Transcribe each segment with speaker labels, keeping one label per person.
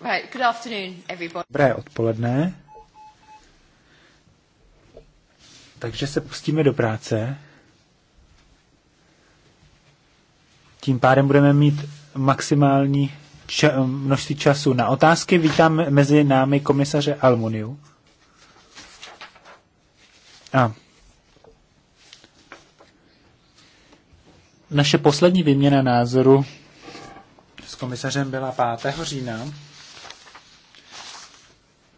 Speaker 1: Right, good afternoon, everybody.
Speaker 2: Dobré odpoledne. Takže se pustíme do práce. Tím pádem budeme mít maximální ča- množství času na otázky. Vítám mezi námi komisaře Almuniu. A naše poslední výměna názoru s komisařem byla 5. října.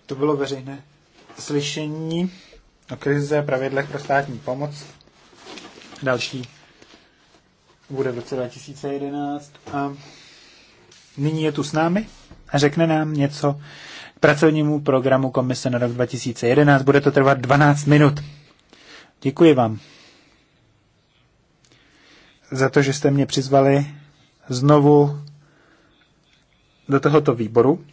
Speaker 2: To bylo veřejné slyšení o krize pravidlech pro státní pomoc. Další bude v roce 2011. A nyní je tu s námi a řekne nám něco k pracovnímu programu Komise na rok 2011. Bude to trvat 12 minut. Děkuji vám za to, že jste mě přizvali znovu do tohoto výboru.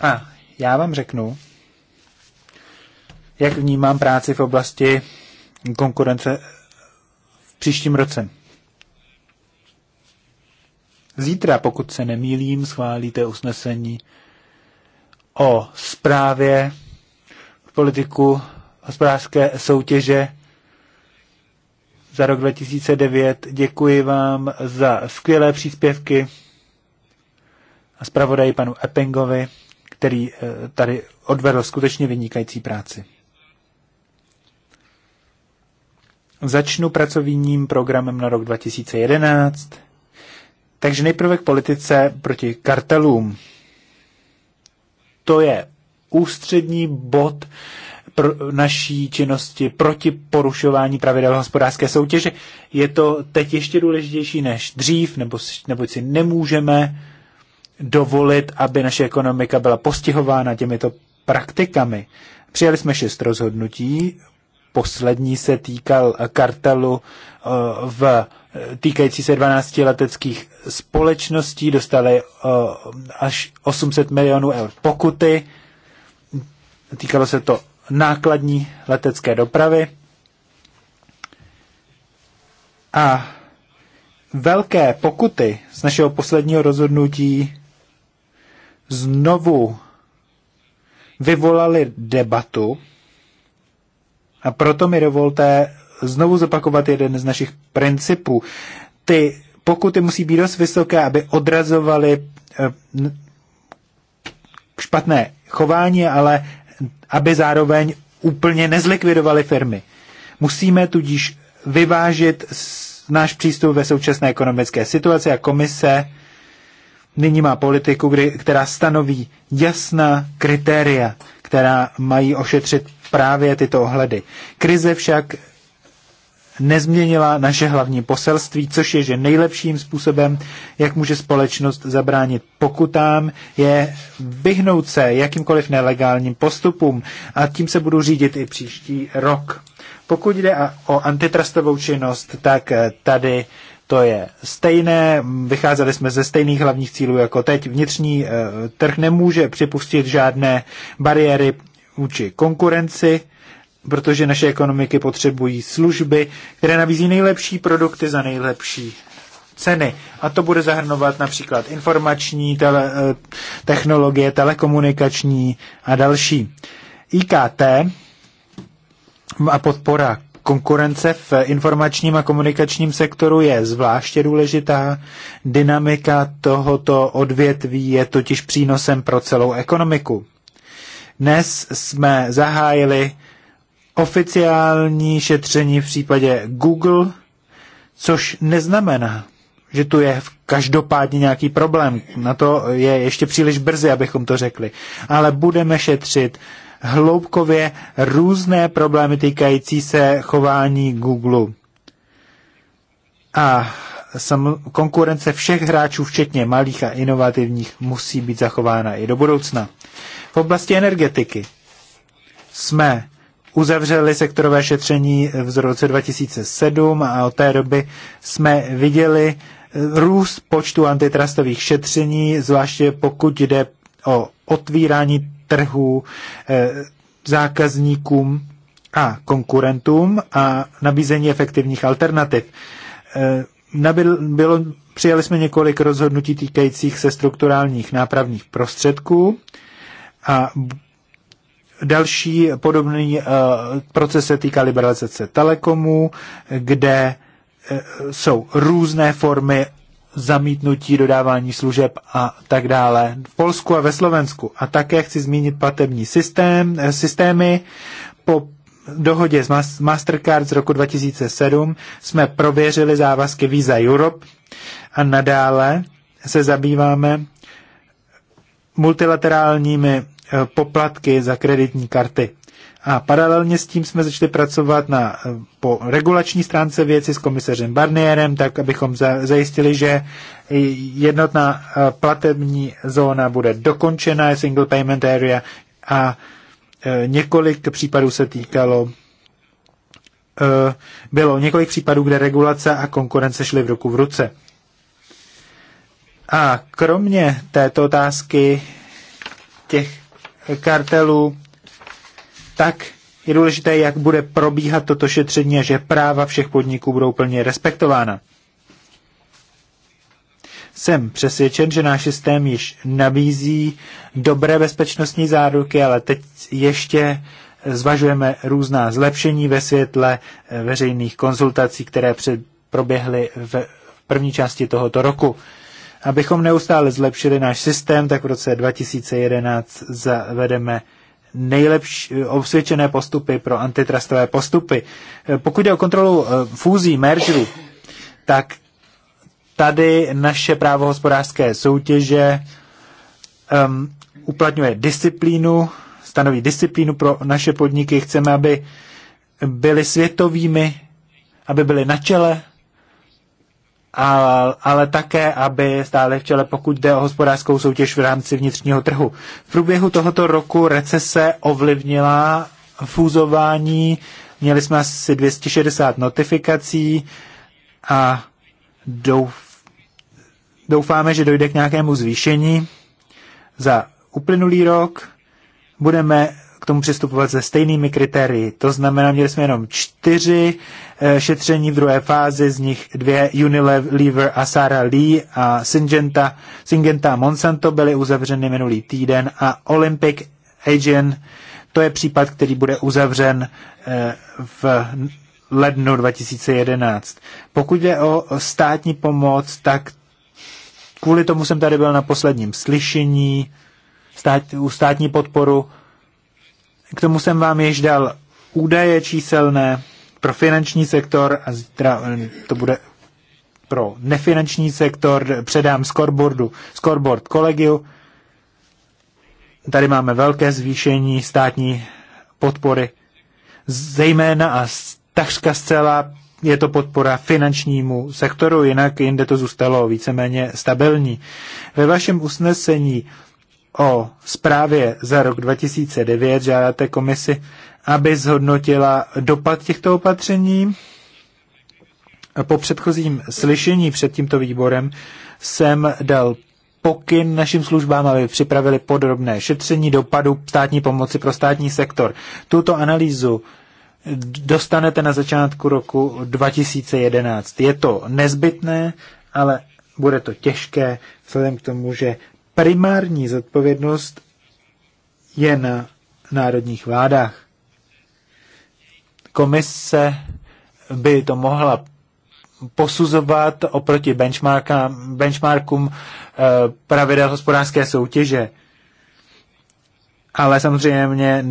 Speaker 2: A já vám řeknu, jak vnímám práci v oblasti konkurence v příštím roce. Zítra, pokud se nemýlím, schválíte usnesení o zprávě politiku hospodářské soutěže za rok 2009. Děkuji vám za skvělé příspěvky a zpravodaji panu Eppingovi který eh, tady odvedl skutečně vynikající práci. Začnu pracovním programem na rok 2011. Takže nejprve k politice proti kartelům. To je ústřední bod pro naší činnosti proti porušování pravidel hospodářské soutěže. Je to teď ještě důležitější než dřív, nebo, neboť si nemůžeme dovolit, aby naše ekonomika byla postihována těmito praktikami. Přijali jsme šest rozhodnutí, poslední se týkal kartelu eh, v týkající se 12 leteckých společností, dostali eh, až 800 milionů eur pokuty, týkalo se to nákladní letecké dopravy. A velké pokuty z našeho posledního rozhodnutí znovu vyvolali debatu a proto mi dovolte znovu zopakovat jeden z našich principů. Ty pokuty musí být dost vysoké, aby odrazovaly eh, špatné chování, ale aby zároveň úplně nezlikvidovaly firmy. Musíme tudíž vyvážit náš přístup ve současné ekonomické situaci a komise nyní má politiku, kdy, která stanoví jasná kritéria, která mají ošetřit právě tyto ohledy. Krize však nezměnila naše hlavní poselství, což je, že nejlepším způsobem, jak může společnost zabránit pokutám, je vyhnout se jakýmkoliv nelegálním postupům a tím se budu řídit i příští rok. Pokud jde o antitrustovou činnost, tak eh, tady to je stejné, vycházeli jsme ze stejných hlavních cílů jako teď. Vnitřní eh, trh nemůže připustit žádné bariéry vůči konkurenci, protože naše ekonomiky potřebují služby, které nabízí nejlepší produkty za nejlepší ceny. A to bude zahrnovat například informační tele, eh, technologie, telekomunikační a další. IKT a podpora konkurence v informačním a komunikačním sektoru je zvláště důležitá. Dynamika tohoto odvětví je totiž přínosem pro celou ekonomiku. Dnes jsme zahájili oficiální šetření v případě Google, což neznamená, že tu je v každopádně nějaký problém. Na to je ještě příliš brzy, abychom to řekli. Ale budeme šetřit hloubkově různé problémy týkající se chování Google. A konkurence všech hráčů, včetně malých a inovativních, musí být zachována i do budoucna. V oblasti energetiky jsme uzavřeli sektorové šetření v roce 2007 a od té doby jsme viděli růst počtu antitrustových šetření, zvláště pokud jde o otvírání trhů, eh, zákazníkům a konkurentům a nabízení efektivních alternativ. Eh, nabil, bylo, přijali jsme několik rozhodnutí týkajících se strukturálních nápravních prostředků a další podobný eh, proces se týká liberalizace telekomů, kde jsou různé formy zamítnutí dodávání služeb a tak dále v Polsku a ve Slovensku. A také chci zmínit platební systém, eh, systémy. Po dohodě s Mastercard z roku 2007 jsme prověřili závazky Visa Europe a nadále se zabýváme multilaterálními eh, poplatky za kreditní karty. A paralelně s tím jsme začali pracovat na, eh, po regulační stránce věci s komisařem Barnierem, tak abychom za, zajistili, že jednotná eh, platební zóna bude dokončena, je single payment area, a eh, několik případů se týkalo bylo několik případů, kde regulace a konkurence šly v ruku v ruce. A kromě této otázky těch kartelů tak je důležité, jak bude probíhat toto šetření a že práva všech podniků budou plně respektována. Jsem přesvědčen, že náš systém již nabízí dobré bezpečnostní záruky, ale teď ještě zvažujeme různá zlepšení ve světle eh, veřejných konzultací, které před, proběhly v první části tohoto roku. Abychom neustále zlepšili náš systém, tak v roce 2011 zavedeme nejlepší eh, osvědčené postupy pro antitrustové postupy. Eh, pokud jde o kontrolu eh, fúzí, mergerů, tak tady naše právo hospodářské soutěže um, uplatňuje disciplínu, stanoví disciplínu pro naše podniky. Chceme, aby byly světovými, aby byly na čele ale, ale také, aby stále v čele, pokud jde o hospodářskou soutěž v rámci vnitřního trhu. V průběhu tohoto roku recese ovlivnila fúzování, měli jsme asi 260 notifikací a doufáme, že dojde k nějakému zvýšení. Za uplynulý rok budeme k tomu přistupovat se stejnými kritérii. To znamená, měli jsme jenom čtyři eh, šetření v druhé fázi, z nich dvě Unilever a Sara Lee a Syngenta, Syngenta a Monsanto byly uzavřeny minulý týden a Olympic Agent, to je případ, který bude uzavřen eh, v lednu 2011. Pokud je o státní pomoc, tak kvůli tomu jsem tady byl na posledním slyšení stát, u státní podporu k tomu jsem vám již dal údaje číselné pro finanční sektor a zítra eh, to bude pro nefinanční sektor, předám scoreboardu, scoreboard kolegiu. Tady máme velké zvýšení státní podpory, zejména a takřka zcela je to podpora finančnímu sektoru, jinak jinde to zůstalo víceméně stabilní. Ve vašem usnesení o zprávě za rok 2009 žádáte komisi, aby zhodnotila dopad těchto opatření. Po předchozím slyšení před tímto výborem jsem dal pokyn našim službám, aby připravili podrobné šetření dopadu státní pomoci pro státní sektor. Tuto analýzu dostanete na začátku roku 2011. Je to nezbytné, ale bude to těžké, vzhledem k tomu, že primární zodpovědnost je na národních vládách. Komise by to mohla posuzovat oproti benchmarkům eh, pravidel hospodářské soutěže. Ale samozřejmě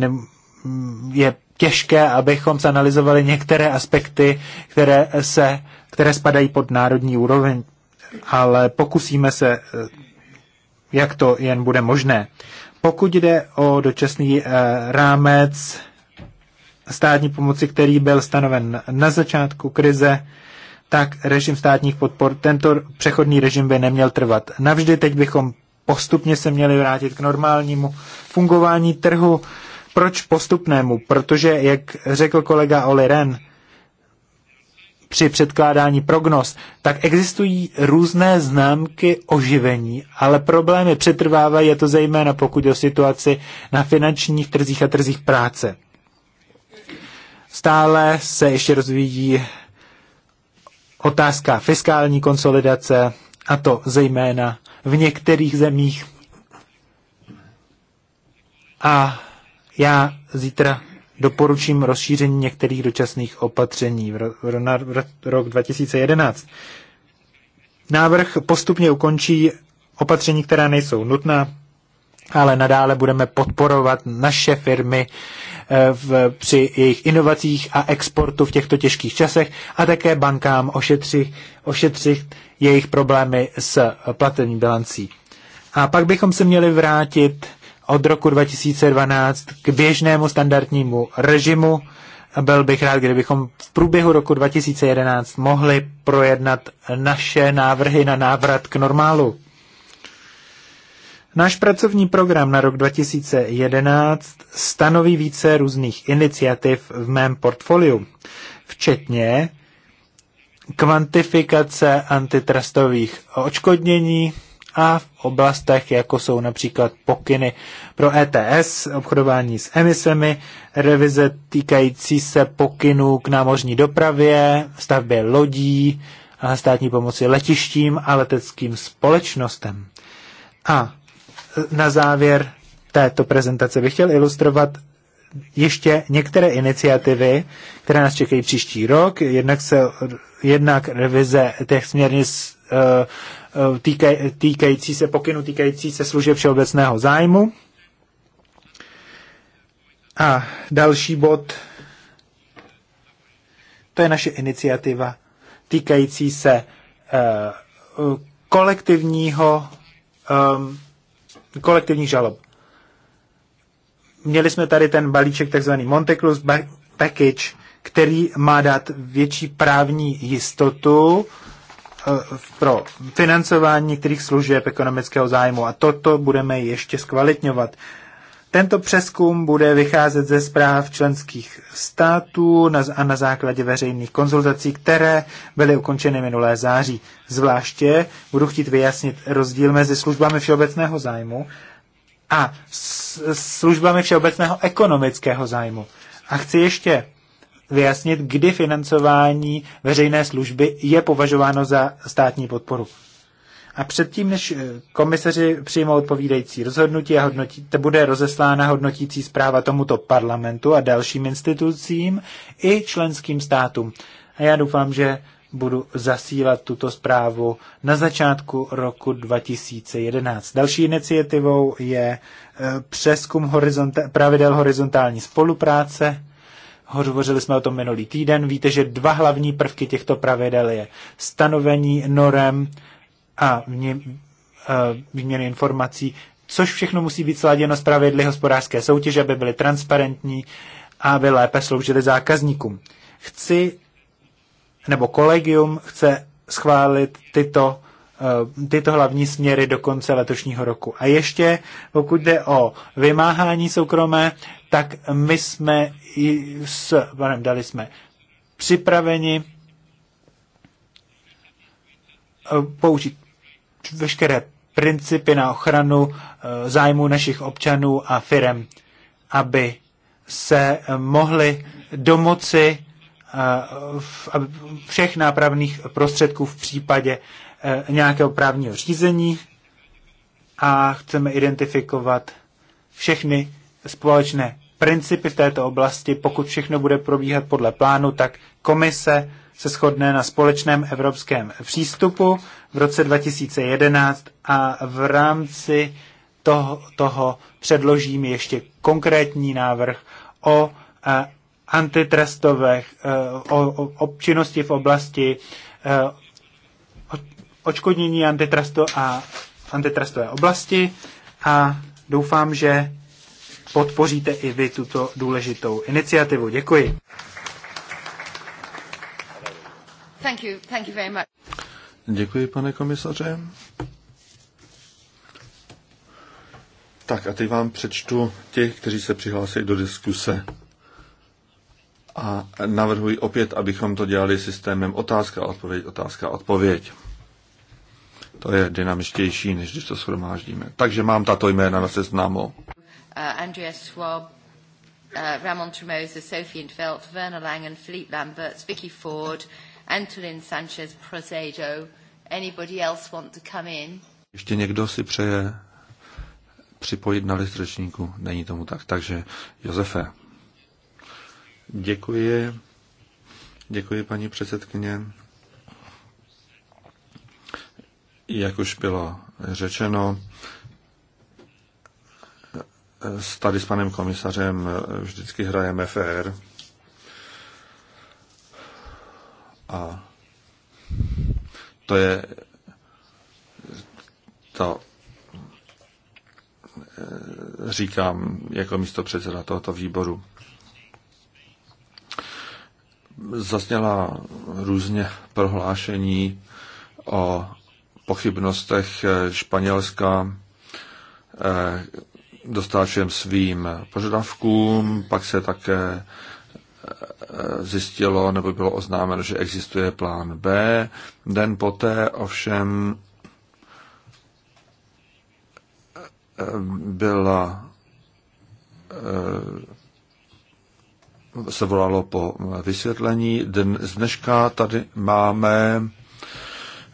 Speaker 2: je těžké, abychom zanalizovali některé aspekty, které, se, které spadají pod národní úroveň, ale pokusíme se eh, jak to jen bude možné. Pokud jde o dočasný eh, rámec státní pomoci, který byl stanoven na začátku krize, tak režim státních podpor, tento přechodný režim by neměl trvat. Navždy teď bychom postupně se měli vrátit k normálnímu fungování trhu. Proč postupnému? Protože, jak řekl kolega Oli Ren, při předkládání prognoz, tak existují různé známky oživení, ale problémy přetrvávají, je to zejména pokud je o situaci na finančních trzích a trzích práce. Stále se ještě rozvíjí otázka fiskální konsolidace, a to zejména v některých zemích. A já zítra doporučím rozšíření některých dočasných opatření v rok 2011. Návrh postupně ukončí opatření, která nejsou nutná, ale nadále budeme podporovat naše firmy eh, v, při jejich inovacích a exportu v těchto těžkých časech a také bankám ošetřit, ošetřit jejich problémy s platební bilancí. A pak bychom se měli vrátit od roku 2012 k běžnému standardnímu režimu. Byl bych rád, kdybychom v průběhu roku 2011 mohli projednat naše návrhy na návrat k normálu. Náš pracovní program na rok 2011 stanoví více různých iniciativ v mém portfoliu, včetně kvantifikace antitrustových očkodnění, a v oblastech, jako jsou například pokyny pro ETS, obchodování s emisemi, revize týkající se pokynů k námořní dopravě, stavbě lodí a státní pomoci letištím a leteckým společnostem. A na závěr této prezentace bych chtěl ilustrovat ještě některé iniciativy, které nás čekají příští rok. Jednak se jednak revize těch směrnic eh, Eh, týkající se pokynu, týkající se služeb všeobecného zájmu. A další bod, to je naše iniciativa týkající se eh, kolektivního, eh, kolektivních žalob. Měli jsme tady ten balíček takzvaný Monteclus package, který má dát větší právní jistotu Eh, pro financování některých služeb ekonomického zájmu a toto budeme ještě zkvalitňovat. Tento přeskum bude vycházet ze zpráv členských států a na základě veřejných konzultací, které byly ukončeny minulé září. Zvláště budu chtít vyjasnit rozdíl mezi službami všeobecného zájmu a službami všeobecného ekonomického zájmu. A chci ještě vyjasnit, kdy financování veřejné služby je považováno za státní podporu. A předtím, než eh, komisaři přijmou odpovídající rozhodnutí a hodnotí, to bude rozeslána hodnotící zpráva tomuto parlamentu a dalším institucím i členským státům. A já doufám, že budu zasílat tuto zprávu na začátku roku 2011. Další iniciativou je eh, přeskum horizont, pravidel horizontální spolupráce Hovořili jsme o tom minulý týden. Víte, že dva hlavní prvky těchto pravidel je stanovení norem a eh, výměny informací, což všechno musí být sladěno s pravidly hospodářské soutěže, aby byly transparentní a aby lépe sloužily zákazníkům. Chci, nebo kolegium chce schválit tyto Eh, tyto hlavní směry do konce letošního roku. A ještě, pokud jde o vymáhání soukromé, tak my jsme i s panem Dali jsme připraveni eh, použít veškeré principy na ochranu eh, zájmu našich občanů a firem, aby se mohli domoci všech nápravných prostředků v případě Eh, nějakého právního řízení a chceme identifikovat všechny společné principy v této oblasti. Pokud všechno bude probíhat podle plánu, tak komise se shodne na společném evropském přístupu v roce 2011 a v rámci toho, toho předložím ještě konkrétní návrh o eh, antitrustových, eh, o, o, o činnosti v oblasti očkodnění antitrusto a antitrustové oblasti a doufám, že podpoříte i vy tuto důležitou iniciativu. Děkuji.
Speaker 3: Thank you. Thank you very much. Děkuji, pane komisaře. Tak a teď vám přečtu těch, kteří se přihlásili do diskuse. A navrhuji opět, abychom to dělali systémem otázka, odpověď, otázka, odpověď. To je dynamičtější, než když to shromáždíme. Takže mám tato jména na seznamu. Uh, Andreas Schwab,
Speaker 1: uh, Ramon Tremosa, Sophie Infeld, Werner Langen, Philippe Lambert, Vicky Ford, Antolin Sanchez Prozedo. Anybody else want to come in?
Speaker 3: Ještě někdo si přeje připojit na list řečníků? Není tomu tak. Takže Josefe. Děkuji. Děkuji, paní předsedkyně. Jak už bylo řečeno, tady s panem komisařem vždycky hrajeme fér. A to je to eh, říkám jako místo předseda tohoto výboru. Zasněla různě prohlášení o pochybnostech eh, Španělska eh, dostal všem svým požadavkům, pak se také eh, zjistilo nebo bylo oznámeno, že existuje plán B. Den poté ovšem byla se volalo po vysvětlení. Z dneška tady máme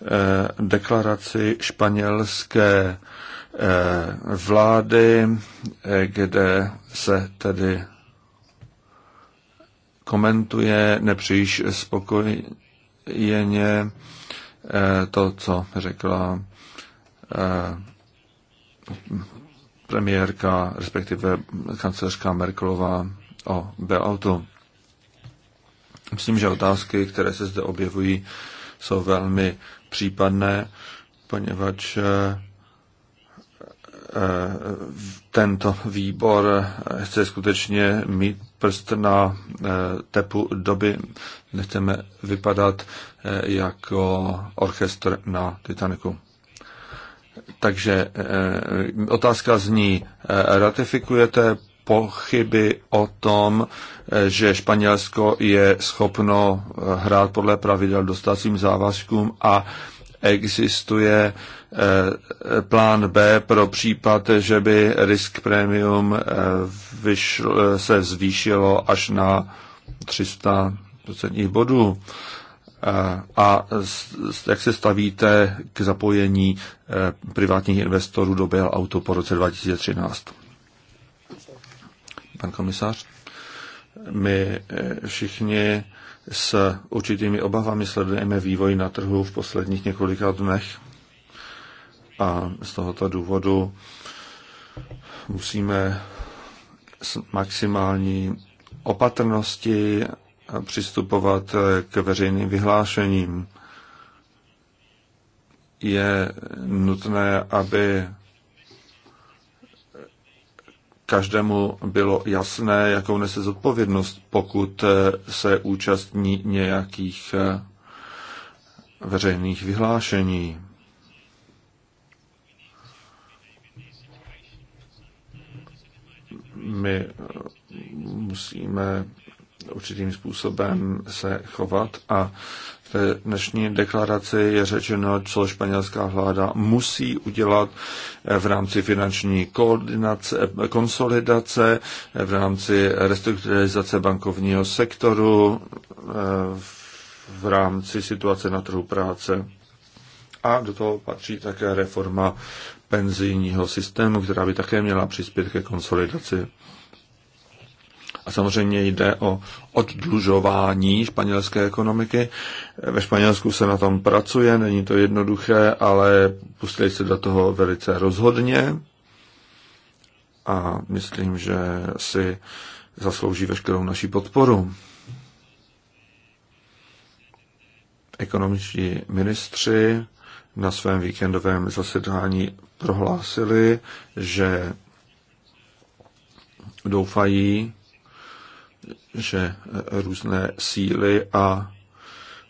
Speaker 3: Eh, deklaraci španělské eh, vlády, eh, kde se tedy komentuje nepříliš spokojeně to, co řekla premiérka, respektive kancelářka Merkelová o Beautu. Myslím, že otázky, které se zde objevují, jsou velmi případné, poněvadž eh, eh, tento výbor eh, chce skutečně mít prst na tepu doby. Nechceme vypadat jako orchestr na Titaniku. Takže otázka zní, ratifikujete pochyby o tom, že Španělsko je schopno hrát podle pravidel dostacím závazkům a existuje eh, plán B pro případ, že by risk premium eh, vyšl, eh, se zvýšilo až na 300 bodů. A jak se stavíte k zapojení privátních investorů do Bell Auto po roce 2013? pan komisář, My eh, všichni s určitými obavami sledujeme vývoj na trhu v posledních několika dnech a z tohoto důvodu musíme s maximální opatrnosti přistupovat k veřejným vyhlášením. Je nutné, aby každému bylo jasné, jakou nese zodpovědnost, pokud eh, se účastní nějakých eh, veřejných vyhlášení. My eh, musíme určitým způsobem se chovat a v dnešní deklaraci je řečeno, co španělská vláda musí udělat v rámci finanční koordinace, konsolidace, v rámci restrukturalizace bankovního sektoru, v rámci situace na trhu práce. A do toho patří také reforma penzijního systému, která by také měla přispět ke konsolidaci. A samozřejmě jde o oddlužování španělské ekonomiky. Ve Španělsku se na tom pracuje, není to jednoduché, ale pustili se do toho velice rozhodně a myslím, že si zaslouží veškerou naší podporu. Ekonomičtí ministři na svém víkendovém zasedání prohlásili, že doufají, že různé síly a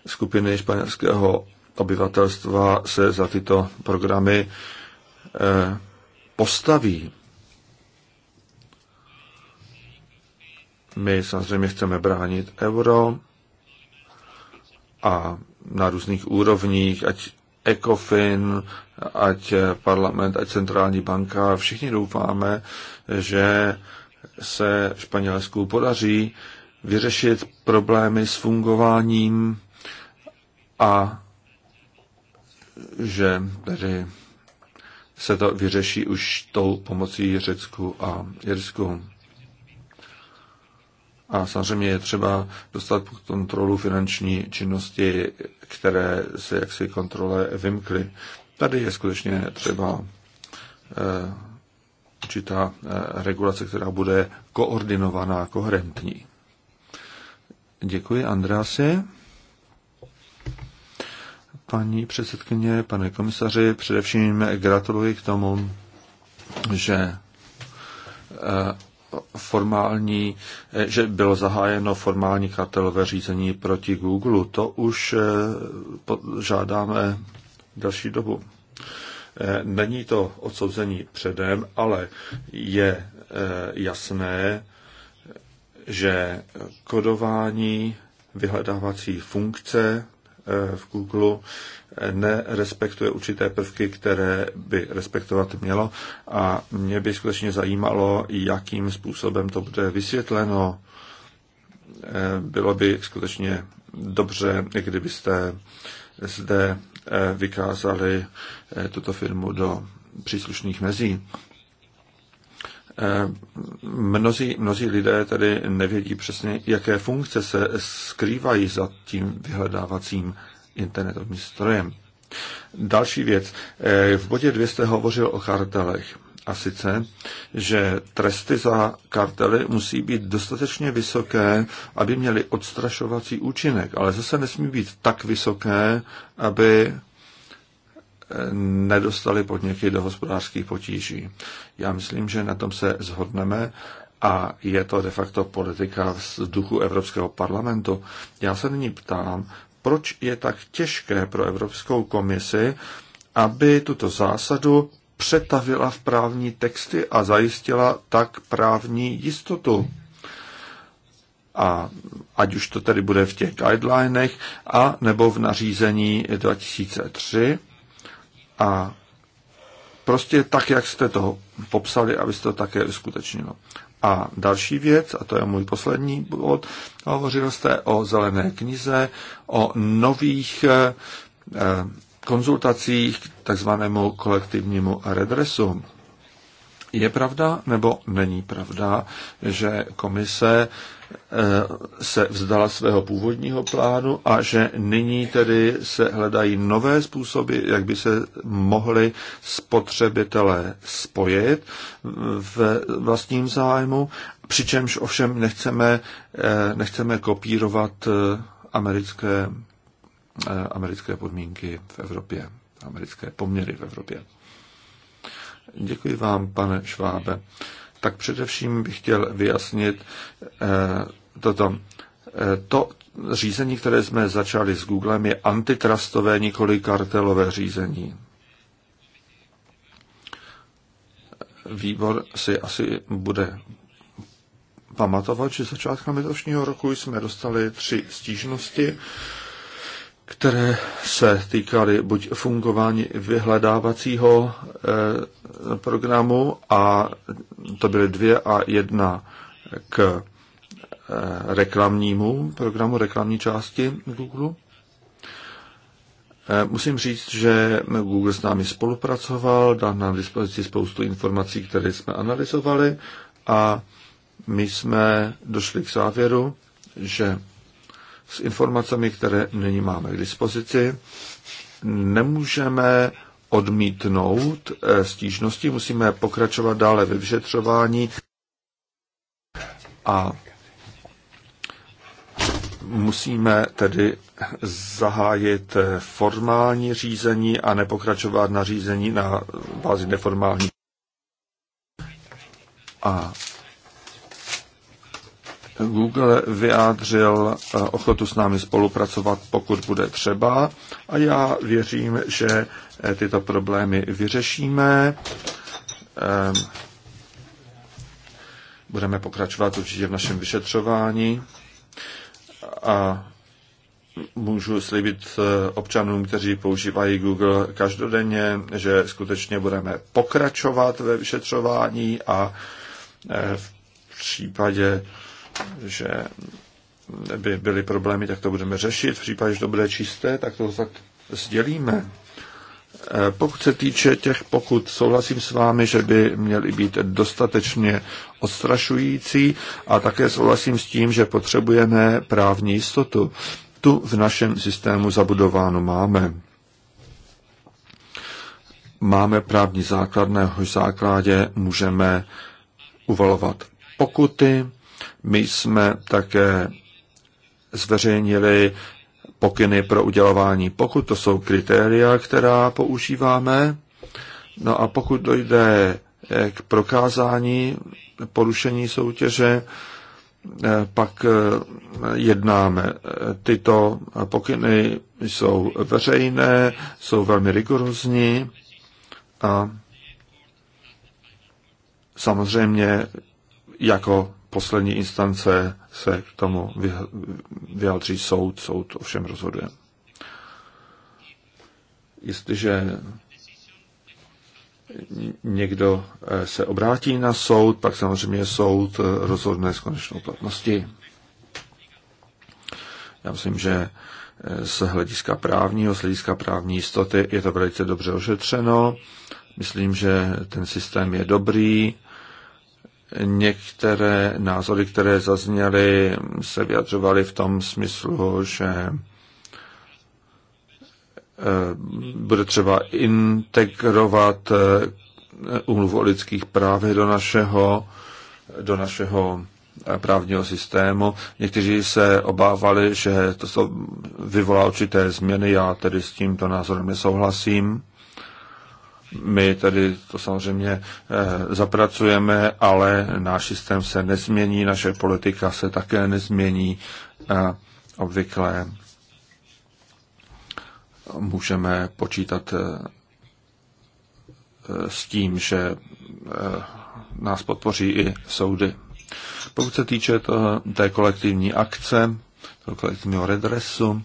Speaker 3: skupiny španělského obyvatelstva se za tyto programy eh, postaví. My samozřejmě chceme bránit euro a na různých úrovních, ať ECOFIN, ať parlament, ať centrální banka, všichni doufáme, že se Španělsku podaří vyřešit problémy s fungováním a že tedy se to vyřeší už tou pomocí Řecku a Jirsku. A samozřejmě je třeba dostat pod kontrolu finanční činnosti, které se jaksi kontrole vymkly. Tady je skutečně třeba eh, určitá eh, regulace, která bude koordinovaná, koherentní. Děkuji, Andrásy. Paní předsedkyně, pane komisaři, především gratuluji k tomu, že eh, formální, eh, že bylo zahájeno formální kartelové řízení proti Google. To už žádáme další dobu. Eh, není to odsouzení předem, ale je eh, jasné, že kodování vyhledávací funkce eh, v Google nerespektuje určité prvky, které by respektovat mělo. A mě by skutečně zajímalo, jakým způsobem to bude vysvětleno. Bylo by skutečně dobře, kdybyste zde vykázali eh, tuto firmu do příslušných mezí. Eh, mnozí, mnozí lidé tedy nevědí přesně, jaké funkce se skrývají za tím vyhledávacím internetovým strojem. Další věc. Eh, v bodě 200 hovořil o kartelech. A sice, že tresty za kartely musí být dostatečně vysoké, aby měly odstrašovací účinek, ale zase nesmí být tak vysoké, aby eh, nedostali podniky do hospodářských potíží. Já myslím, že na tom se zhodneme a je to de facto politika z duchu Evropského parlamentu. Já se nyní ptám, proč je tak těžké pro Evropskou komisi, aby tuto zásadu přetavila v právní texty a zajistila tak právní jistotu. A ať už to tedy bude v těch guidelinech a nebo v nařízení 2003 a prostě tak, jak jste to popsali, abyste to také uskutečnilo. A další věc, a to je můj poslední bod, hovořil jste o zelené knize, o nových eh, konzultacích k takzvanému kolektivnímu redresu. Je pravda nebo není pravda, že komise eh, se vzdala svého původního plánu a že nyní tedy se hledají nové způsoby, jak by se mohli spotřebitelé spojit v vlastním zájmu, přičemž ovšem nechceme, eh, nechceme kopírovat eh, americké Eh, americké podmínky v Evropě, americké poměry v Evropě. Děkuji vám, pane Švábe. Tak především bych chtěl vyjasnit eh, toto. Eh, to řízení, které jsme začali s Googlem, je antitrustové, nikoli kartelové řízení. Výbor si asi bude pamatovat, že začátkem letošního roku jsme dostali tři stížnosti které se týkaly buď fungování vyhledávacího eh, programu, a to byly dvě a jedna k eh, reklamnímu programu, reklamní části Google. Eh, musím říct, že Google s námi spolupracoval, dal nám dispozici spoustu informací, které jsme analyzovali a my jsme došli k závěru, že s informacemi, které nyní máme k dispozici, nemůžeme odmítnout eh, stížnosti, musíme pokračovat dále ve vyšetřování a musíme tedy zahájit eh, formální řízení a nepokračovat na řízení na bázi neformální. A Google vyjádřil eh, ochotu s námi spolupracovat, pokud bude třeba. A já věřím, že eh, tyto problémy vyřešíme. Eh, budeme pokračovat určitě v našem vyšetřování a můžu slibit občanům, kteří používají Google každodenně, že skutečně budeme pokračovat ve vyšetřování a v případě že by byly problémy, tak to budeme řešit. V případě, že to bude čisté, tak to tak sdělíme. E, pokud se týče těch pokud souhlasím s vámi, že by měly být dostatečně odstrašující a také souhlasím s tím, že potřebujeme právní jistotu. Tu v našem systému zabudováno máme. Máme právní základ, na základě můžeme uvalovat pokuty, my jsme také zveřejnili pokyny pro udělování pokud to jsou kritéria, která používáme. No a pokud dojde eh, k prokázání porušení soutěže, eh, pak eh, jednáme. Tyto pokyny jsou veřejné, jsou velmi rigorózní a samozřejmě jako poslední instance se k tomu vyjádří soud, soud všem rozhoduje. Jestliže někdo eh, se obrátí na soud, pak samozřejmě soud eh, rozhodne s konečnou platností. Já myslím, že eh, z hlediska právního, z hlediska právní jistoty je to velice dobře ošetřeno. Myslím, že ten systém je dobrý Některé názory, které zazněly, se vyjadřovaly v tom smyslu, že eh, bude třeba integrovat eh, úmluvu o lidských právech do našeho, do našeho eh, právního systému. Někteří se obávali, že to vyvolá určité změny, já tedy s tímto názorem nesouhlasím. My tady to samozřejmě eh, zapracujeme, ale náš systém se nezmění, naše politika se také nezmění obvykle. Můžeme počítat eh, eh, s tím, že nás podpoří i soudy. Pokud se týče to, té kolektivní akce, toho kolektivního redresu,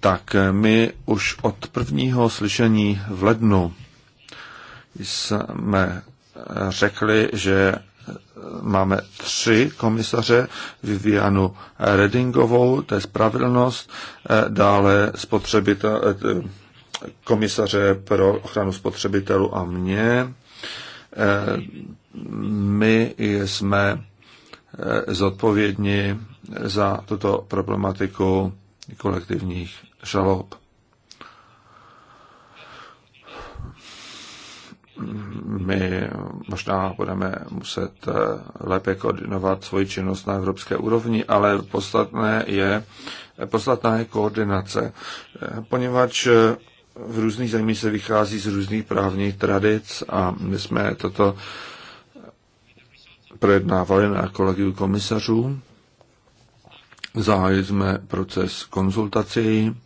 Speaker 3: tak my už od prvního slyšení v lednu jsme eh, řekli, že eh, máme tři komisaře, Vivianu Redingovou, to je spravedlnost, eh, dále spotřebitel, komisaře pro ochranu spotřebitelů a mě. My jsme zodpovědní za tuto problematiku kolektivních žalob. my možná budeme muset eh, lépe koordinovat svoji činnost na evropské úrovni, ale podstatné je, eh, podstatná je koordinace, eh, poněvadž v různých zemích se vychází z různých právních tradic a my jsme toto projednávali na kolegiu komisařů. Zahájili jsme proces konzultací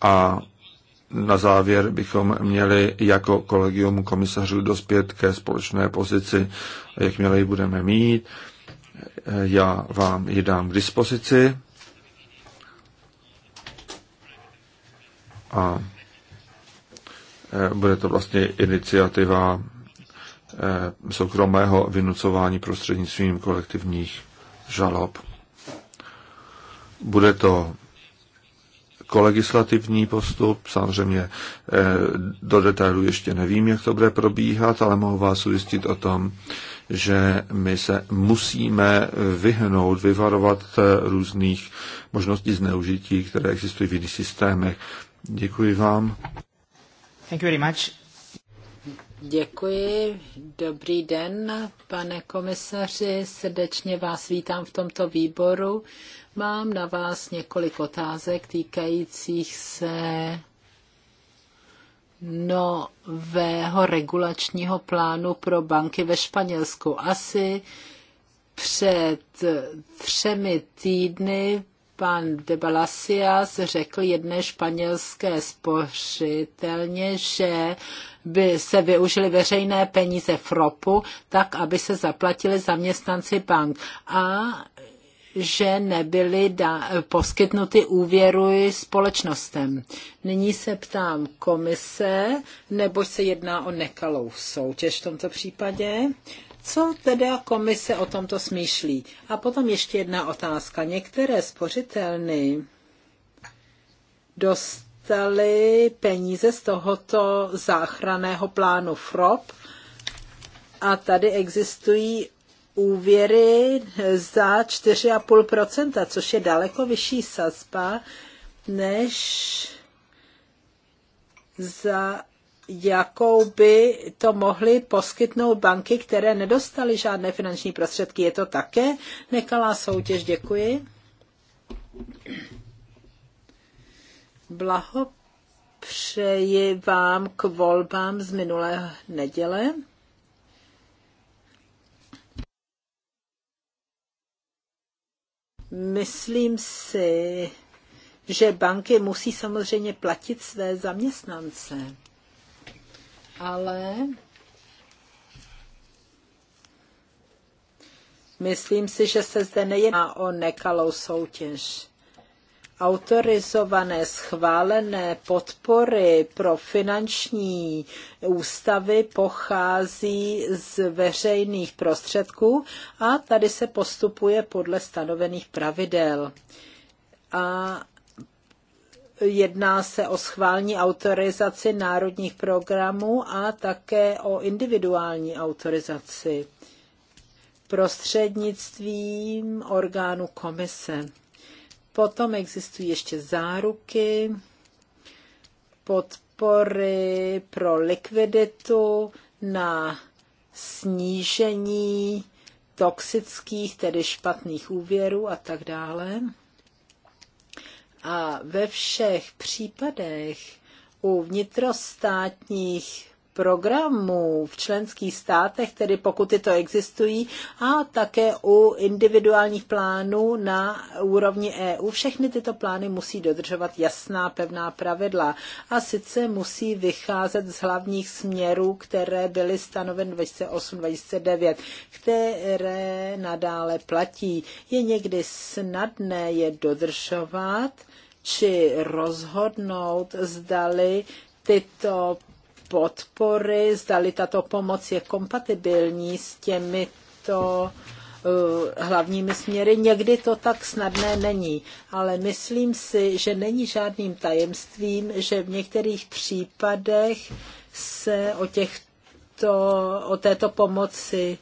Speaker 3: a na závěr bychom měli jako kolegium komisařů dospět ke společné pozici, jakmile ji budeme mít. Já vám ji dám k dispozici. A eh, bude to vlastně iniciativa eh, soukromého vynucování prostřednictvím kolektivních žalob. Bude to kolegislativní postup. Samozřejmě eh, do detailu ještě nevím, jak to bude probíhat, ale mohu vás ujistit o tom, že my se musíme vyhnout, vyvarovat eh, různých možností zneužití, které existují v jiných systémech. Děkuji vám.
Speaker 1: Thank you very much. Děkuji. Dobrý den, pane komisaři. Srdečně vás vítám v tomto výboru. Mám na vás několik otázek týkajících se nového regulačního plánu pro banky ve Španělsku. Asi před třemi týdny pan de Balasias řekl jedné španělské spořitelně, že by se využili veřejné peníze FROPu tak, aby se zaplatili zaměstnanci bank. A že nebyly da, poskytnuty úvěry společnostem. Nyní se ptám komise, nebo se jedná o nekalou soutěž v tomto případě. Co teda komise o tomto smýšlí? A potom ještě jedna otázka. Některé spořitelny dostaly peníze z tohoto záchraného plánu FROP a tady existují úvěry za 4,5%, což je daleko vyšší sazba, než za jakou by to mohly poskytnout banky, které nedostaly žádné finanční prostředky. Je to také nekalá soutěž. Děkuji. Blaho, přeji vám k volbám z minulé neděle. Myslím si, že banky musí samozřejmě platit své zaměstnance. Ale myslím si, že se zde nejedná o nekalou soutěž autorizované, schválené podpory pro finanční ústavy pochází z veřejných prostředků a tady se postupuje podle stanovených pravidel. A jedná se o schválení autorizaci národních programů a také o individuální autorizaci prostřednictvím orgánu komise. Potom existují ještě záruky, podpory pro likviditu na snížení toxických, tedy špatných úvěrů a tak dále. A ve všech případech u vnitrostátních programů v členských státech, tedy pokud tyto existují, a také u individuálních plánů na úrovni EU. Všechny tyto plány musí dodržovat jasná pevná pravidla a sice musí vycházet z hlavních směrů, které byly stanoveny 2008-2009, které nadále platí. Je někdy snadné je dodržovat či rozhodnout, zdali tyto podpory, zdali tato pomoc je kompatibilní s těmito eh, hlavními směry. Někdy to tak snadné není, ale myslím si, že není žádným tajemstvím, že v některých případech se o, těchto, o této pomoci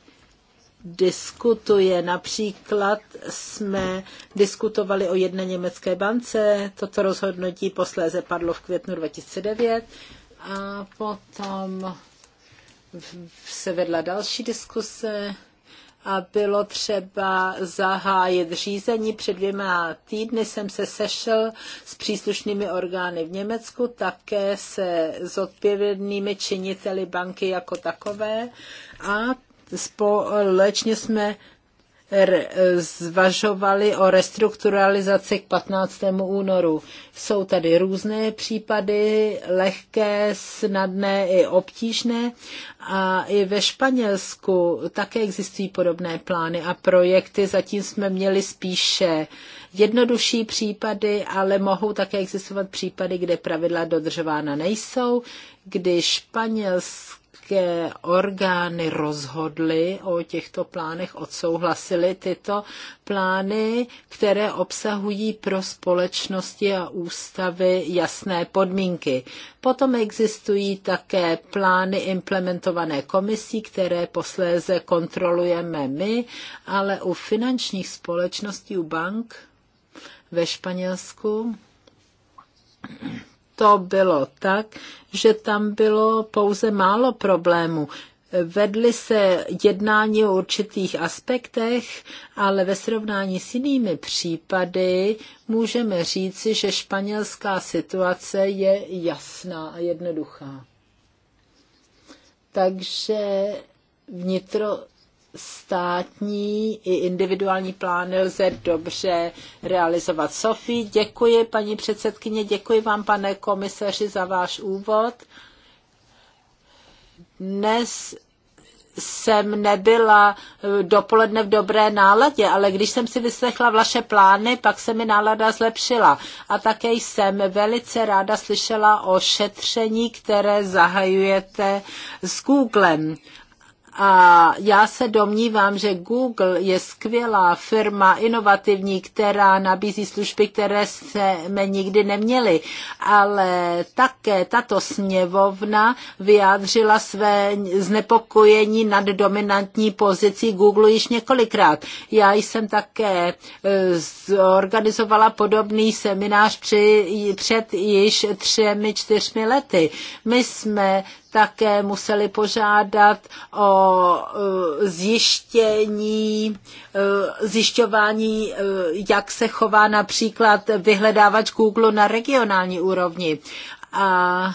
Speaker 1: diskutuje. Například jsme diskutovali o jedné německé bance, toto rozhodnutí posléze padlo v květnu 2009 a potom se vedla další diskuse a bylo třeba zahájit řízení. Před dvěma týdny jsem se sešel s příslušnými orgány v Německu, také se zodpovědnými činiteli banky jako takové a společně jsme zvažovali o restrukturalizaci k 15. únoru. Jsou tady různé případy, lehké, snadné i obtížné a i ve Španělsku také existují podobné plány a projekty. Zatím jsme měli spíše jednodušší případy, ale mohou také existovat případy, kde pravidla dodržována nejsou, kdy Španělsko evropské orgány rozhodly o těchto plánech, odsouhlasily tyto plány, které obsahují pro společnosti a ústavy jasné podmínky. Potom existují také plány implementované komisí, které posléze kontrolujeme my, ale u finančních společností, u bank ve Španělsku to bylo tak, že tam bylo pouze málo problémů. Vedly se jednání o určitých aspektech, ale ve srovnání s jinými případy můžeme říci, že španělská situace je jasná a jednoduchá. Takže vnitro státní i individuální plány lze dobře realizovat. Sofie, děkuji paní předsedkyně, děkuji vám pane komisaři za váš úvod. Dnes jsem nebyla eh, dopoledne v dobré náladě, ale když jsem si vyslechla vaše plány, pak se mi nálada zlepšila. A také jsem velice ráda slyšela o šetření, které zahajujete s Googlem. A já se domnívám, že Google je skvělá firma, inovativní, která nabízí služby, které jsme nikdy neměli. Ale také tato sněvovna vyjádřila své znepokojení nad dominantní pozicí Google již několikrát. Já jsem také eh, zorganizovala podobný seminář při, před již třemi, čtyřmi lety. My jsme také museli požádat o e, zjištění, e, zjišťování, e, jak se chová například vyhledávač Google na regionální úrovni. A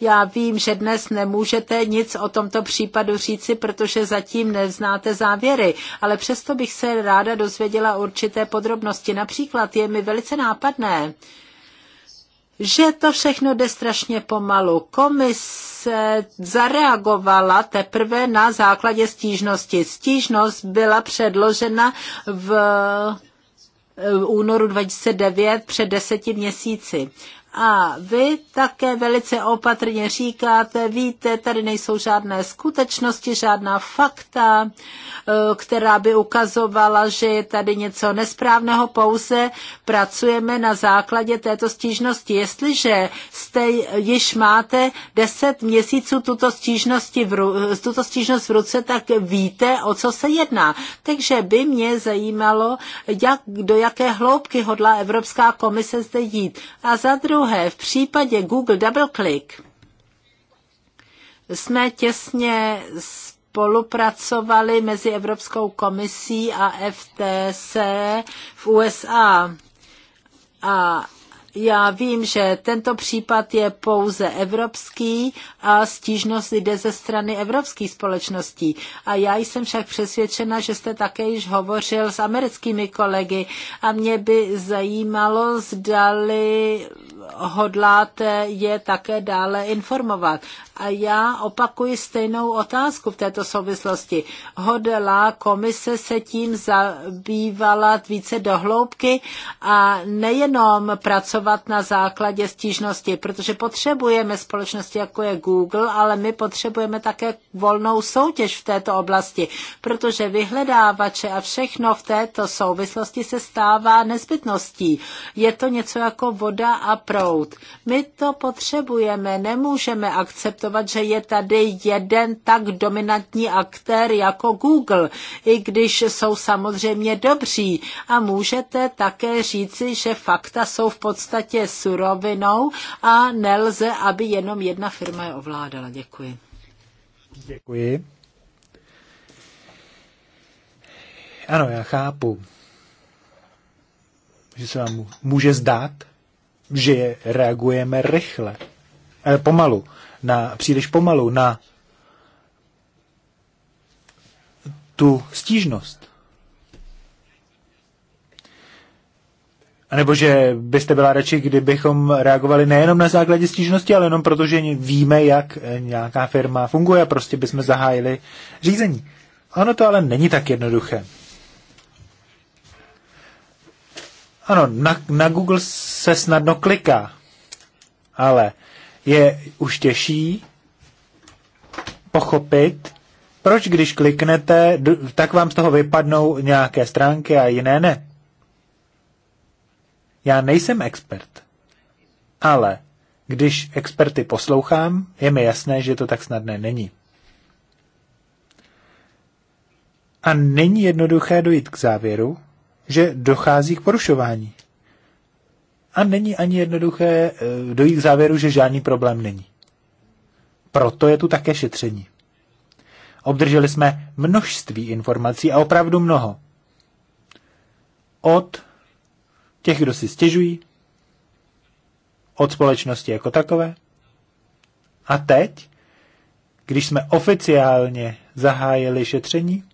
Speaker 1: já vím, že dnes nemůžete nic o tomto případu říci, protože zatím neznáte závěry, ale přesto bych se ráda dozvěděla určité podrobnosti. Například je mi velice nápadné, že to všechno jde strašně pomalu. Komise zareagovala teprve na základě stížnosti. Stížnost byla předložena v únoru 2009 před deseti měsíci. A vy také velice opatrně říkáte, víte, tady nejsou žádné skutečnosti, žádná fakta, eh, která by ukazovala, že je tady něco nesprávného, pouze pracujeme na základě této stížnosti. Jestliže jste, již máte 10 měsíců tuto, stížnosti v, tuto stížnost v ruce, tak víte, o co se jedná. Takže by mě zajímalo, jak, do jaké hloubky hodlá Evropská komise zde jít. A za druhé, druhé, v případě Google Double Click jsme těsně spolupracovali mezi Evropskou komisí a FTC v USA. A já vím, že tento případ je pouze evropský a stížnost jde ze strany evropských společností. A já jsem však přesvědčena, že jste také již hovořil s americkými kolegy a mě by zajímalo, zdali hodláte je také dále informovat. A já opakuji stejnou otázku v této souvislosti. Hodela komise se tím zabývala více dohloubky a nejenom pracovat na základě stížnosti, protože potřebujeme společnosti, jako je Google, ale my potřebujeme také volnou soutěž v této oblasti, protože vyhledávače a všechno v této souvislosti se stává nezbytností. Je to něco jako voda a prout. My to potřebujeme, nemůžeme akceptovat akceptovat, že je tady jeden tak dominantní aktér jako Google, i když jsou samozřejmě dobří. A můžete také říci, že fakta jsou v podstatě surovinou a nelze, aby jenom jedna firma je ovládala. Děkuji.
Speaker 2: Děkuji. Ano, já chápu, že se vám může zdát, že reagujeme rychle, ale eh, pomalu na, příliš pomalu na tu stížnost. A nebo že byste byla radši, kdybychom reagovali nejenom na základě stížnosti, ale jenom protože víme, jak eh, nějaká firma funguje a prostě bychom zahájili řízení. Ano, to ale není tak jednoduché. Ano, na, na Google se snadno kliká, ale je už těžší pochopit, proč když kliknete, tak vám z toho vypadnou nějaké stránky a jiné ne. Já nejsem expert, ale když experty poslouchám, je mi jasné, že to tak snadné není. A není jednoduché dojít k závěru, že dochází k porušování. A není ani jednoduché eh, dojít k závěru, že žádný problém není. Proto je tu také šetření. Obdrželi jsme množství informací a opravdu mnoho. Od těch, kdo si stěžují, od společnosti jako takové. A teď, když jsme oficiálně zahájili šetření,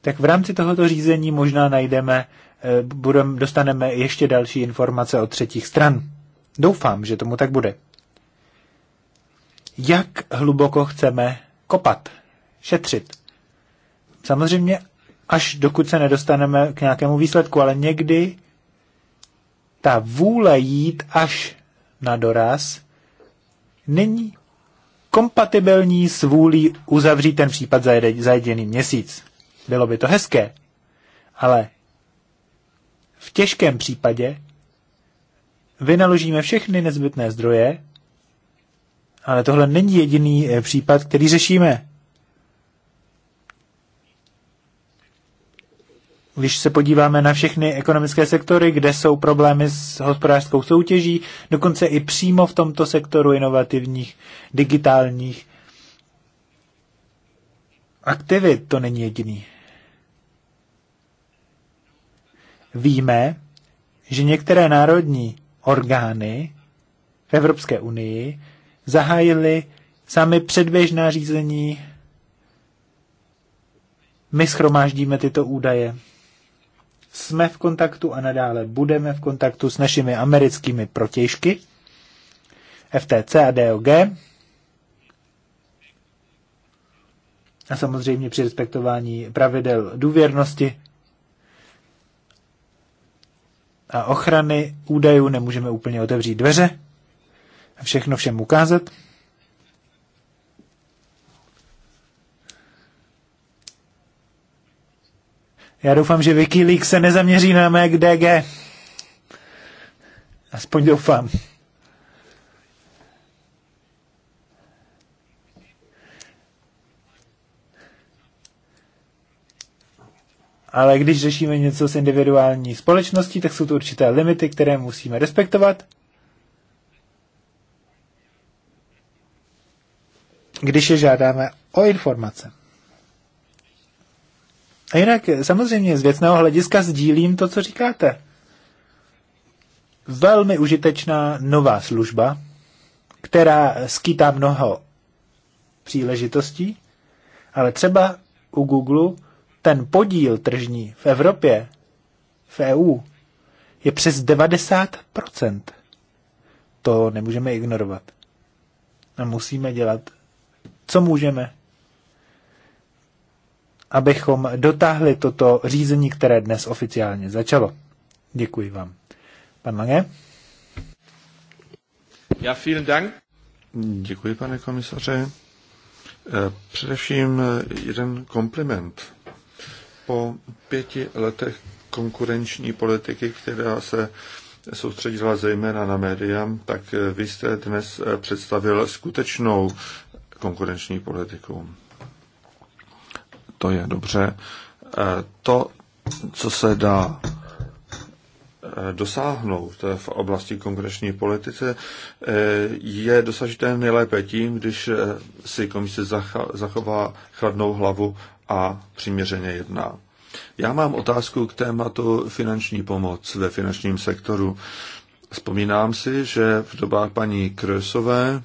Speaker 2: tak v rámci tohoto řízení možná najdeme budem, dostaneme ještě další informace od třetích stran. Doufám, že tomu tak bude. Jak hluboko chceme kopat, šetřit? Samozřejmě až dokud se nedostaneme k nějakému výsledku, ale někdy ta vůle jít až na doraz není kompatibilní s vůlí uzavřít ten případ za, jeden, jediný měsíc. Bylo by to hezké, ale v těžkém případě vynaložíme všechny nezbytné zdroje, ale tohle není jediný eh, případ, který řešíme. Když se podíváme na všechny ekonomické sektory, kde jsou problémy s hospodářskou soutěží, dokonce i přímo v tomto sektoru inovativních, digitálních aktivit, to není jediný. víme, že některé národní orgány v Evropské unii zahájily sami předběžná řízení. My schromáždíme tyto údaje. Jsme v kontaktu a nadále budeme v kontaktu s našimi americkými protěžky FTC a DOG. A samozřejmě při respektování pravidel důvěrnosti a ochrany údajů nemůžeme úplně otevřít dveře a všechno všem ukázat. Já doufám, že Wikileaks se nezaměří na mé DG. Aspoň doufám. Ale když řešíme něco s individuální společností, tak jsou to určité limity, které musíme respektovat. Když je žádáme o informace. A jinak samozřejmě z věcného hlediska sdílím to, co říkáte. Velmi užitečná nová služba, která skýtá mnoho příležitostí, ale třeba u Google ten podíl tržní v Evropě, v EU, je přes 90%. To nemůžeme ignorovat. A musíme dělat, co můžeme, abychom dotáhli toto řízení, které dnes oficiálně začalo. Děkuji vám.
Speaker 3: Pan Lange? Ja, vielen Dank. Děkuji, pane komisaře. Eh, především eh, jeden kompliment po pěti letech konkurenční politiky, která se soustředila zejména na média, tak vy jste dnes představil skutečnou konkurenční politiku. To je dobře. To, co se dá dosáhnout v oblasti konkurenční politice, je dosažitelné nejlépe tím, když si komise zachová chladnou hlavu a přiměřeně jedná. Já mám otázku k tématu finanční pomoc ve finančním sektoru. Vzpomínám si, že v dobách paní Krösové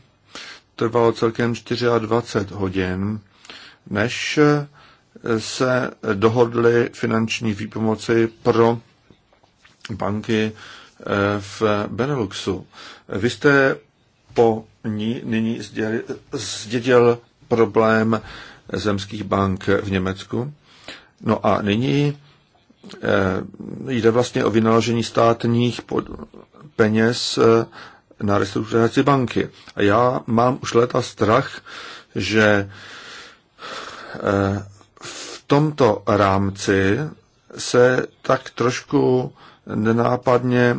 Speaker 3: trvalo celkem 24 hodin, než se dohodly finanční výpomoci pro banky eh, v Beneluxu. Vy jste po ní nyní zdědil problém zemských bank v Německu. No a nyní eh, jde vlastně o vynaložení státních peněz eh, na restrukturaci banky. A já mám už leta strach, že eh, v tomto rámci se tak trošku nenápadně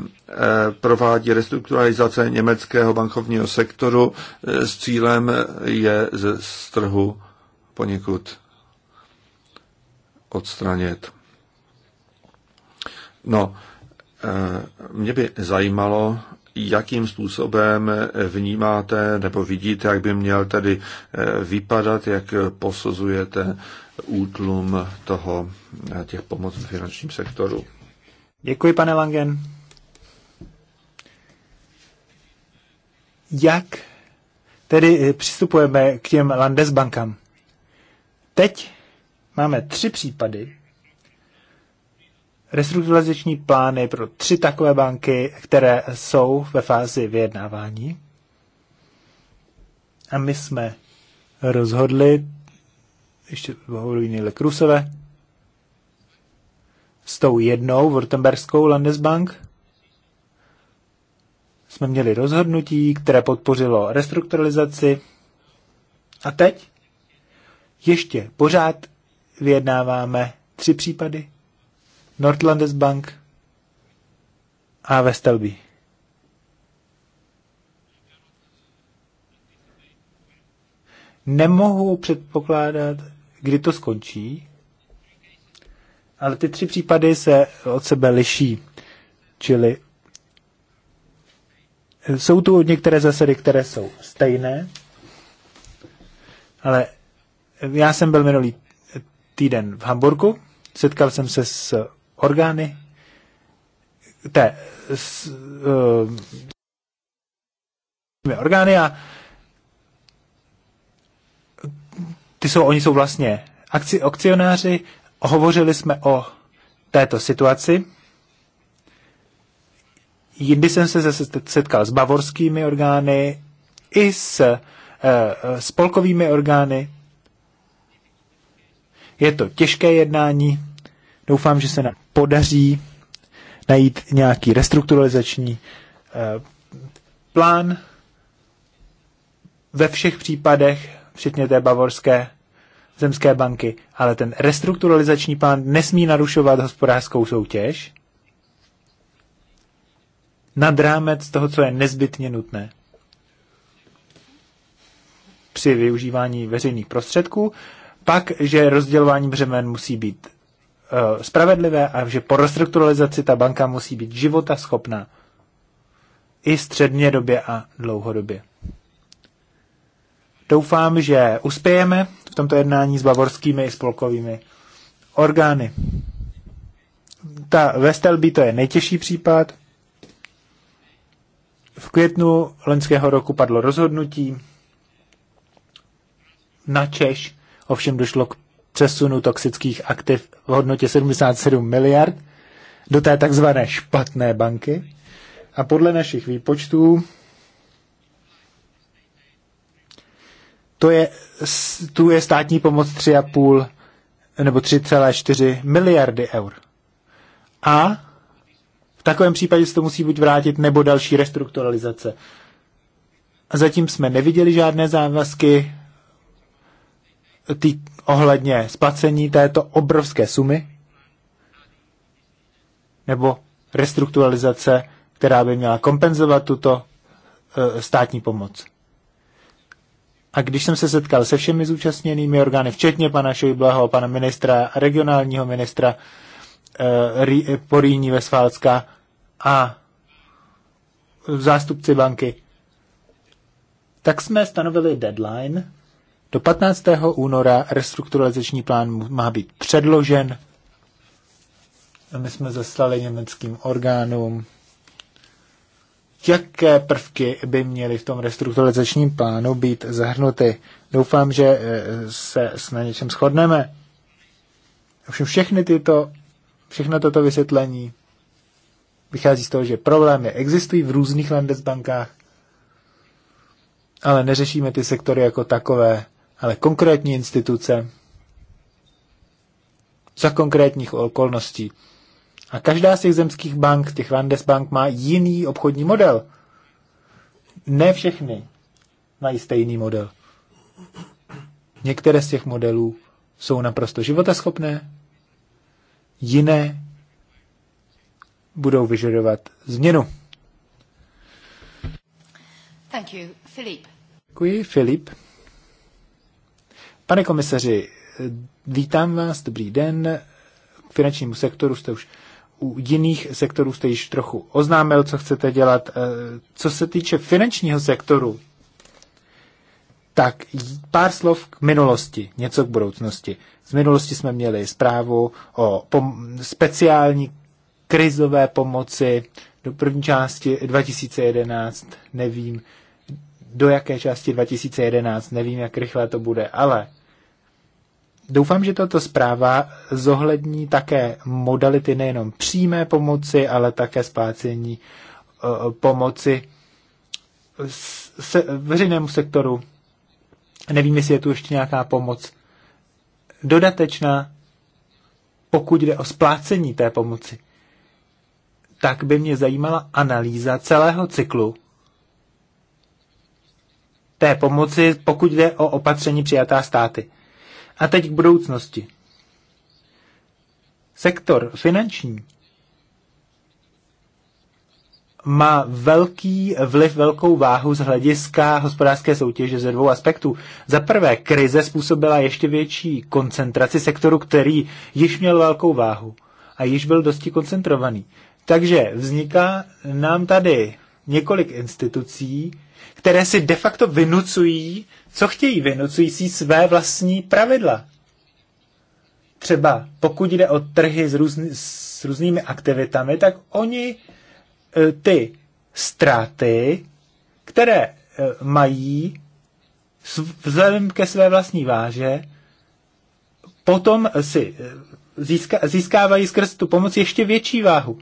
Speaker 3: provádí restrukturalizace německého bankovního sektoru s cílem je z trhu poněkud odstranit. No, eh, mě by zajímalo, jakým způsobem vnímáte nebo vidíte, jak by měl tedy eh, vypadat, jak posuzujete útlum toho, eh, těch pomoc v finančním sektoru.
Speaker 2: Děkuji, pane Langen.
Speaker 3: Jak tedy
Speaker 2: přistupujeme k těm Landesbankám? Teď máme tři případy, restrukturalizační plány pro tři takové banky, které jsou ve fázi vyjednávání. A my jsme rozhodli, ještě hovorují Nile Krusové, s tou jednou Württemberskou Landesbank jsme měli rozhodnutí, které podpořilo restrukturalizaci. A teď ještě pořád vyjednáváme tři případy. Nordlandes Bank a Vestelby. Nemohu předpokládat, kdy to skončí, ale ty tři případy se od sebe liší. Čili jsou tu některé zásady, které jsou stejné, ale já jsem byl minulý týden v Hamburgu, setkal jsem se s orgány té s, uh, orgány a ty jsou, oni jsou vlastně akci, akcionáři. Hovořili jsme o této situaci. Jindy jsem se setkal s bavorskými orgány i s eh, eh, spolkovými orgány je to těžké jednání, doufám, že se nám podaří najít nějaký restrukturalizační eh, plán ve všech případech, včetně té bavorské zemské banky, ale ten restrukturalizační plán nesmí narušovat hospodářskou soutěž nad rámec toho, co je nezbytně nutné při využívání veřejných prostředků pak, že rozdělování břemen musí být uh, spravedlivé a že po restrukturalizaci ta banka musí být života schopná i středně době a dlouhodobě. Doufám, že uspějeme v tomto jednání s bavorskými i spolkovými orgány. Ta Vestelby to je nejtěžší případ. V květnu loňského roku padlo rozhodnutí na Češ, Ovšem došlo k přesunu toxických aktiv v hodnotě 77 miliard do té takzvané špatné banky. A podle našich výpočtů to je, tu je státní pomoc 3,5 nebo 3,4 miliardy eur. A v takovém případě se to musí buď vrátit, nebo další restrukturalizace. A zatím jsme neviděli žádné závazky tý, ohledně splacení této obrovské sumy nebo restrukturalizace, která by měla kompenzovat tuto e, státní pomoc. A když jsem se setkal se všemi zúčastněnými orgány, včetně pana Šojbleho, pana ministra, regionálního ministra e, e Poríní Vesfálska a zástupci banky, tak jsme stanovili deadline do 15. února restrukturalizační plán má být předložen. A my jsme zaslali německým orgánům, jaké prvky by měly v tom restrukturalizačním plánu být zahrnuty. Doufám, že eh, se na něčem shodneme. Ovšem všechny tyto, všechno toto vysvětlení vychází z toho, že problémy existují v různých landesbankách, ale neřešíme ty sektory jako takové ale konkrétní instituce za konkrétních okolností. A každá z těch zemských bank, těch Landesbank, má jiný obchodní model. Ne všechny mají stejný model. Některé z těch modelů jsou naprosto životaschopné, jiné budou vyžadovat změnu.
Speaker 1: Thank you, Filip.
Speaker 2: Děkuji, Filip. Pane komisaři, vítám vás, dobrý den. K finančnímu sektoru jste už u jiných sektorů jste již trochu oznámil, co chcete dělat. Eh, co se týče finančního sektoru, tak pár slov k minulosti, něco k budoucnosti. Z minulosti jsme měli zprávu o speciální krizové pomoci do první části 2011, nevím do jaké části 2011, nevím, jak rychle to bude, ale Doufám, že tato zpráva zohlední také modality nejenom přímé pomoci, ale také splácení eh, pomoci se, veřejnému sektoru. Nevím, jestli je tu ještě nějaká pomoc dodatečná, pokud jde o splácení té pomoci. Tak by mě zajímala analýza celého cyklu té pomoci, pokud jde o opatření přijatá státy. A teď k budoucnosti. Sektor finanční má velký vliv, velkou váhu z hlediska hospodářské soutěže ze dvou aspektů. Za prvé, krize způsobila ještě větší koncentraci sektoru, který již měl velkou váhu a již byl dosti koncentrovaný. Takže vzniká nám tady několik institucí, které si de facto vynucují, co chtějí, vynucují si své vlastní pravidla. Třeba pokud jde o trhy s, různ, s různými aktivitami, tak oni e, ty ztráty, které e, mají vzhledem ke své vlastní váže, potom si e, získá, získávají skrz tu pomoc ještě větší váhu.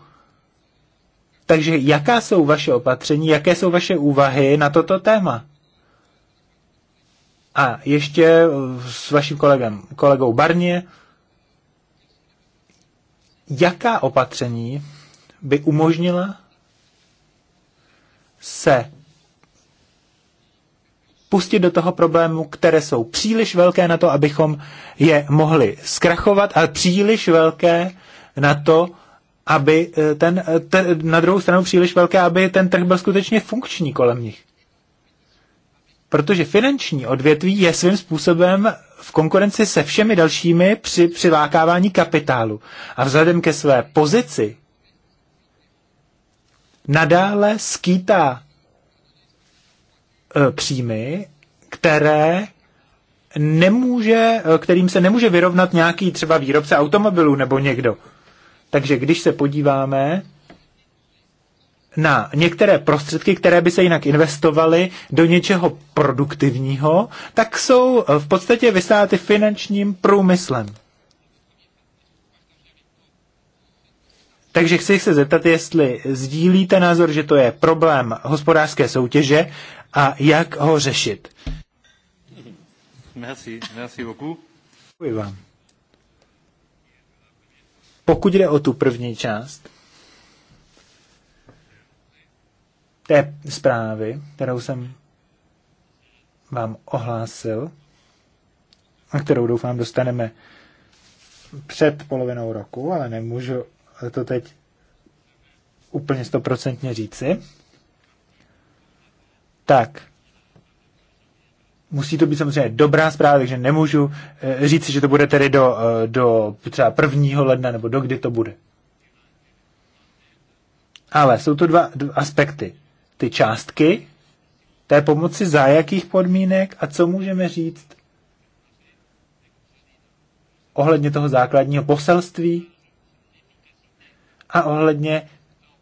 Speaker 2: Takže jaká jsou vaše opatření, jaké jsou vaše úvahy na toto téma? A ještě s vaším kolegem, kolegou Barně, jaká opatření by umožnila se pustit do toho problému, které jsou příliš velké na to, abychom je mohli zkrachovat, ale příliš velké na to, aby eh, ten, eh, ten, na druhou stranu příliš velké, aby ten trh byl skutečně funkční kolem nich. Protože finanční odvětví je svým způsobem v konkurenci se všemi dalšími při přilákávání kapitálu. A vzhledem ke své pozici nadále skýtá e, příjmy, které nemůže, kterým se nemůže vyrovnat nějaký třeba výrobce automobilů nebo někdo. Takže když se podíváme na některé prostředky, které by se jinak investovaly do něčeho produktivního, tak jsou eh, v podstatě vysáty finančním průmyslem. Takže chci se zeptat, jestli sdílíte názor, že to je problém hospodářské soutěže a jak ho řešit.
Speaker 3: Merci, merci beaucoup. Děkuji vám.
Speaker 2: Pokud jde o tu první část té zprávy, kterou jsem vám ohlásil, a kterou doufám dostaneme před polovinou roku, ale nemůžu to teď úplně stoprocentně říci, tak musí to být samozřejmě dobrá zpráva, takže nemůžu eh, říct, že to bude tedy do, eh, do třeba prvního ledna, nebo do kdy to bude. Ale jsou to dva, dva aspekty. Ty částky té pomoci, za jakých podmínek a co můžeme říct ohledně toho základního poselství a ohledně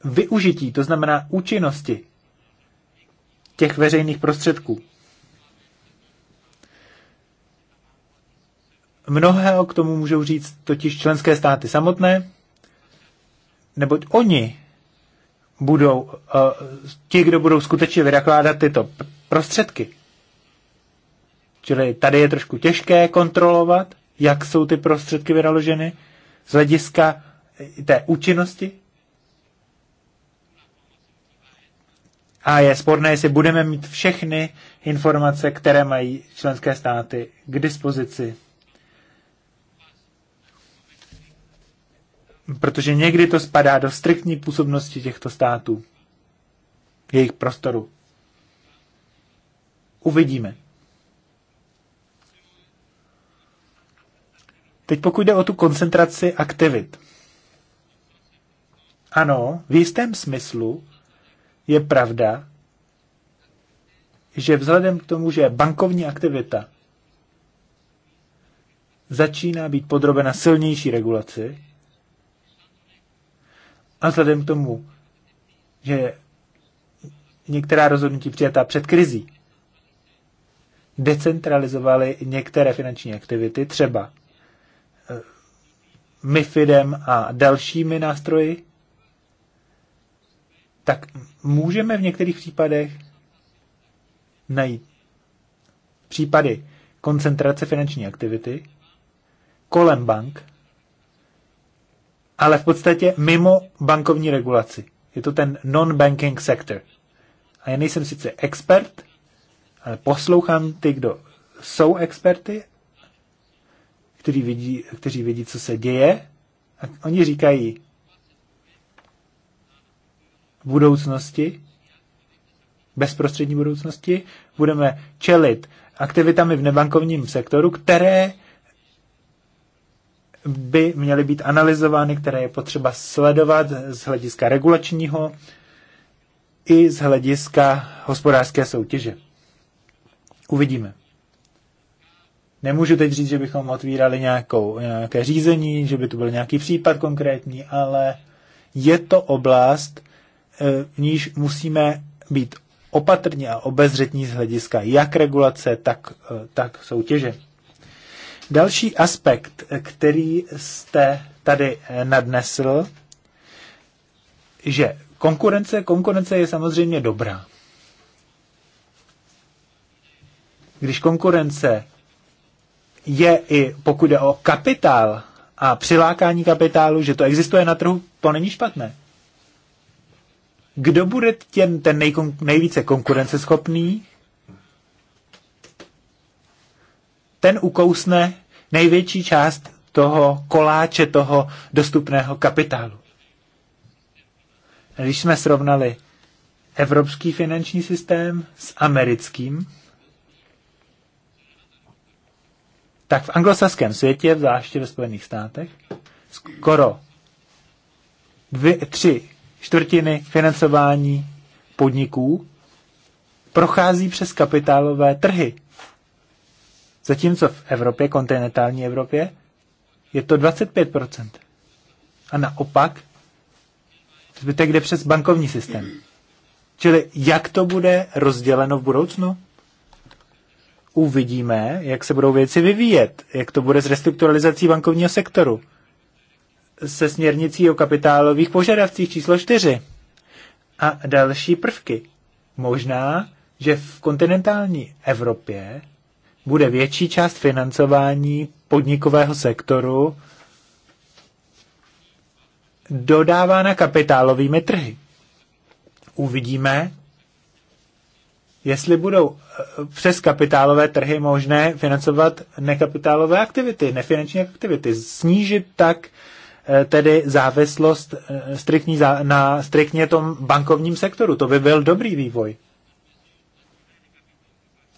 Speaker 2: využití, to znamená účinnosti těch veřejných prostředků. Mnohé k tomu můžou říct totiž členské státy samotné, neboť oni budou uh, ti, kdo budou skutečně vynakládat tyto prostředky. Čili tady je trošku těžké kontrolovat, jak jsou ty prostředky vynaloženy z hlediska té účinnosti. A je sporné, jestli budeme mít všechny informace, které mají členské státy k dispozici protože někdy to spadá do striktní působnosti těchto států, jejich prostoru. Uvidíme. Teď pokud jde o tu koncentraci aktivit. Ano, v jistém smyslu je pravda, že vzhledem k tomu, že bankovní aktivita začíná být podrobena silnější regulaci, a vzhledem k tomu, že některá rozhodnutí přijatá před krizí decentralizovaly některé finanční aktivity, třeba eh, MIFIDem a dalšími nástroji, tak můžeme v některých případech najít případy koncentrace finanční aktivity kolem bank, ale v podstatě mimo bankovní regulaci. Je to ten non-banking sector. A já nejsem sice expert, ale poslouchám ty, kdo jsou experty, kteří vidí, kteří vidí, co se děje. A oni říkají, v budoucnosti, bezprostřední budoucnosti, budeme čelit aktivitami v nebankovním sektoru, které by měly být analyzovány, které je potřeba sledovat z hlediska regulačního i z hlediska hospodářské soutěže. Uvidíme. Nemůžu teď říct, že bychom otvírali nějakou, nějaké řízení, že by to byl nějaký případ konkrétní, ale je to oblast, eh, v níž musíme být opatrní a obezřetní z hlediska jak regulace, tak, eh, tak soutěže. Další aspekt, který jste tady eh, nadnesl, že konkurence, konkurence je samozřejmě dobrá. Když konkurence je i pokud jde o kapitál a přilákání kapitálu, že to existuje na trhu, to není špatné. Kdo bude těm, ten nejkon, nejvíce konkurenceschopný, ten ukousne největší část toho koláče, toho dostupného kapitálu. Když jsme srovnali evropský finanční systém s americkým, tak v anglosaském světě, v zvláště ve Spojených státech, skoro dvě, tři čtvrtiny financování podniků prochází přes kapitálové trhy. Zatímco v Evropě, kontinentální Evropě, je to 25%. A naopak zbytek jde přes bankovní systém. Čili jak to bude rozděleno v budoucnu? Uvidíme, jak se budou věci vyvíjet, jak to bude s restrukturalizací bankovního sektoru, se směrnicí o kapitálových požadavcích číslo 4 a další prvky. Možná, že v kontinentální Evropě bude větší část financování podnikového sektoru dodávána kapitálovými trhy. Uvidíme, jestli budou eh, přes kapitálové trhy možné financovat nekapitálové aktivity, nefinanční aktivity, snížit tak eh, tedy závislost eh, striktní na striktně tom bankovním sektoru. To by byl dobrý vývoj.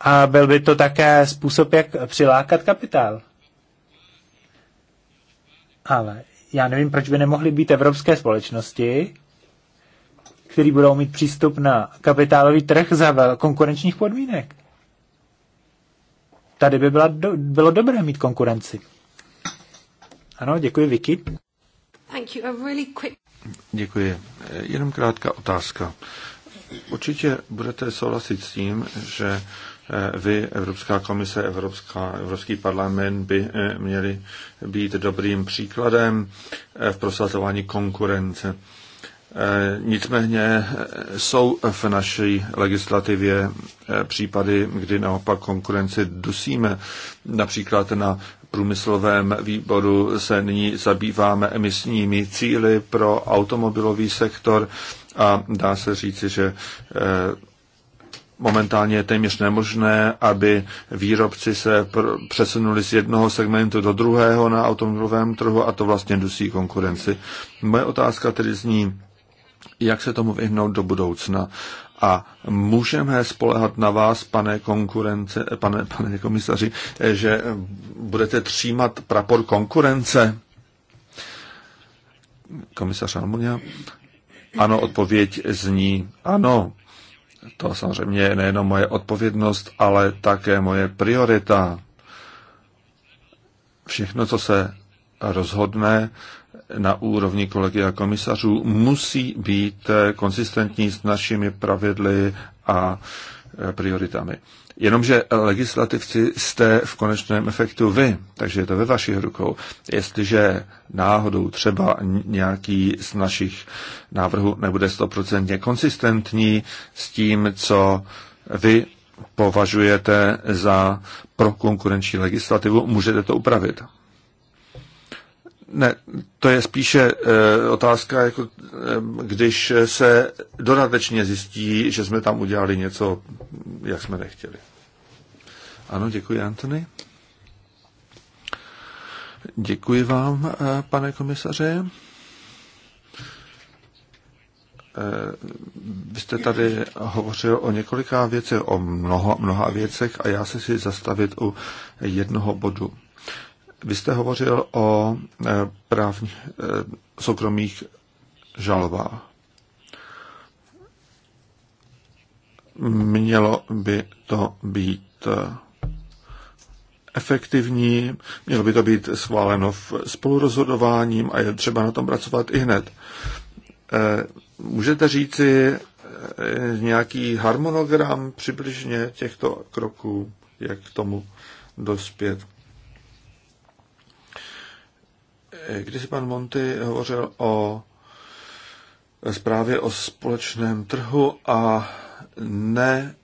Speaker 2: A byl by to také způsob, jak přilákat kapitál. Ale já nevím, proč by nemohly být evropské společnosti, které budou mít přístup na kapitálový trh za konkurenčních podmínek. Tady by byla do, bylo dobré mít konkurenci. Ano, děkuji, Vicky.
Speaker 1: Thank you. A really quick...
Speaker 3: Děkuji. Jenom krátká otázka. Určitě budete souhlasit s tím, že eh, vy, Evropská komise, Evropská, Evropský parlament by eh, měli být dobrým příkladem eh, v prosazování konkurence. Nicméně jsou v naší legislativě případy, kdy naopak konkurenci dusíme. Například na průmyslovém výboru se nyní zabýváme emisními cíly pro automobilový sektor a dá se říci, že eh, momentálně je téměř nemožné, aby výrobci se přesunuli z jednoho segmentu do druhého na automobilovém trhu a to vlastně dusí konkurenci. Moje otázka tedy zní, jak se tomu vyhnout do budoucna. A můžeme spolehat na vás, pane, konkurence, pane, pane komisaři, že budete třímat prapor konkurence? Komisař Almunia. Ano, odpověď zní ano. To samozřejmě je nejenom moje odpovědnost, ale také moje priorita. Všechno, co se rozhodne na úrovni kolegy a komisařů, musí být konsistentní s našimi pravidly a prioritami. Jenomže eh, legislativci jste v konečném efektu vy, takže je to ve vašich rukou. Jestliže náhodou třeba nějaký z našich návrhů nebude stoprocentně konsistentní s tím, co vy považujete za prokonkurenční legislativu, můžete to upravit. Ne, to je spíše e, otázka, jako, e, když se dodatečně zjistí, že jsme tam udělali něco, jak jsme nechtěli. Ano, děkuji, Antony. Děkuji vám, e, pane komisaře. Vy jste tady hovořil o několika věcech, o mnoha, mnoha věcech a já se si zastavit u jednoho bodu. Vy jste hovořil o eh, právních eh, soukromých žalobách. Mělo by to být eh, efektivní, mělo by to být schváleno v spolurozhodováním a je třeba na tom pracovat i hned. Můžete říci nějaký harmonogram přibližně těchto kroků, jak k tomu dospět? Když pan Monty hovořil o zprávě o společném trhu a ne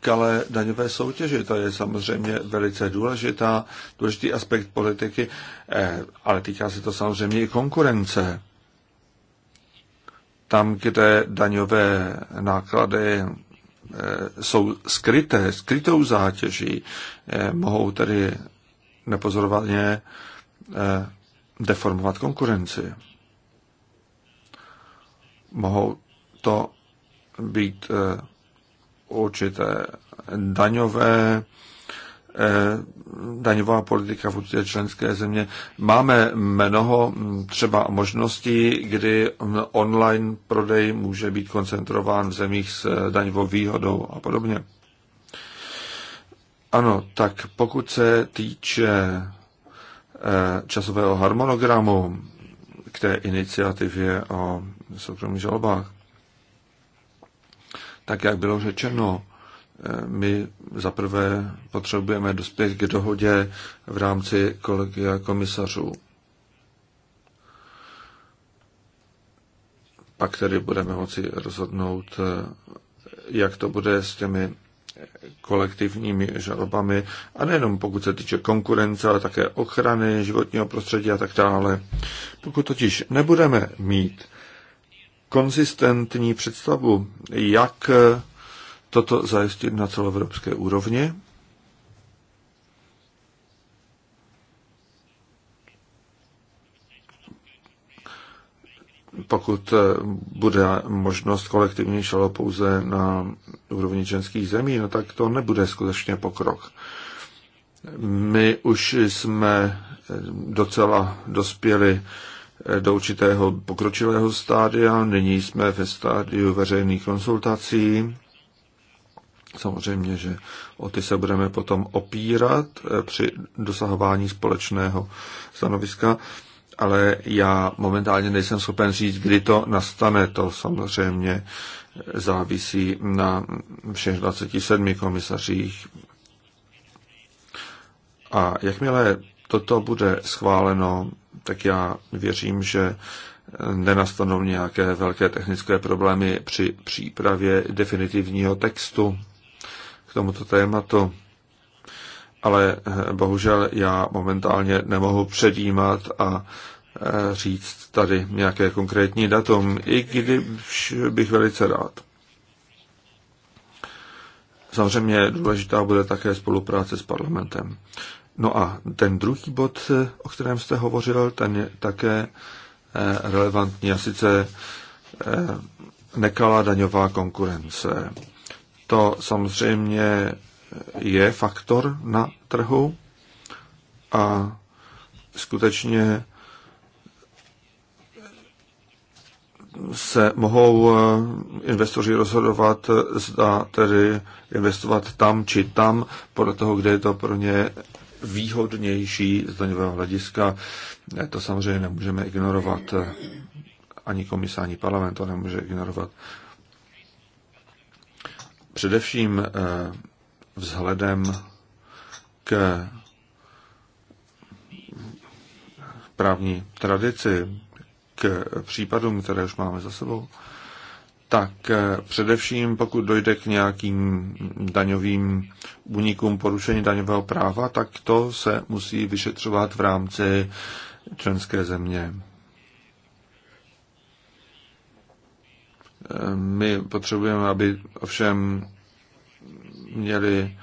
Speaker 3: kalé daňové soutěži. To je samozřejmě velice důležitá, důležitý aspekt politiky, eh, ale týká se to samozřejmě i konkurence. Tam, kde daňové náklady eh, jsou skryté, skrytou zátěží, eh, mohou tedy nepozorovaně deformovat konkurenci. Mohou to být eh, určité daňové, eh, daňová politika v určité členské země. Máme mnoho hm, třeba možností, kdy online prodej může být koncentrován v zemích s eh, daňovou výhodou a podobně. Ano, tak pokud se týče Eh, časového harmonogramu k té iniciativě o soukromých žalobách, tak jak bylo řečeno, eh, my zaprvé potřebujeme dospět k dohodě v rámci kolegia komisařů. Pak tedy budeme moci rozhodnout, eh, jak to bude s těmi kolektivními žalobami, a nejenom pokud se týče konkurence, ale také ochrany životního prostředí a tak dále. Pokud totiž nebudeme mít konzistentní představu, jak toto zajistit na celoevropské úrovni, pokud eh, bude možnost kolektivní šalo pouze na úrovni ženských zemí, no tak to nebude skutečně pokrok. My už jsme eh, docela dospěli eh, do určitého pokročilého stádia, nyní jsme ve stádiu veřejných konsultací. Samozřejmě, že o ty se budeme potom opírat při dosahování společného stanoviska ale já momentálně nejsem schopen říct, kdy to nastane. To samozřejmě závisí na všech 27 komisařích. A jakmile toto bude schváleno, tak já věřím, že nenastanou nějaké velké technické problémy při přípravě definitivního textu k tomuto tématu ale eh, bohužel já momentálně nemohu předjímat a eh, říct tady nějaké konkrétní datum, i když bych velice rád. Samozřejmě důležitá bude také spolupráce s parlamentem. No a ten druhý bod, eh, o kterém jste hovořil, ten je také relevantní, a sice nekalá daňová konkurence. To samozřejmě je faktor na trhu a skutečně se mohou eh, investoři rozhodovat, zda tedy investovat tam či tam, podle toho, kde je to pro ně výhodnější z daňového hlediska. Eh, to samozřejmě nemůžeme ignorovat, eh, ani komisa, ani parlament to nemůže ignorovat. Především vzhledem k právní tradici, k případům, které už máme za sebou, tak eh, především pokud dojde k nějakým daňovým unikům porušení daňového práva, tak to se musí vyšetřovat v rámci členské země. Eh, my potřebujeme, aby ovšem měli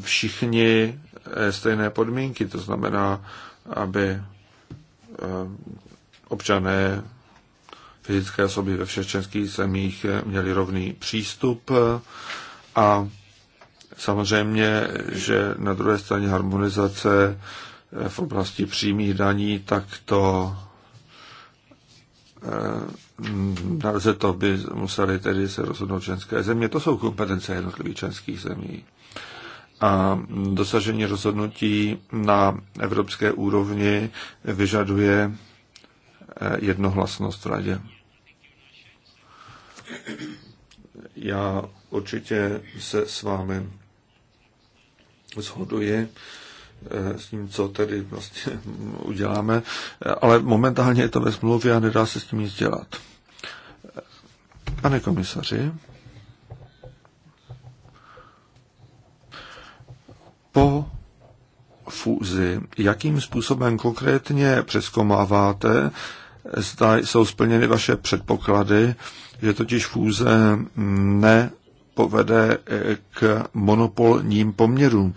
Speaker 3: všichni eh, stejné podmínky, to znamená, aby eh, občané fyzické osoby ve všech českých zemích eh, měli rovný přístup a samozřejmě, že na druhé straně harmonizace v oblasti přímých daní, tak to Nelze to by museli tedy se rozhodnout členské země. To jsou kompetence jednotlivých členských zemí. A dosažení rozhodnutí na evropské úrovni vyžaduje eh, jednohlasnost v radě. Já určitě se s vámi shoduji Eh, s tím, co tedy vlastně uděláme, ale momentálně je to ve smlouvě a nedá se s tím nic dělat. Pane komisaři, po fúzi, jakým způsobem konkrétně přeskomáváte, zda jsou splněny vaše předpoklady, že totiž fúze ne povede e, k monopolním poměrům. E,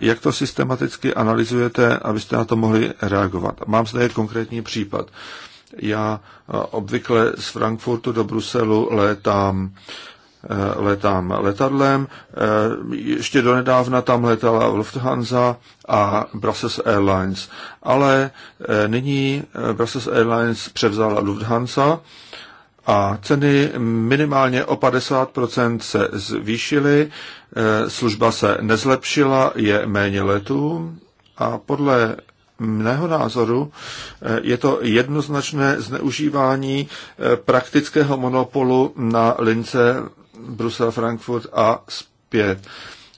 Speaker 3: jak to systematicky analyzujete, abyste na to mohli reagovat? Mám zde konkrétní případ. Já e, obvykle z Frankfurtu do Bruselu létám letám letadlem. Ještě donedávna tam letala Lufthansa a Brussels Airlines. Ale nyní Brussels Airlines převzala Lufthansa a ceny minimálně o 50% se zvýšily, eh, služba se nezlepšila, je méně letů a podle mého názoru eh, je to jednoznačné zneužívání eh, praktického monopolu na lince Brusel-Frankfurt a zpět.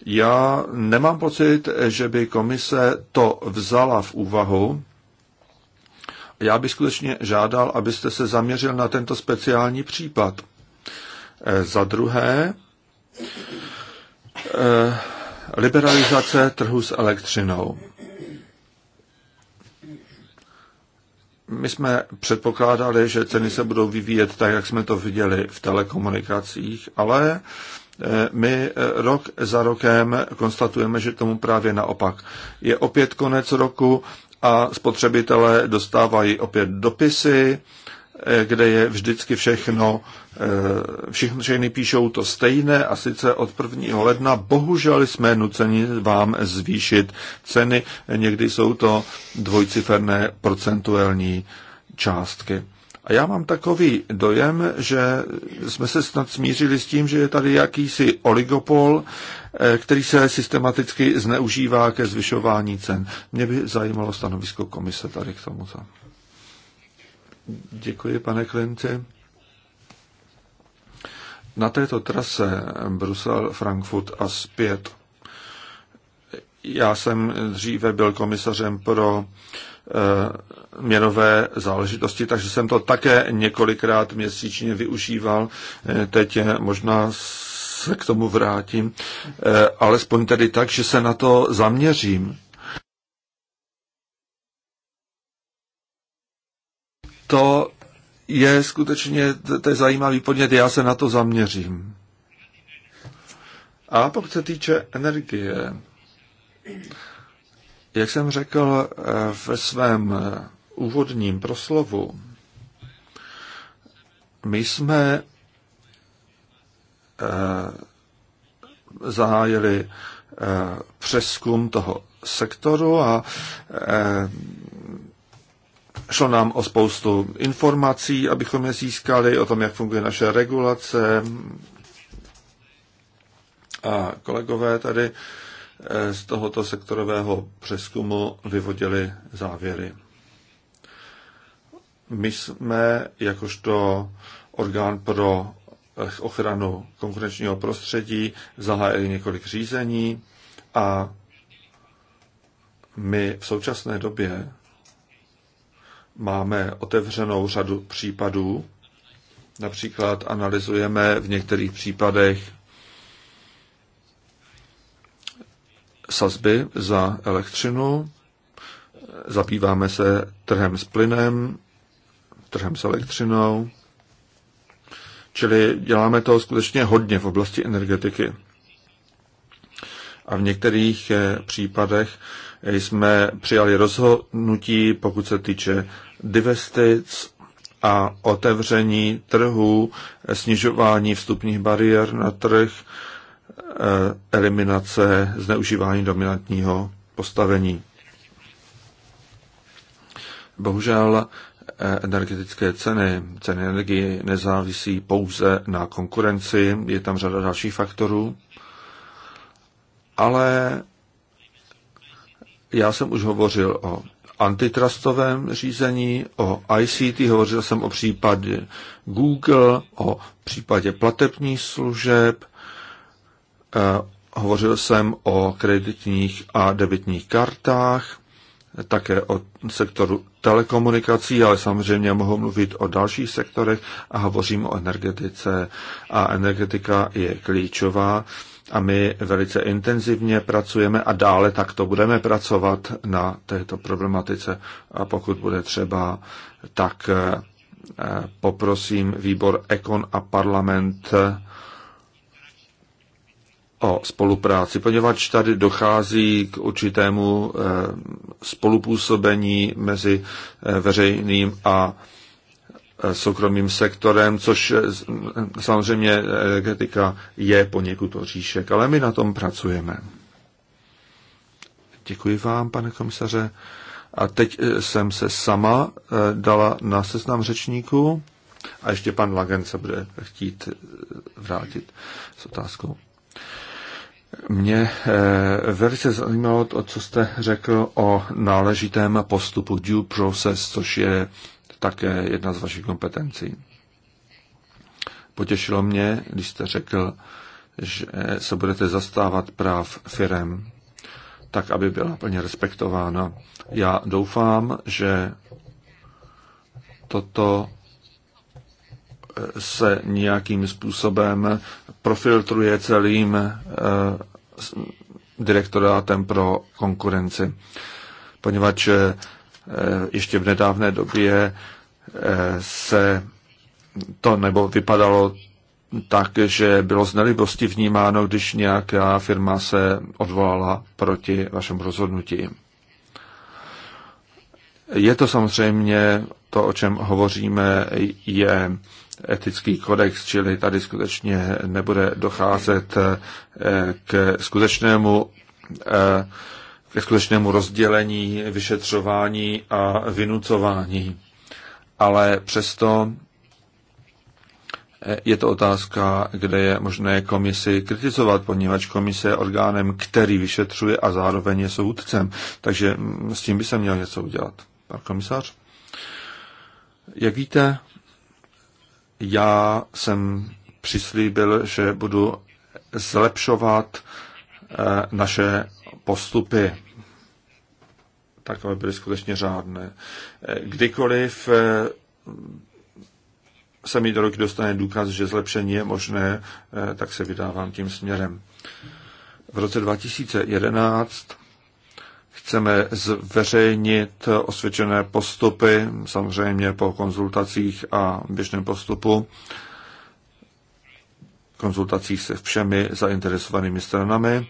Speaker 3: Já nemám pocit, že by komise to vzala v úvahu já bych skutečně žádal, abyste se zaměřil na tento speciální případ. Eh, za druhé, eh, liberalizace trhu s elektřinou. My jsme předpokládali, že ceny se budou vyvíjet tak, jak jsme to viděli v telekomunikacích, ale eh, my rok za rokem konstatujeme, že tomu právě naopak. Je opět konec roku, a spotřebitelé dostávají opět dopisy, eh, kde je vždycky všechno, eh, všichni, všichni píšou to stejné a sice od 1. ledna bohužel jsme nuceni vám zvýšit ceny, někdy jsou to dvojciferné procentuální částky. A já mám takový dojem, že jsme se snad smířili s tím, že je tady jakýsi oligopol, Eh, který se systematicky zneužívá ke zvyšování cen. Mě by zajímalo stanovisko komise tady k tomuto. Děkuji, pane Klinci. Na této trase Brusel, Frankfurt a zpět. Já jsem dříve byl komisařem pro eh, měnové záležitosti, takže jsem to také několikrát měsíčně využíval. Eh, teď možná se k tomu vrátím, eh, alespoň tedy tak, že se na to zaměřím. To je skutečně, to je zajímavý podnět, já se na to zaměřím. A pokud se týče energie, jak jsem řekl eh, ve svém eh, úvodním proslovu, my jsme Eh, zahájili eh, přeskum toho sektoru a eh, šlo nám o spoustu informací, abychom je získali, o tom, jak funguje naše regulace. A kolegové tady z tohoto sektorového přeskumu vyvodili závěry. My jsme jakožto orgán pro ochranu konkurenčního prostředí, zahájili několik řízení a my v současné době máme otevřenou řadu případů. Například analyzujeme v některých případech sazby za elektřinu, zabýváme se trhem s plynem, trhem s elektřinou, Čili děláme toho skutečně hodně v oblasti energetiky. A v některých eh, případech eh, jsme přijali rozhodnutí, pokud se týče divestic a otevření trhu, eh, snižování vstupních bariér na trh, eliminace zneužívání dominantního postavení. Bohužel energetické ceny. Ceny energie nezávisí pouze na konkurenci, je tam řada dalších faktorů, ale já jsem už hovořil o antitrustovém řízení, o ICT, hovořil jsem o případě Google, o případě platebních služeb, eh, hovořil jsem o kreditních a debitních kartách, také o sektoru telekomunikací, ale samozřejmě mohu mluvit o dalších sektorech a hovořím o energetice. A energetika je klíčová a my velice intenzivně pracujeme a dále takto budeme pracovat na této problematice a pokud bude třeba, tak eh, poprosím výbor Ekon a parlament o spolupráci, poněvadž tady dochází k určitému eh, spolupůsobení mezi eh, veřejným a eh, soukromým sektorem, což samozřejmě energetika je poněkud oříšek, ale my na tom pracujeme. Děkuji vám, pane komisaře. A teď jsem se sama dala na seznam řečníků a ještě pan Lagen se bude chtít vrátit s otázkou. Mě eh, velice zajímalo to, co jste řekl o náležitém postupu due process, což je také jedna z vašich kompetencí. Potěšilo mě, když jste řekl, že se budete zastávat práv firem, tak aby byla plně respektována. Já doufám, že toto se nějakým způsobem profiltruje celým eh, direktorátem pro konkurenci. Poněvadž eh, ještě v nedávné době eh, se to nebo vypadalo tak, že bylo z nelibosti vnímáno, když nějaká firma se odvolala proti vašemu rozhodnutí. Je to samozřejmě, to, o čem hovoříme, je etický kodex, čili tady skutečně nebude docházet eh, k skutečnému eh, ke skutečnému rozdělení, vyšetřování a vynucování. Ale přesto eh, je to otázka, kde je možné komisi kritizovat, poněvadž komise je orgánem, který vyšetřuje a zároveň je soudcem. Takže mm, s tím by se měl něco udělat. Pan komisař? Jak víte, já jsem přislíbil, že budu zlepšovat eh, naše postupy tak, aby byly skutečně řádné. Eh, kdykoliv eh, se mi do roky dostane důkaz, že zlepšení je možné, tak se vydávám tím směrem. V roce 2011 Chceme zveřejnit osvědčené postupy, samozřejmě po konzultacích a běžném postupu, konzultacích se všemi zainteresovanými stranami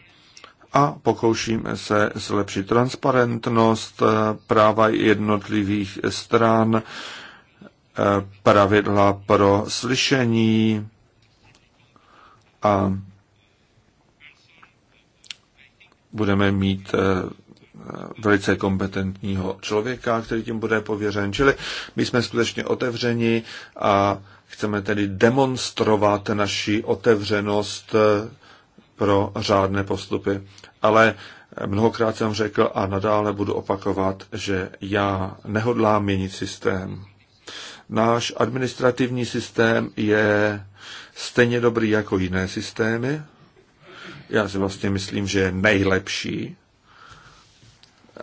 Speaker 3: a pokoušíme se zlepšit transparentnost práva jednotlivých stran, pravidla pro slyšení a budeme mít eh, velice kompetentního člověka, který tím bude pověřen. Čili my jsme skutečně otevřeni a chceme tedy demonstrovat naši otevřenost eh, pro řádné postupy. Ale mnohokrát jsem řekl a nadále budu opakovat, že já nehodlám měnit systém. Náš administrativní systém je stejně dobrý jako jiné systémy. Já si vlastně myslím, že je nejlepší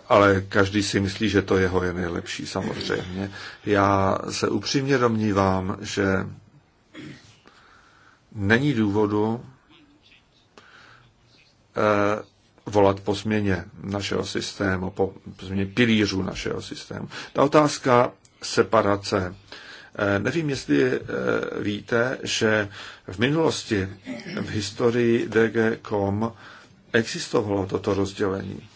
Speaker 3: ale každý si myslí, že to jeho je nejlepší samozřejmě. Já se upřímně domnívám, že není důvodu eh, volat po změně našeho systému, po změně pilířů našeho systému. Ta otázka separace. Eh, nevím, jestli eh, víte, že v minulosti, v historii DG.com existovalo toto rozdělení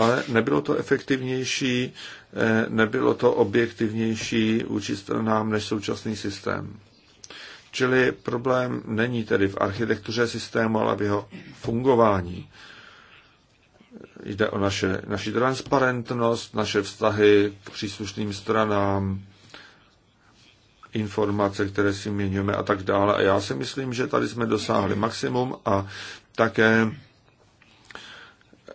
Speaker 3: ale nebylo to efektivnější, eh, nebylo to objektivnější vůči stranám než současný systém. Čili problém není tedy v architektuře systému, ale v jeho fungování. Jde o naše, naši transparentnost, naše vztahy k příslušným stranám, informace, které si měníme a tak dále. A já si myslím, že tady jsme dosáhli maximum a také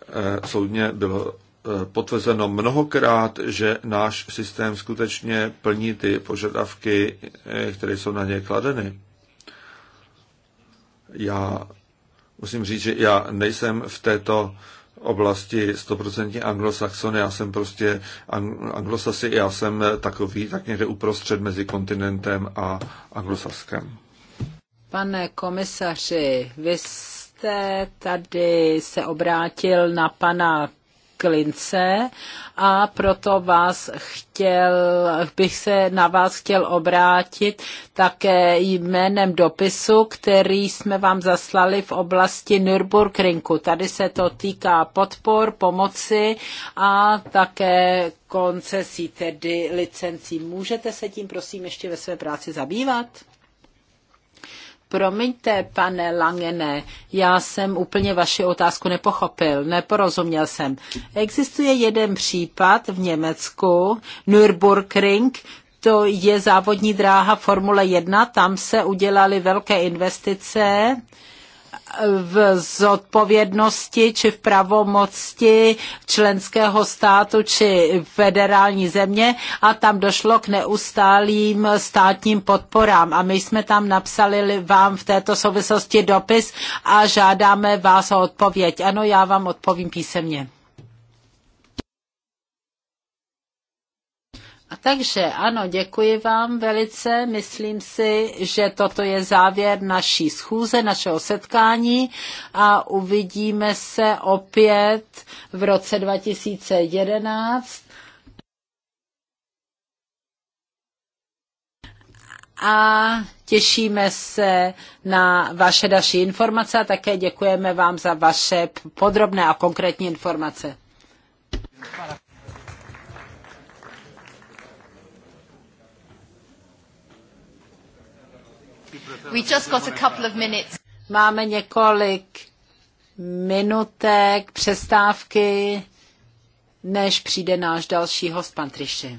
Speaker 3: Eh, soudně bylo eh, potvrzeno mnohokrát, že náš systém skutečně plní ty požadavky, eh, které jsou na ně kladeny. Já musím říct, že já nejsem v této oblasti 100% anglosaxon, já jsem prostě anglosasy, já jsem takový, tak někde uprostřed mezi kontinentem a anglosaskem.
Speaker 1: Pane komisaři, vy jste tady se obrátil na pana Klince a proto vás chtěl, bych se na vás chtěl obrátit také jménem dopisu, který jsme vám zaslali v oblasti Nürburgringu. Tady se to týká podpor, pomoci a také koncesí, tedy licencí. Můžete se tím prosím ještě ve své práci zabývat? Promiňte, pane Langene, já jsem úplně vaši otázku nepochopil, neporozuměl jsem. Existuje jeden případ v Německu, Nürburgring, to je závodní dráha Formule 1, tam se udělaly velké investice v zodpovědnosti či v pravomoci členského státu či federální země a tam došlo k neustálým státním podporám. A my jsme tam napsali vám v této souvislosti dopis a žádáme vás o odpověď. Ano, já vám odpovím písemně. A Takže ano, děkuji vám velice. Myslím si, že toto je závěr naší schůze, našeho setkání a uvidíme se opět v roce 2011. A těšíme se na vaše další informace a také děkujeme vám za vaše podrobné a konkrétní informace. We just got a couple of minutes. Máme několik minutek přestávky, než přijde náš další host, pan Triši.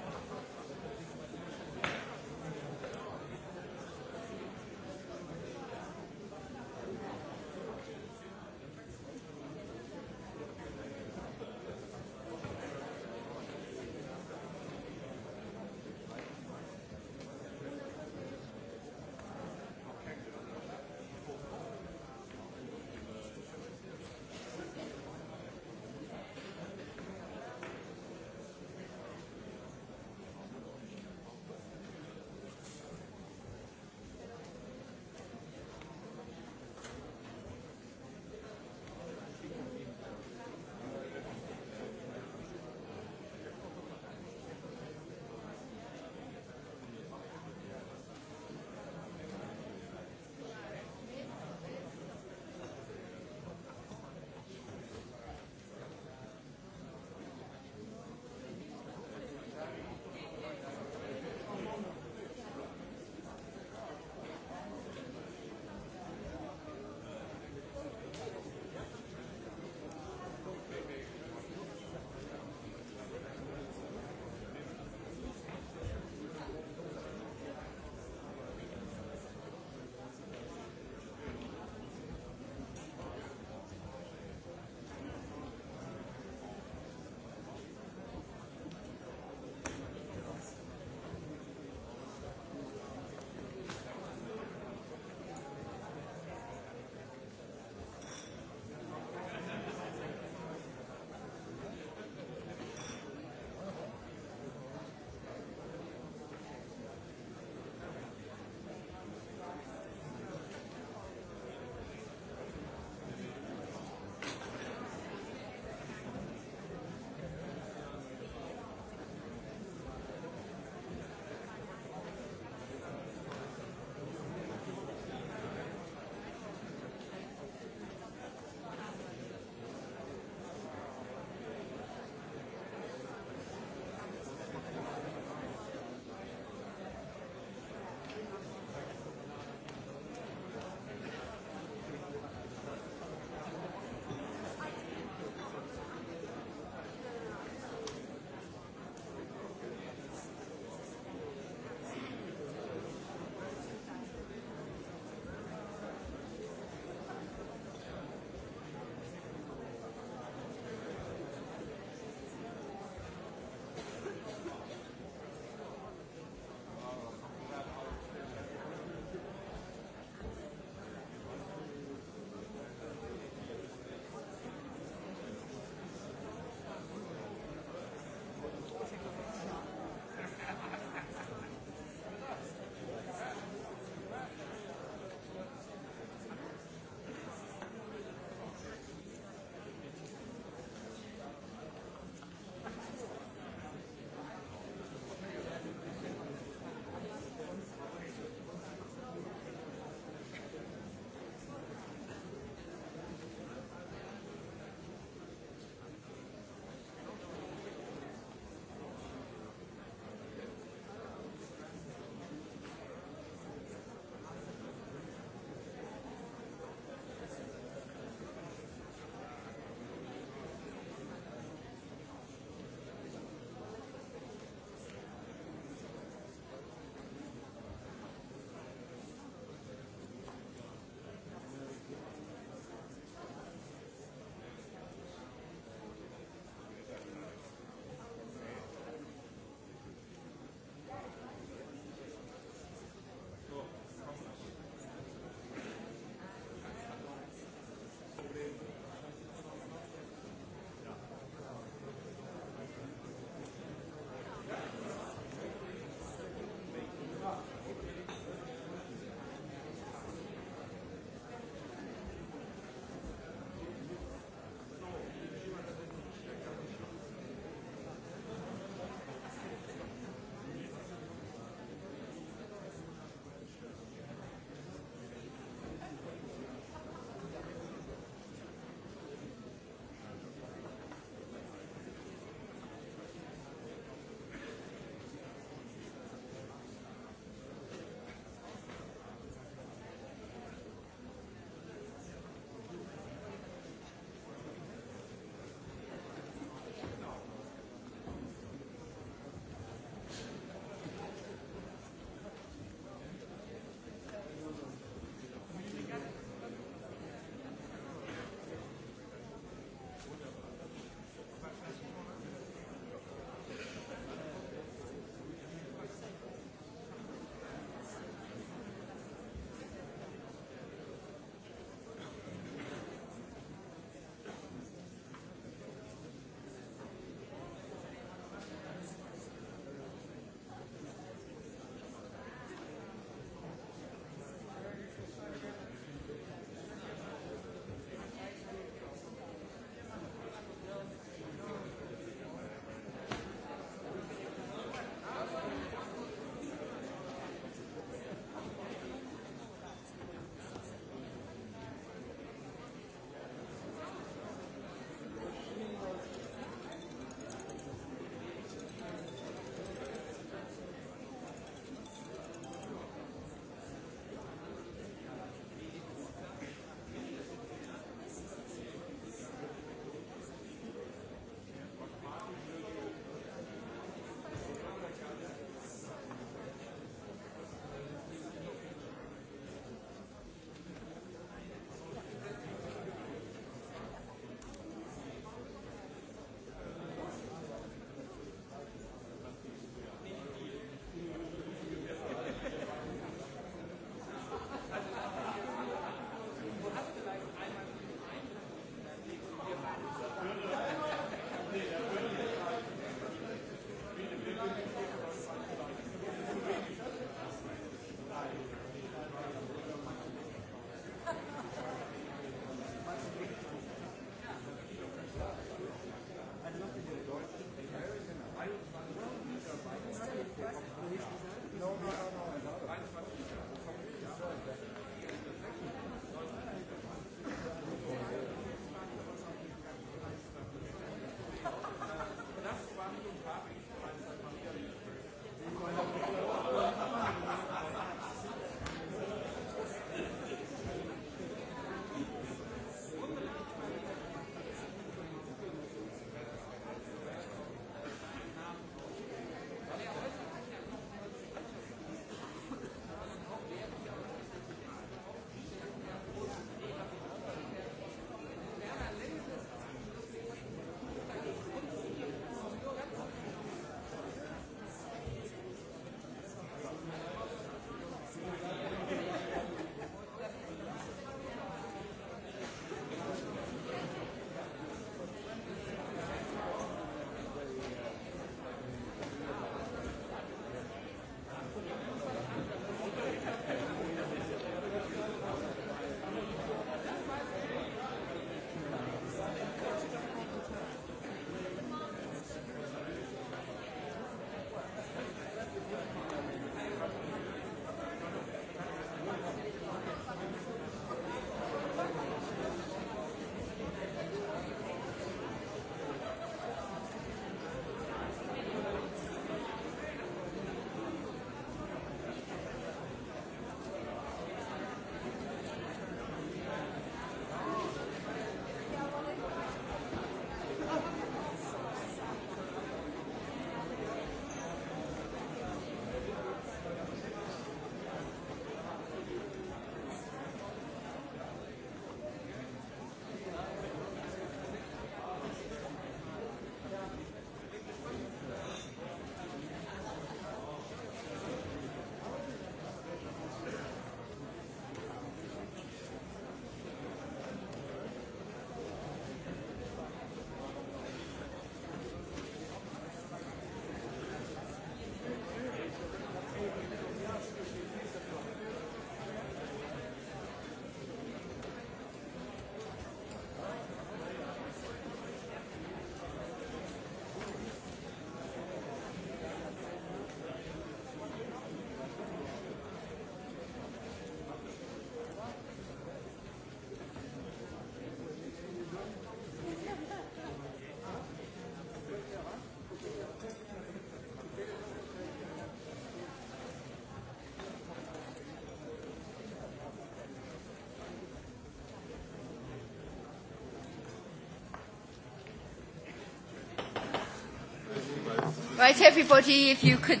Speaker 1: Right, everybody, if you could...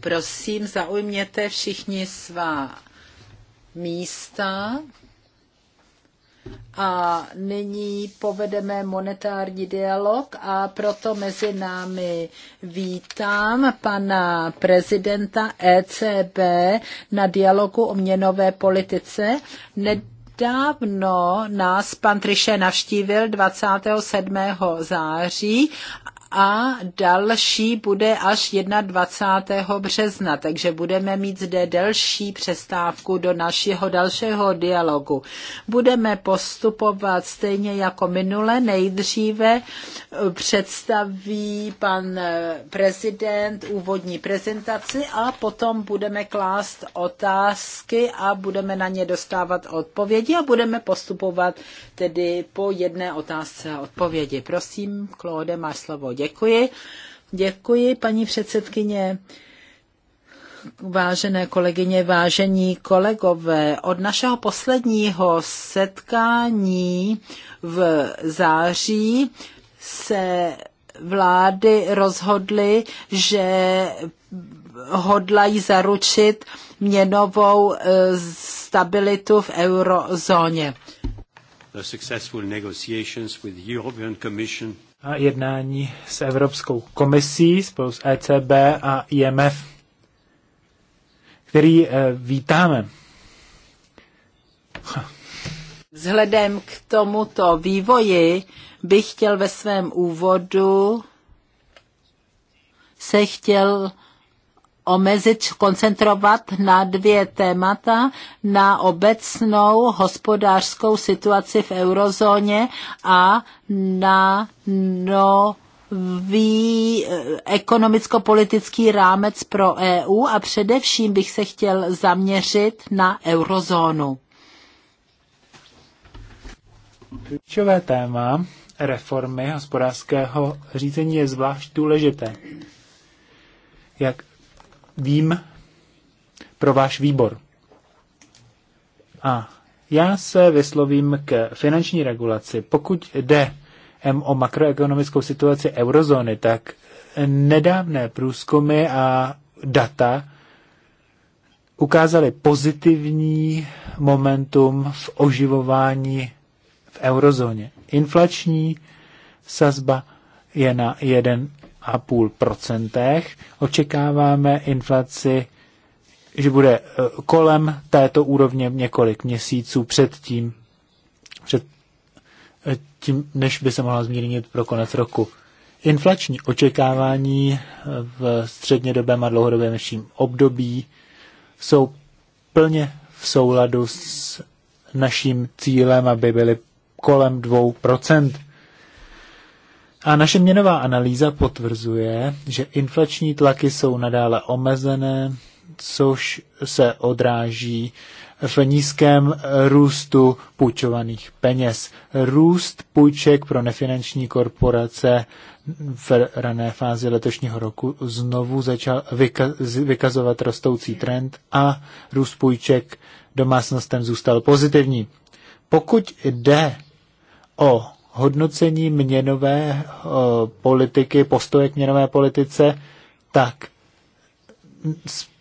Speaker 1: Prosím, zaujměte všichni svá místa. A nyní povedeme monetární dialog a proto mezi námi vítám pana prezidenta ECB na dialogu o měnové politice. Nedávno nás pan Triše navštívil 27. září a další bude až 21. března, takže budeme mít zde delší přestávku do našeho dalšího dialogu. Budeme postupovat stejně jako minule. Nejdříve eh, představí pan eh, prezident úvodní prezentaci a potom budeme klást otázky a budeme na ně dostávat odpovědi a budeme postupovat tedy po jedné otázce a odpovědi. Prosím, Klóde, máš slovo. Děkuji. Děkuji, paní předsedkyně. Vážené kolegyně, vážení kolegové, od našeho posledního setkání v září se vlády rozhodly, že hodlají zaručit měnovou eh, stabilitu v eurozóně.
Speaker 2: A jednání s Evropskou komisí spolu s ECB a IMF, který eh, vítáme.
Speaker 1: Vzhledem k tomuto vývoji bych chtěl ve svém úvodu se chtěl omezit, koncentrovat na dvě témata, na obecnou hospodářskou situaci v eurozóně a na no, nový eh, ekonomicko-politický rámec pro EU a především bych se chtěl zaměřit na eurozónu.
Speaker 2: Klíčové téma reformy hospodářského řízení je zvlášť důležité. Jak vím pro váš výbor. A já se vyslovím k finanční regulaci. Pokud jde o makroekonomickou situaci eurozóny, tak nedávné průzkumy a data ukázaly pozitivní momentum v oživování v eurozóně. Inflační sazba je na 2,5%. Očekáváme inflaci, že bude eh, kolem této úrovně několik měsíců před tím, před eh, tím, než by se mohla zmírnit pro konec roku. Inflační očekávání eh, v střednědobém a dlouhodobém období jsou plně v souladu s naším cílem, aby byly kolem 2%. A naše měnová analýza potvrzuje, že inflační tlaky jsou nadále omezené, což se odráží v nízkém růstu půjčovaných peněz. Růst půjček pro nefinanční korporace v rané fázi letošního roku znovu začal vykazovat rostoucí trend a růst půjček domácnostem zůstal pozitivní. Pokud jde o hodnocení měnové eh, politiky, postoje k měnové politice, tak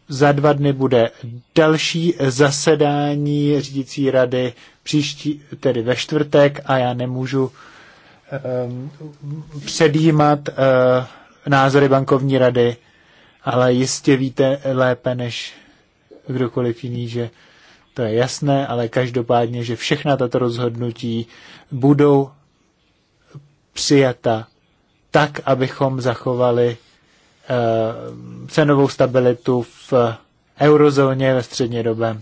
Speaker 2: za dva dny bude další zasedání řídící rady příští, tedy ve čtvrtek a já nemůžu um, předjímat uh, názory bankovní rady, ale jistě víte lépe než kdokoliv jiný, že to je jasné, ale každopádně, že všechna tato rozhodnutí budou přijata tak, abychom zachovali eh, cenovou stabilitu v eurozóně ve střednědobém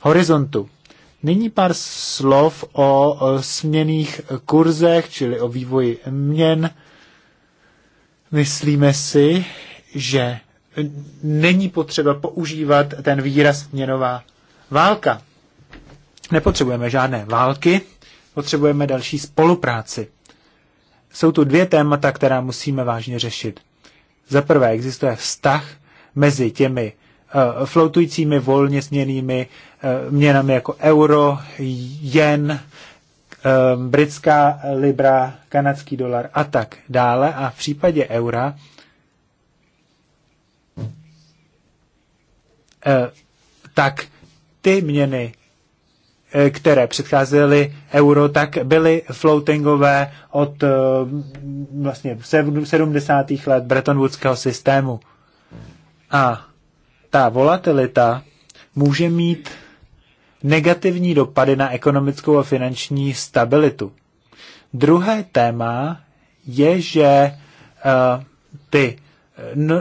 Speaker 2: horizontu. Nyní pár slov o směných kurzech, čili o vývoji měn. Myslíme si, že není potřeba používat ten výraz měnová válka. Nepotřebujeme žádné války, potřebujeme další spolupráci jsou tu dvě témata, která musíme vážně řešit. Za prvé existuje vztah mezi těmi uh, eh, flotujícími volně směnými uh, měnami jako euro, jen, um, britská libra, kanadský dolar a tak dále. A v případě eura uh, tak ty měny Eh, které předcházely euro, tak byly floatingové od eh, vlastně 70. let Bretton Woodského systému. A ta volatilita může mít negativní dopady na ekonomickou a finanční stabilitu. Druhé téma je, že uh, ty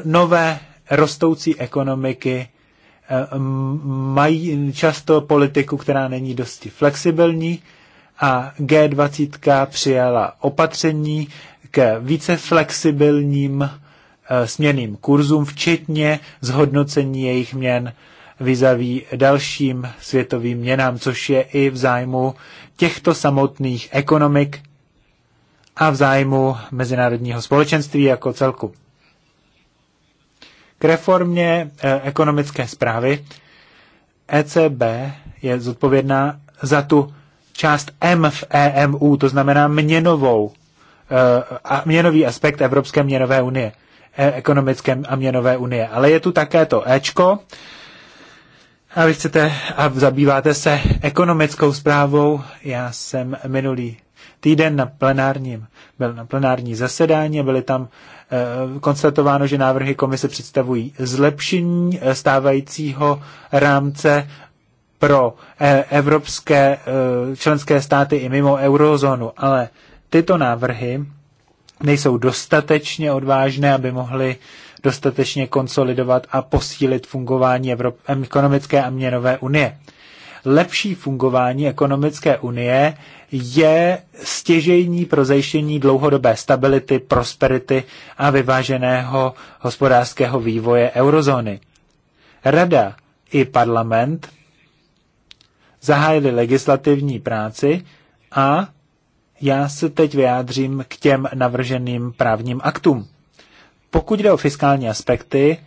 Speaker 2: nové rostoucí ekonomiky Eh, mají často politiku, která není dosti flexibilní a G20 přijala opatření k více flexibilním eh, směným kurzům, včetně zhodnocení jejich měn vizaví dalším světovým měnám, což je i v zájmu těchto samotných ekonomik a v zájmu mezinárodního společenství jako celku. K reformě eh, ekonomické zprávy ECB je zodpovědná za tu část M v EMU, to znamená měnovou, eh, a měnový aspekt Evropské měnové unie, eh, ekonomické a měnové unie. Ale je tu také to Ečko, a vy chcete a zabýváte se ekonomickou zprávou. Já jsem minulý týden na plenárním, byl na plenární zasedání, byli tam Eh, konstatováno, že návrhy komise představují zlepšení eh, stávajícího rámce pro eh, evropské členské státy i mimo eurozónu, ale tyto návrhy nejsou dostatečně odvážné, aby mohly dostatečně konsolidovat a posílit fungování Evrop- ekonomické a měnové unie lepší fungování ekonomické unie je stěžejní pro zajištění dlouhodobé stability, prosperity a vyváženého hospodářského vývoje eurozóny. Rada i parlament zahájili legislativní práci a já se teď vyjádřím k těm navrženým právním aktům. Pokud jde o fiskální aspekty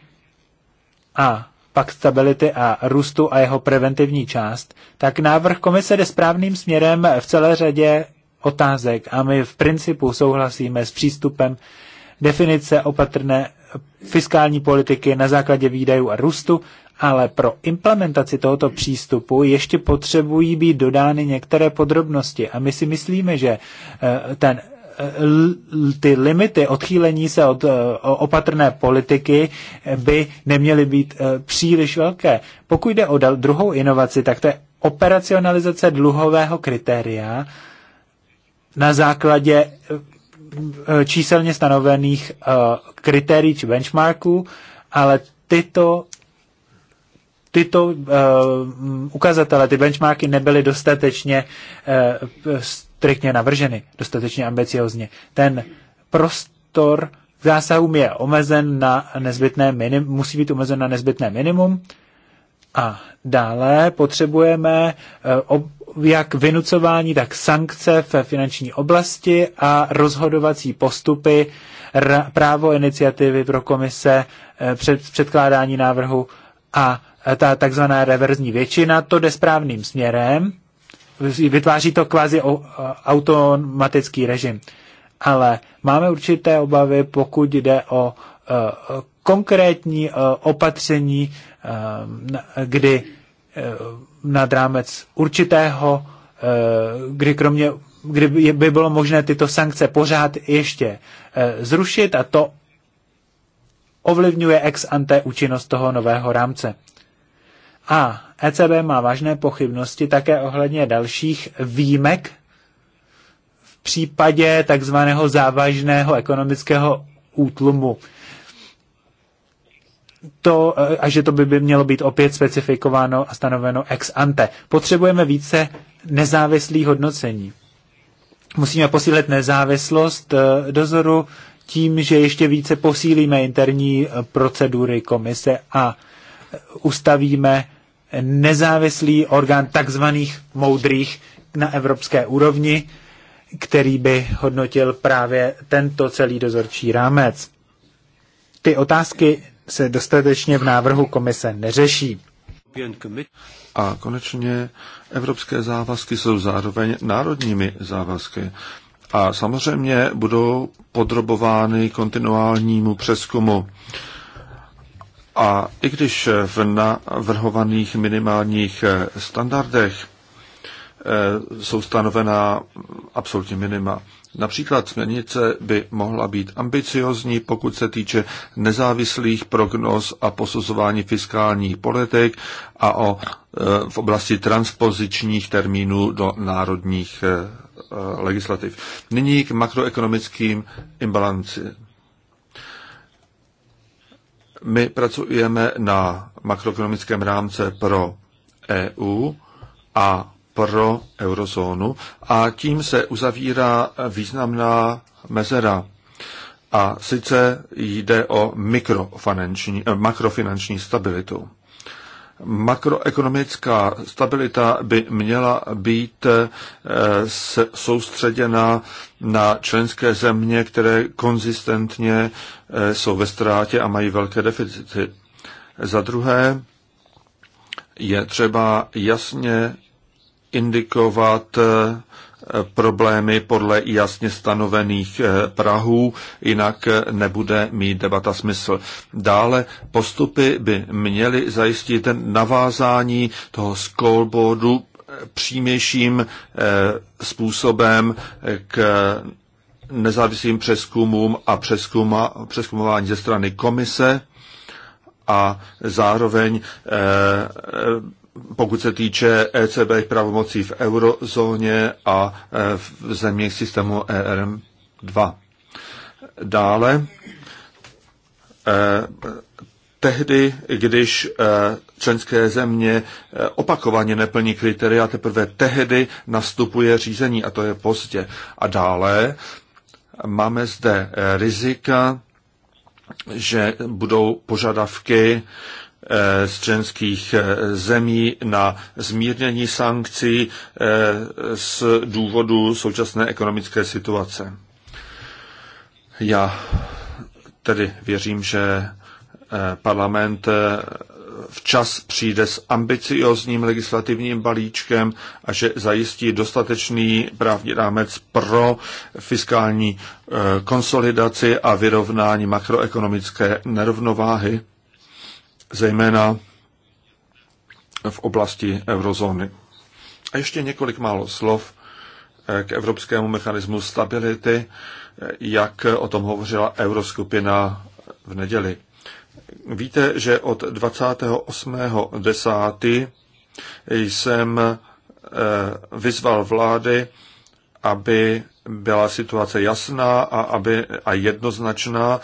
Speaker 2: a pak stability a růstu a jeho preventivní část, tak návrh komise jde správným směrem v celé řadě otázek a my v principu souhlasíme s přístupem definice opatrné fiskální politiky na základě výdajů a růstu, ale pro implementaci tohoto přístupu ještě potřebují být dodány některé podrobnosti a my si myslíme, že eh, ten ty limity odchýlení se od eh, opatrné politiky by neměly být eh, příliš velké. Pokud jde o druhou inovaci, tak to je operacionalizace dluhového kritéria na základě eh, číselně stanovených kritérií či benchmarků, ale tyto tyto uh, ukazatele, ty benchmarky nebyly dostatečně uh, striktně navrženy, dostatečně ambiciozně. Ten prostor k zásahům je omezen na nezbytné minimum, musí být omezen na nezbytné minimum. A dále potřebujeme eh, jak vynucování, tak sankce v finanční oblasti a rozhodovací postupy, právo iniciativy pro komise, eh, před, předkládání návrhu a eh, ta takzvaná reverzní většina, to jde správným směrem, vytváří to kvázi automatický režim. Ale máme určité obavy, pokud jde o e, konkrétní e, opatření, e, kdy nad rámec určitého, kdy kromě kdy by bylo možné tyto sankce pořád ještě zrušit a to ovlivňuje ex ante účinnost toho nového rámce. A ECB má vážné pochybnosti také ohledně dalších výjimek v případě takzvaného závažného ekonomického útlumu. To, eh, a že to by, by mělo být opět specifikováno a stanoveno ex ante. Potřebujeme více nezávislých hodnocení. Musíme posílit nezávislost eh, dozoru tím, že ještě více posílíme interní eh, procedury komise a ustavíme nezávislý orgán takzvaných moudrých na evropské úrovni, který by hodnotil právě tento celý dozorčí rámec. Ty otázky se dostatečně v návrhu komise neřeší.
Speaker 3: A konečně evropské závazky jsou zároveň národními závazky. A samozřejmě budou podrobovány kontinuálnímu přeskumu. A i když v navrhovaných minimálních eh, standardech eh, jsou stanovená absolutní minima. Například směrnice by mohla být ambiciozní, pokud se týče nezávislých prognoz a posuzování fiskálních politik a o, eh, v oblasti transpozičních termínů do národních legislativ. Nyní k makroekonomickým imbalancím. My pracujeme na makroekonomickém rámce pro EU a pro eurozónu a tím se uzavírá významná mezera. A sice jde o mikrofinanční, eh, makrofinanční stabilitu makroekonomická stabilita by měla být eh, soustředěna na členské země, které konzistentně eh, jsou ve ztrátě a mají velké deficity. Za druhé je třeba jasně indikovat eh, problémy podle jasně stanovených eh, Prahů, jinak eh, nebude mít debata smysl. Dále postupy by měly zajistit ten navázání toho scoreboardu eh, přímějším způsobem k nezávislým přeskumům a přeskuma, přeskumování ze strany komise a zároveň pokud se týče ECB pravomocí v eurozóně a e, v zeměch systému ERM2. Dále, e, tehdy, když e, členské země opakovaně neplní kritéria, teprve tehdy nastupuje řízení a to je pozdě. A dále máme zde rizika, že budou požadavky Eh, z členských eh, zemí na zmírnění sankcí eh, z důvodu současné ekonomické situace. Já tedy věřím, že parlament včas přijde s ambiciozním legislativním balíčkem a že zajistí dostatečný právní rámec pro fiskální konsolidaci a vyrovnání makroekonomické nerovnováhy zejména v oblasti eurozóny. A ještě několik málo slov eh, k evropskému mechanismu stability, eh, jak o tom hovořila euroskupina v neděli. Víte, že od 28.10. jsem eh, vyzval vlády, aby byla situace jasná a, aby, a jednoznačná,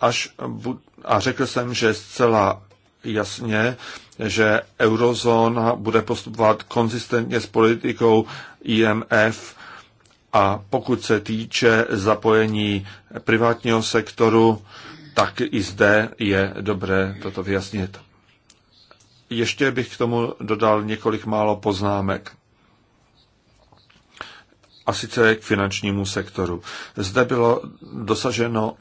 Speaker 3: až bu, a řekl jsem, že zcela jasně, že eurozóna bude postupovat konzistentně s politikou IMF a pokud se týče zapojení privátního sektoru, tak i zde je dobré toto vyjasnit. Ještě bych k tomu dodal několik málo poznámek a sice k finančnímu sektoru. Zde bylo dosaženo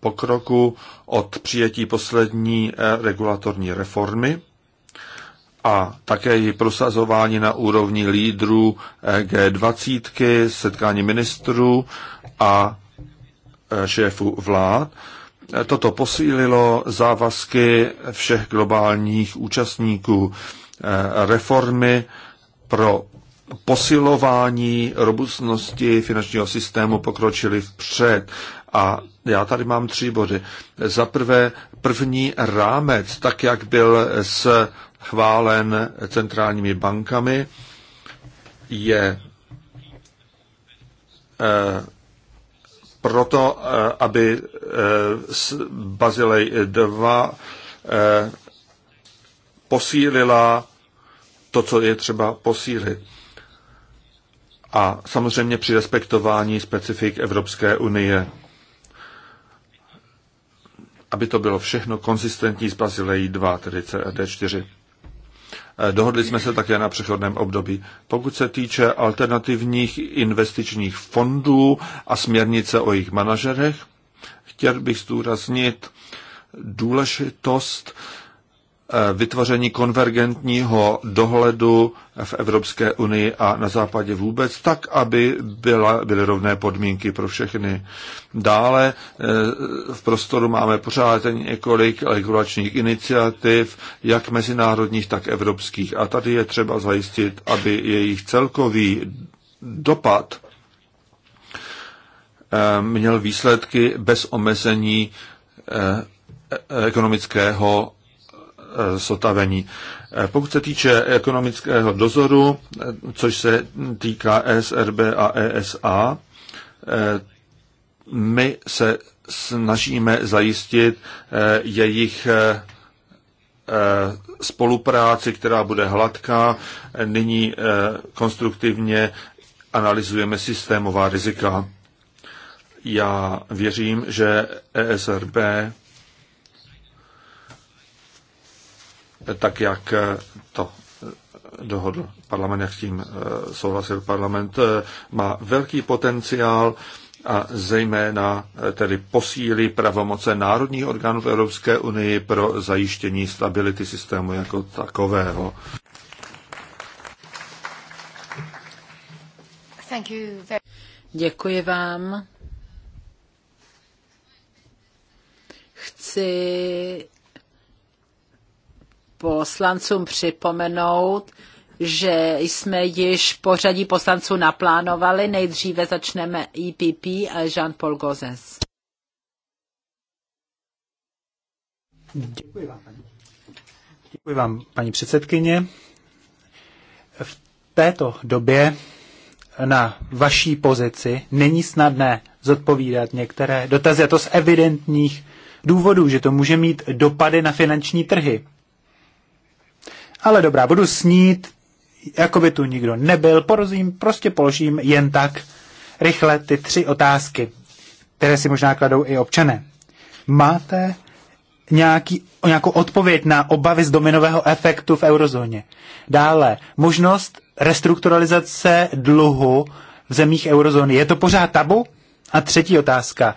Speaker 3: pokroku od přijetí poslední eh, regulatorní reformy a také její prosazování na úrovni lídrů eh, G20, setkání ministrů a eh, šéfů vlád. Toto posílilo závazky všech globálních účastníků reformy pro posilování robustnosti finančního systému pokročili vpřed. A já tady mám tři body. Za prvé, první rámec, tak jak byl schválen centrálními bankami, je eh, proto, eh, aby eh, Bazilej 2 posílila to, co je třeba posílit a samozřejmě při respektování specifik Evropské unie. Aby to bylo všechno konzistentní s Bazilejí 2, tedy CRD 4. Eh, dohodli jsme se také na přechodném období. Pokud se týče alternativních investičních fondů a směrnice o jejich manažerech, chtěl bych zdůraznit důležitost Eh, vytvoření konvergentního dohledu v Evropské unii a na západě vůbec, tak, aby byla, byly rovné podmínky pro všechny. Dále eh, v prostoru máme pořád několik regulačních iniciativ, jak mezinárodních, tak evropských. A tady je třeba zajistit, aby jejich celkový dopad eh, měl výsledky bez omezení e, e, ekonomického Eh, sotavení. Eh, pokud se týče ekonomického dozoru, eh, což se týká ESRB a ESA, my se snažíme zajistit jejich spolupráci, která bude hladká. Nyní konstruktivně analyzujeme systémová rizika. Já věřím, že ESRB tak jak to dohodl parlament, jak s tím eh, souhlasil parlament, eh, má velký potenciál a zejména eh, tedy posílí pravomoce národních orgánů v Evropské unii pro zajištění stability systému jako takového.
Speaker 1: Děkuji vám. Chci poslancům připomenout, že jsme již pořadí poslanců naplánovali. Nejdříve začneme EPP a Jean-Paul Gozes. Děkuji vám, paní.
Speaker 2: Děkuji vám, paní předsedkyně. V této době na vaší pozici není snadné zodpovídat některé dotazy, a to z evidentních důvodů, že to může mít dopady na finanční trhy. Ale dobrá, budu snít, jako by tu nikdo nebyl, porozím, prostě položím jen tak rychle ty tři otázky, které si možná kladou i občané. Máte nějaký, nějakou odpověď na obavy z dominového efektu v eurozóně? Dále, možnost restrukturalizace dluhu v zemích eurozóny. Je to pořád tabu? A třetí otázka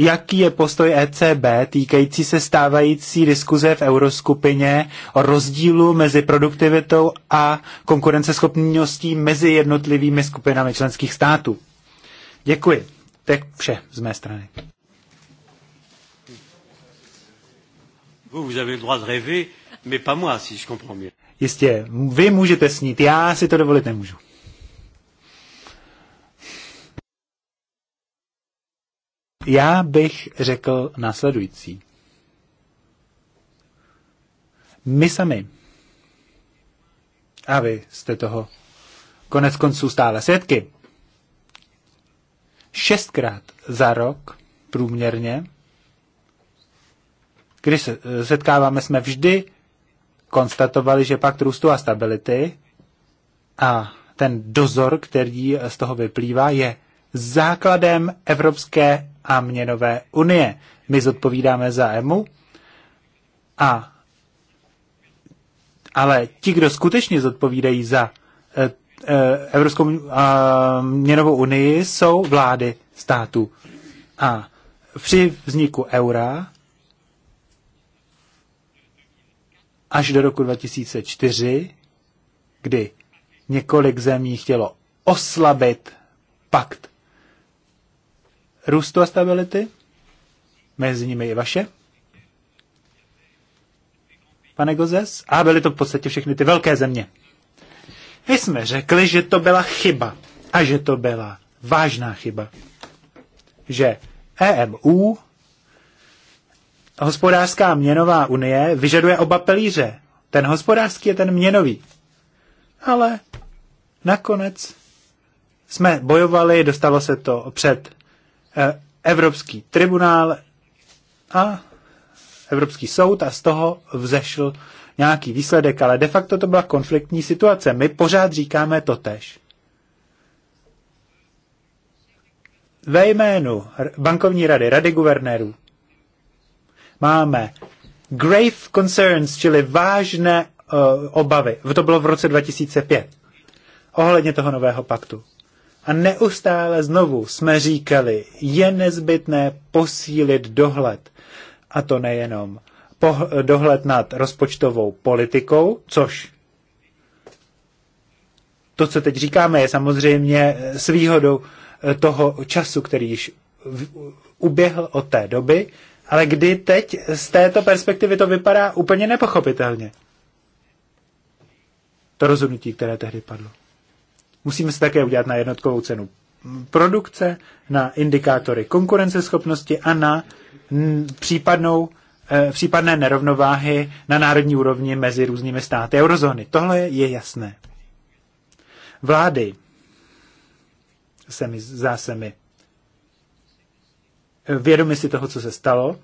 Speaker 2: jaký je postoj ECB týkající se stávající diskuze v euroskupině o rozdílu mezi produktivitou a konkurenceschopností mezi jednotlivými skupinami členských států. Děkuji. To je vše z mé strany. Vous, avez le droit de rêver, mais pas moi, si je Jistě, vy můžete snít, já si to dovolit nemůžu. Já bych řekl následující. My sami, a vy jste toho konec konců stále svědky, šestkrát za rok průměrně, když se eh, setkáváme, jsme vždy konstatovali, že pak růstu a stability a ten dozor, který z toho vyplývá, je základem evropské a měnové unie. My zodpovídáme za EMU, a, ale ti, kdo skutečně zodpovídají za e, e, Evropskou a, eh, měnovou unii, jsou vlády států. A při vzniku eura až do roku 2004, kdy několik zemí chtělo oslabit pakt růstu a stability, mezi nimi i vaše, pane Gozes, a byly to v podstatě všechny ty velké země. My jsme řekli, že to byla chyba a že to byla vážná chyba. Že EMU, hospodářská měnová unie, vyžaduje oba pilíře. Ten hospodářský je ten měnový. Ale nakonec jsme bojovali, dostalo se to před Eh, Evropský tribunál a Evropský soud a z toho vzešl nějaký výsledek, ale de facto to byla konfliktní situace. My pořád říkáme to tež. Ve jménu bankovní rady, rady guvernérů, máme grave concerns, čili vážné uh, obavy. To bylo v roce 2005. Ohledně toho nového paktu. A neustále znovu jsme říkali, je nezbytné posílit dohled. A to nejenom dohled nad rozpočtovou politikou, což to, co teď říkáme, je samozřejmě s výhodou eh, toho času, který již uběhl od té doby, ale kdy teď z této perspektivy to vypadá úplně nepochopitelně. To rozhodnutí, které tehdy padlo. Musíme se také udělat na jednotkovou cenu produkce, na indikátory konkurenceschopnosti a na případnou eh, případné nerovnováhy na národní úrovni mezi různými státy eurozóny. Tohle je jasné. Vlády se mi, zdá se mi, vědomi si toho, co se stalo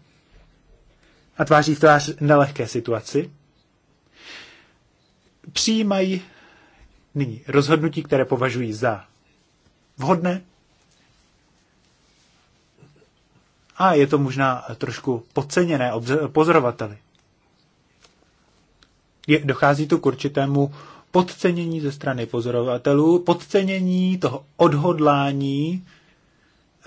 Speaker 2: a tváří v tvář nelehké situaci, přijímají Nyní rozhodnutí, které považují za vhodné. A je to možná trošku podceněné pozorovateli. Je, dochází tu k určitému podcenění ze strany pozorovatelů, podcenění toho odhodlání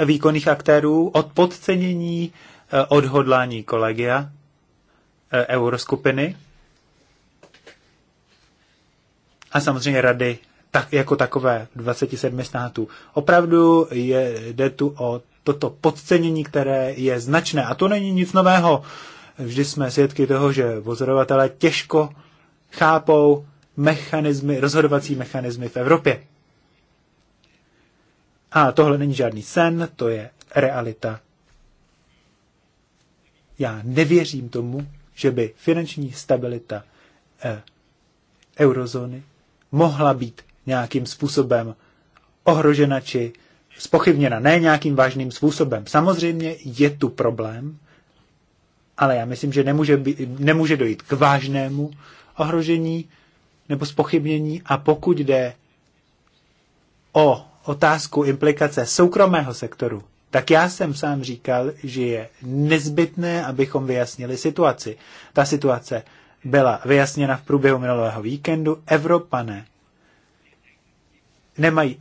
Speaker 2: výkonných aktérů, od podcenění eh, odhodlání kolegia eh, euroskupiny a samozřejmě rady tak, jako takové 27 států. Opravdu je, jde tu o toto podcenění, které je značné. A to není nic nového. Vždy jsme svědky toho, že pozorovatelé těžko chápou mechanizmy, rozhodovací mechanismy v Evropě. A tohle není žádný sen, to je realita. Já nevěřím tomu, že by finanční stabilita eh, eurozóny mohla být nějakým způsobem ohrožena či spochybněna. Ne nějakým vážným způsobem. Samozřejmě je tu problém, ale já myslím, že nemůže, být, nemůže dojít k vážnému ohrožení nebo spochybnění. A pokud jde o otázku implikace soukromého sektoru, tak já jsem sám říkal, že je nezbytné, abychom vyjasnili situaci. Ta situace byla vyjasněna v průběhu minulého víkendu. Evropané nemají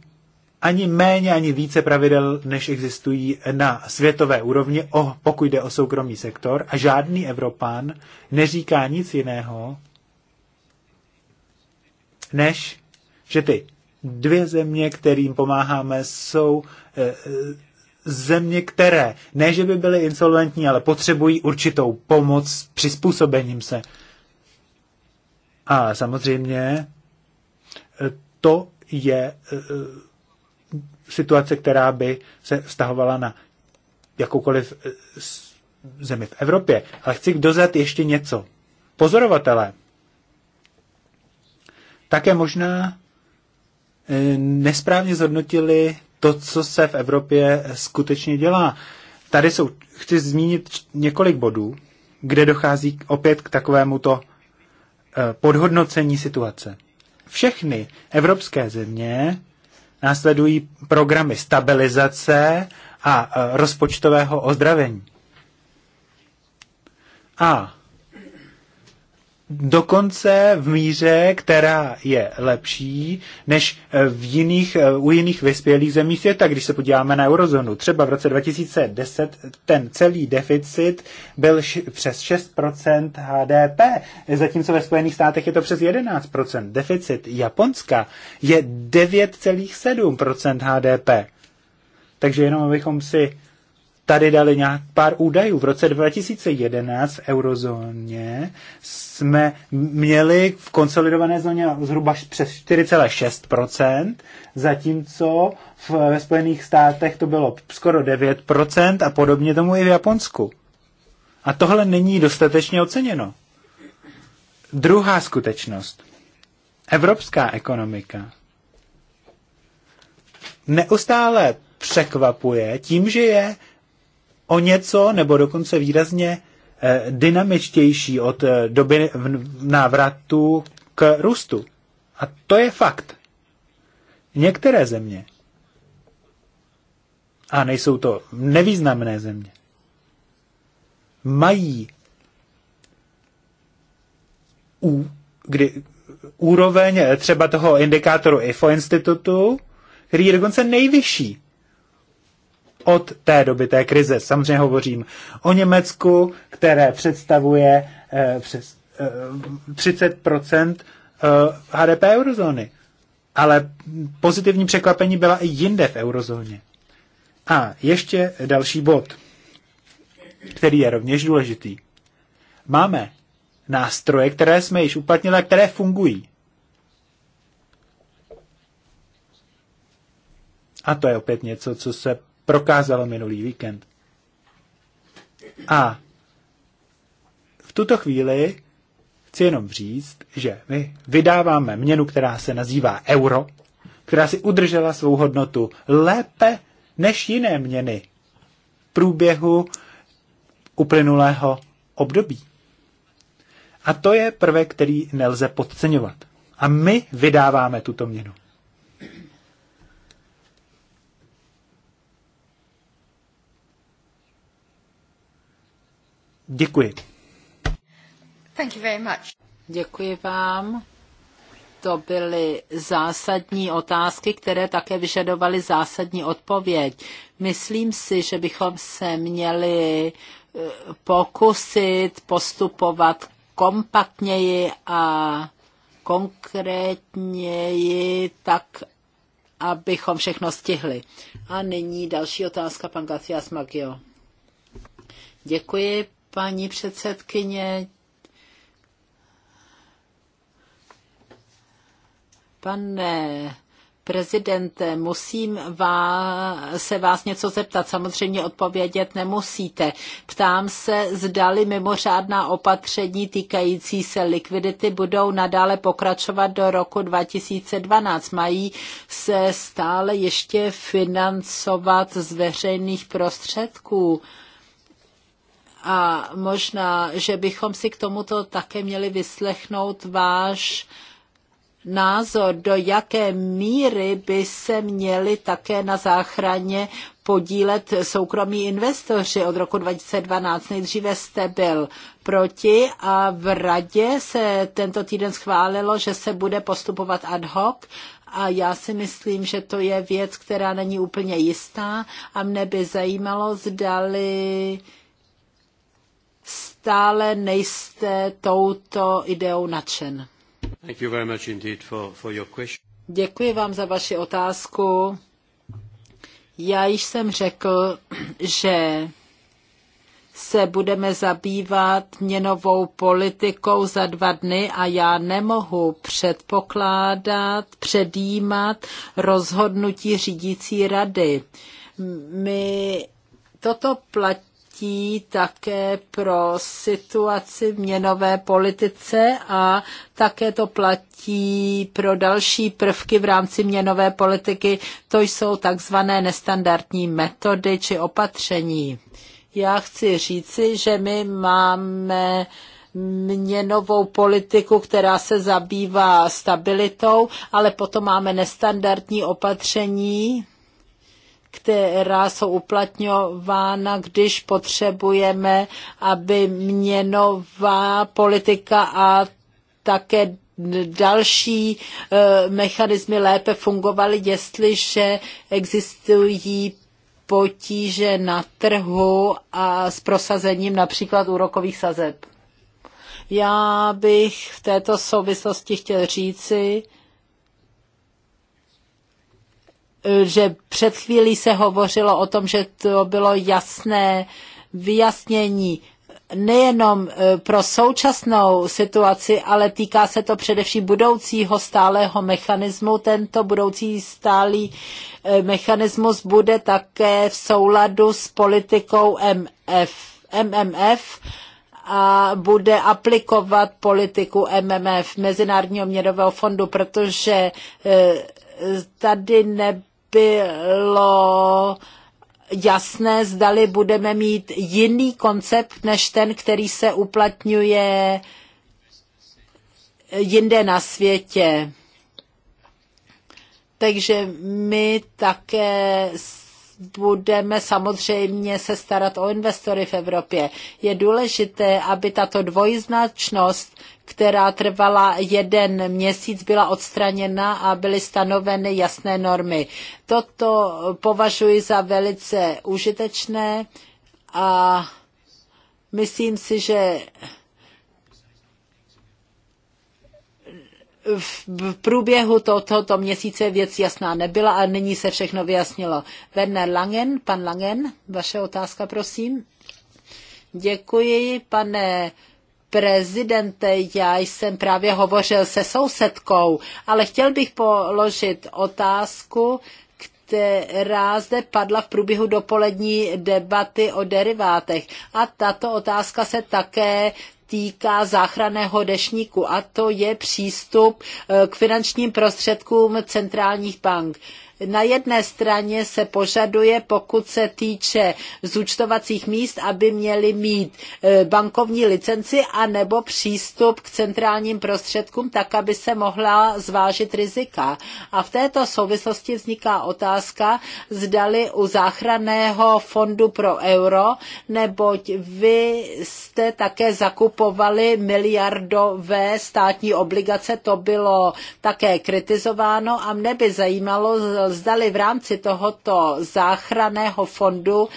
Speaker 2: ani méně, ani více pravidel, než existují na světové úrovni, o, pokud jde o soukromý sektor. A žádný Evropán neříká nic jiného, než že ty dvě země, kterým pomáháme, jsou e, e, země, které ne, že by byly insolventní, ale potřebují určitou pomoc s přizpůsobením se. A samozřejmě eh, to je eh, eh, situace, která by se vztahovala na jakoukoliv zemi v Evropě. Ale chci dozat ještě něco. Pozorovatelé. Také možná nesprávně zhodnotili to, co se v Evropě skutečně dělá. Tady jsou, chci zmínit několik bodů, kde dochází opět k takovému to Eh, podhodnocení situace. Všechny evropské země následují programy stabilizace a eh, rozpočtového ozdravení. A dokonce v míře, která je lepší než v jiných, u jiných vyspělých zemí světa. Když se podíváme na eurozónu, třeba v roce 2010 ten celý deficit byl přes 6% HDP, zatímco ve Spojených státech je to přes 11%. Deficit Japonska je 9,7% HDP. Takže jenom abychom si tady dali nějak pár údajů. V roce 2011 v eurozóně jsme měli v konsolidované zóně zhruba přes 4,6%, zatímco ve Spojených státech to bylo skoro 9% a podobně tomu i v Japonsku. A tohle není dostatečně oceněno. Druhá skutečnost. Evropská ekonomika neustále překvapuje tím, že je o něco nebo dokonce výrazně eh, dynamičtější od eh, doby návratu k růstu. A to je fakt. Některé země, a nejsou to nevýznamné země, mají ú, kdy, úroveň eh, třeba toho indikátoru IFO institutu, který je dokonce nejvyšší od té doby té krize. Samozřejmě hovořím o Německu, které představuje eh, přes 30 eh, eh, HDP eurozóny. Ale pozitivní překvapení byla i jinde v eurozóně. A ještě další bod, který je rovněž důležitý. Máme nástroje, které jsme již uplatnili a které fungují. A to je opět něco, co se prokázalo minulý víkend. A v tuto chvíli chci jenom říct, že my vydáváme měnu, která se nazývá euro, která si udržela svou hodnotu lépe než jiné měny v průběhu uplynulého období. A to je prvek, který nelze podceňovat. A my vydáváme tuto měnu. Děkuji.
Speaker 1: Thank you very much. Děkuji vám. To byly zásadní otázky, které také vyžadovaly zásadní odpověď. Myslím si, že bychom se měli eh, pokusit postupovat kompaktněji a konkrétněji, tak abychom všechno stihli. A nyní další otázka, pan Gacias Magio. Děkuji, paní předsedkyně. Pane prezidente, musím vás, se vás něco zeptat. Samozřejmě odpovědět nemusíte. Ptám se, zdali mimořádná opatření týkající se likvidity budou nadále pokračovat do roku 2012. Mají se stále ještě financovat z veřejných prostředků. Uh, a možná, že bychom si k tomuto také měli vyslechnout váš názor, do jaké míry by se měli také na záchraně podílet soukromí investoři od roku 2012. Nejdříve jste byl proti a v radě se tento týden schválilo, že se bude postupovat ad hoc a já si myslím, že to je věc, která není úplně jistá a mne by zajímalo, zdali stále nejste touto ideou nadšen. For, for Děkuji vám za vaši otázku. Já již jsem řekl, že se budeme zabývat měnovou politikou za dva dny a já nemohu předpokládat, předjímat rozhodnutí řídící rady. My toto platí platí také pro situaci v měnové politice a také to platí pro další prvky v rámci měnové politiky. To jsou takzvané nestandardní metody či opatření. Já chci říci, že my máme měnovou politiku, která se zabývá stabilitou, ale potom máme nestandardní opatření, která jsou uplatňována, když potřebujeme, aby měnová politika a také další e, mechanismy lépe fungovaly, jestliže existují potíže na trhu a s prosazením například úrokových sazeb. Já bych v této souvislosti chtěl říci, že před chvílí se hovořilo o tom, že to bylo jasné vyjasnění nejenom e, pro současnou situaci, ale týká se to především budoucího stálého mechanismu. Tento budoucí stálý e, mechanismus bude také v souladu s politikou MF, MMF a bude aplikovat politiku MMF, Mezinárodního měnového fondu, protože e, tady ne bylo jasné, zdali budeme mít jiný koncept než ten, který se uplatňuje jinde na světě. Takže my také budeme samozřejmě se starat o investory v Evropě. Je důležité, aby tato dvojznačnost, která trvala jeden měsíc, byla odstraněna a byly stanoveny jasné normy. Toto považuji za velice užitečné a myslím si, že v průběhu to, tohoto měsíce věc jasná nebyla a nyní se všechno vyjasnilo. Werner Langen, pan Langen, vaše otázka, prosím. Děkuji, pane prezidente, já jsem právě hovořil se sousedkou, ale chtěl bych položit otázku, která zde padla v průběhu dopolední debaty o derivátech. A tato otázka se také týká záchranného dešníku a to je přístup eh, k finančním prostředkům centrálních bank. Na jedné straně se požaduje, pokud se týče zúčtovacích míst, aby měli mít e, bankovní licenci a nebo přístup k centrálním prostředkům, tak aby se mohla zvážit rizika. A v této souvislosti vzniká otázka, zdali u záchranného fondu pro euro, neboť vy jste také zakupovali miliardové státní obligace, to bylo také kritizováno a mne by zajímalo, zdali v rámci tohoto záchraného fondu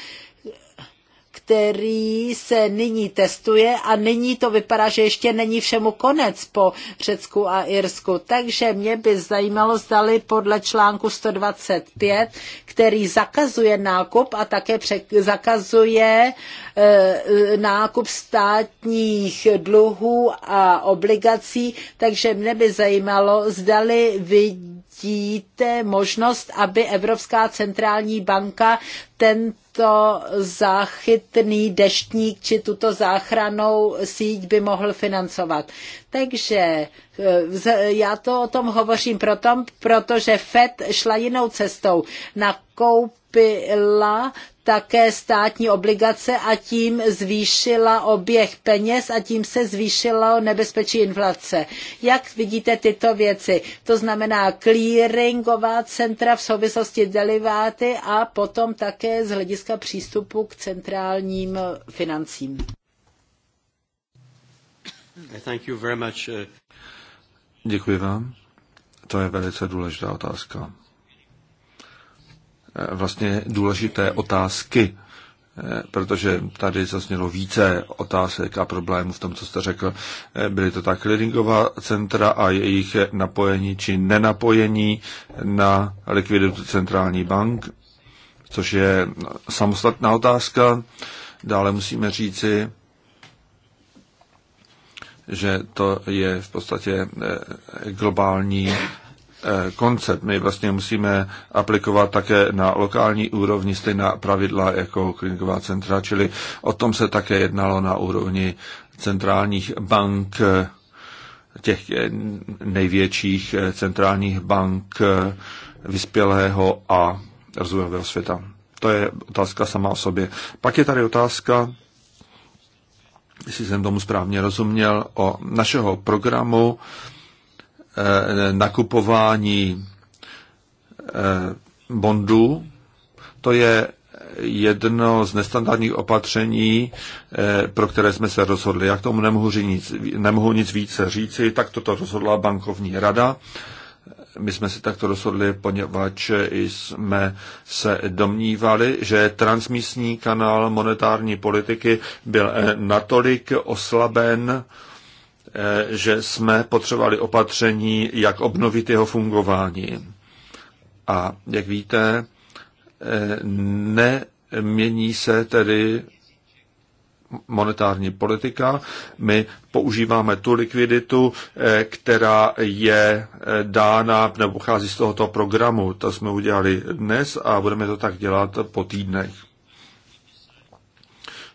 Speaker 1: který se nyní testuje a nyní to vypadá, že ještě není všemu konec po Řecku a Irsku. Takže mě by zajímalo, zdali podle článku 125, který zakazuje nákup a také zakazuje e, nákup státních dluhů a obligací, takže mě by zajímalo, zdali vidí vidíte možnost, aby Evropská centrální banka tento záchytný deštník či tuto záchranou síť by mohl financovat. Takže eh, já to o tom hovořím proto, protože FED šla jinou cestou. Nakoupila také státní obligace a tím zvýšila oběh peněz a tím se zvýšilo nebezpečí inflace. Jak vidíte tyto věci? To znamená clearingová centra v souvislosti deriváty a potom také z hlediska přístupu k centrálním financím. Thank
Speaker 2: you very much. Uh,
Speaker 3: Děkuji vám. To je velice důležitá otázka. Eh, vlastně důležité otázky, eh, protože tady zaznělo více otázek a problémů v tom, co jste řekl. Eh, byly to tak clearingová centra a jejich napojení či nenapojení na likviditu centrální bank, což je samostatná otázka. Dále musíme říci, že to je v podstatě globální Eh, koncept. My vlastně musíme aplikovat také na lokální úrovni stejná pravidla jako kliniková centra, čili o tom se také jednalo na úrovni centrálních bank, těch eh, největších eh, centrálních bank vyspělého a rozvojového světa. To je otázka sama o sobě. Pak je tady otázka, jestli jsem tomu správně rozuměl, o našeho programu Eh, nakupování eh, bondů. To je jedno z nestandardních opatření, eh, pro které jsme se rozhodli. Já k tomu nemohu, nic, nemohu nic více říci, tak toto rozhodla bankovní rada. My jsme se takto rozhodli, poněvadž jsme se domnívali, že transmisní kanál monetární politiky byl natolik oslaben, Eh, že jsme potřebovali opatření, jak obnovit jeho fungování. A jak víte, eh, nemění se tedy monetární politika. My používáme tu likviditu, eh, která je dána nebo pochází z tohoto programu. To jsme udělali dnes a budeme to tak dělat po týdnech.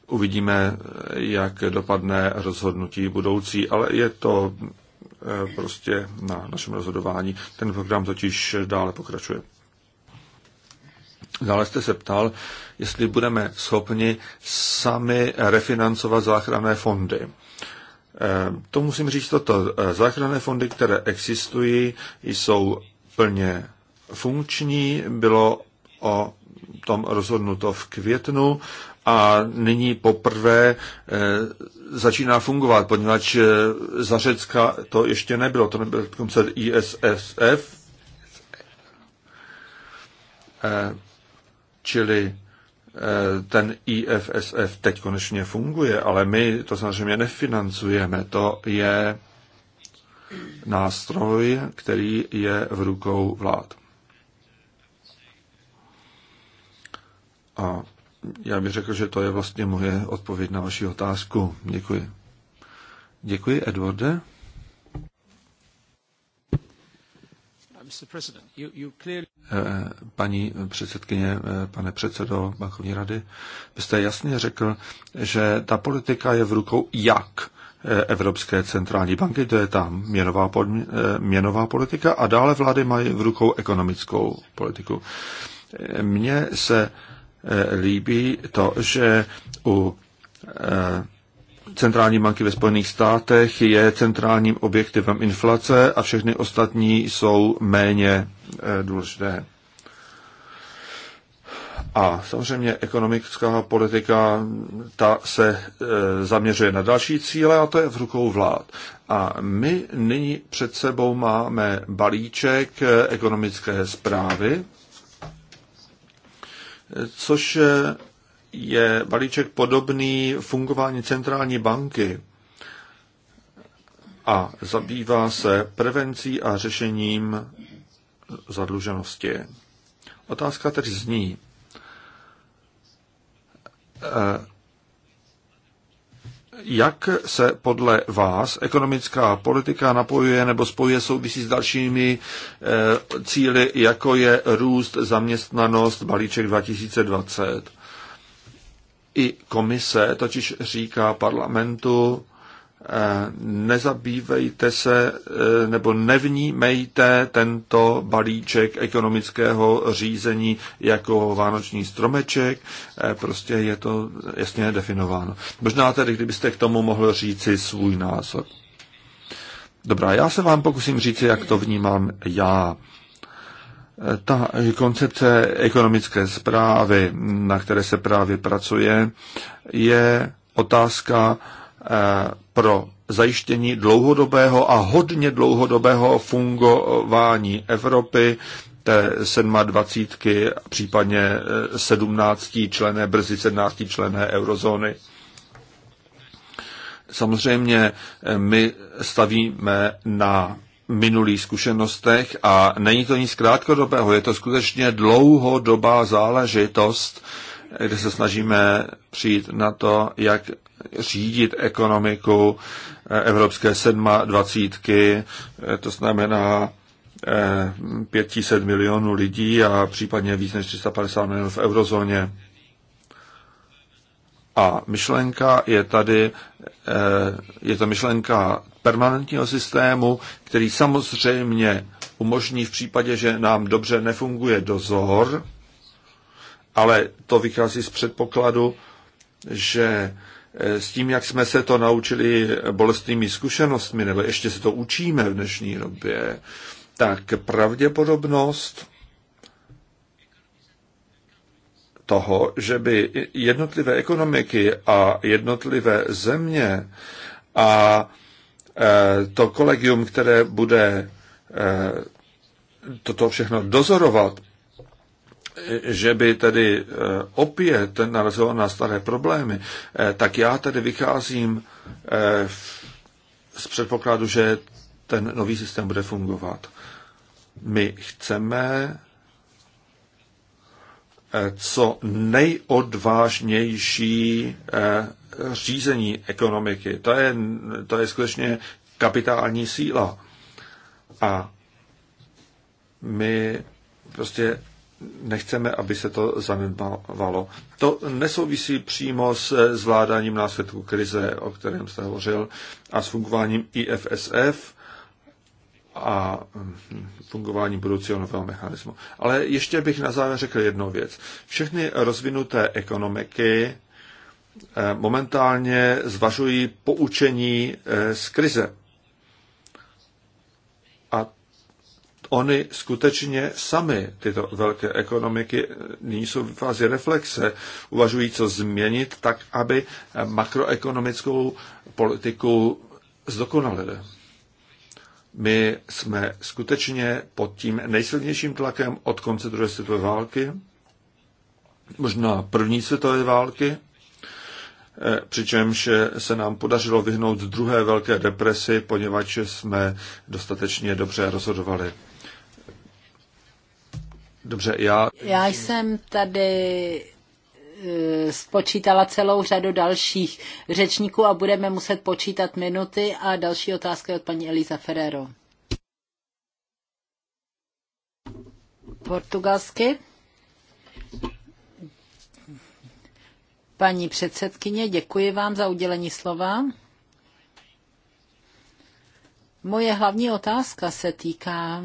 Speaker 3: Uvidíme, jak dopadne rozhodnutí budoucí, ale je to eh, prostě na našem rozhodování. Ten program totiž dále pokračuje. Dále jste se ptal, jestli budeme schopni sami refinancovat záchranné fondy. Eh, to musím říct toto. Eh, záchranné fondy, které existují, jsou plně funkční. Bylo o tom rozhodnuto v květnu a nyní poprvé eh, začíná fungovat, poněvadž eh, za Řecka to ještě nebylo, to nebyl koncert ISSF, eh, čili ten IFSF teď konečně funguje, ale my to samozřejmě nefinancujeme. To je nástroj, který je v rukou vlád. A já bych řekl, že to je vlastně moje odpověď na vaši otázku. Děkuji. Děkuji, Edwarde. Uh, eh, paní předsedkyně, eh, pane předsedo bankovní rady, byste jasně řekl, že ta politika je v rukou jak eh, Evropské centrální banky, to je tam měnová, měnová politika, a dále vlády mají v rukou ekonomickou politiku. Mně se Eh, líbí to, že u eh, centrální banky ve Spojených státech je centrálním objektivem inflace a všechny ostatní jsou méně eh, důležité. A samozřejmě ekonomická politika, ta se zaměřuje na další cíle a to je v rukou vlád. A my nyní před sebou máme balíček ekonomické zprávy což je balíček podobný fungování centrální banky a zabývá se prevencí a řešením zadluženosti. Otázka tedy zní, jak se podle vás ekonomická politika napojuje nebo spojuje souvisí s dalšími e, cíly, jako je růst, zaměstnanost, balíček 2020? I komise totiž říká parlamentu, Eh, nezabývejte se eh, nebo nevnímejte tento balíček ekonomického řízení jako vánoční stromeček, eh, prostě je to jasně definováno. Možná tedy, kdybyste k tomu mohl říci svůj názor. Dobrá, já se vám pokusím říct, jak to vnímám já. Ta koncepce ekonomické zprávy, na které se právě pracuje, je otázka, pro zajištění dlouhodobého a hodně dlouhodobého fungování Evropy, té 27, případně 17 eh, člené, brzy 17 člené eurozóny. Samozřejmě eh, my stavíme na minulých zkušenostech a není to nic krátkodobého, je to skutečně dlouhodobá záležitost kde se snažíme přijít na to, jak řídit ekonomiku eh, Evropské sedma dvacítky, eh, to znamená 500 eh, milionů lidí a případně víc než 350 milionů v eurozóně. A myšlenka je tady, je to myšlenka permanentního systému, který samozřejmě umožní v případě, že nám dobře nefunguje dozor, ale to vychází z předpokladu, že eh, s tím, jak jsme se to naučili bolestnými zkušenostmi, nebo ještě se to učíme v dnešní době, tak pravděpodobnost toho, že by jednotlivé ekonomiky a jednotlivé země a eh, to kolegium, které bude eh, toto všechno dozorovat, že by tedy eh, opět narazil na staré problémy, eh, tak já tedy vycházím eh, z předpokladu, že ten nový systém bude fungovat. My chceme co nejodvážnější řízení ekonomiky. To je, to je skutečně kapitální síla. A my prostě nechceme, aby se to zanedbávalo. To nesouvisí přímo s zvládáním následků krize, o kterém jste hovořil, a s fungováním IFSF a hm, fungováním budoucího nového mechanismu. Ale ještě bych na závěr řekl jednu věc. Všechny rozvinuté ekonomiky eh, momentálně zvažují poučení eh, z krize. Oni skutečně sami, tyto velké ekonomiky, nyní jsou v fázi reflexe, uvažují, co změnit, tak aby makroekonomickou politiku zdokonalili. My jsme skutečně pod tím nejsilnějším tlakem od konce druhé světové války, možná první světové války, eh, přičemž se nám podařilo vyhnout druhé velké depresi, poněvadž jsme dostatečně dobře rozhodovali. Dobře, já... Já jsem
Speaker 1: tady eh, spočítala celou řadu dalších řečníků a budeme muset počítat minuty a další otázka je od paní Eliza Ferrero. Portugalsky. Paní předsedkyně, děkuji vám za udělení slova. Moje hlavní otázka se týká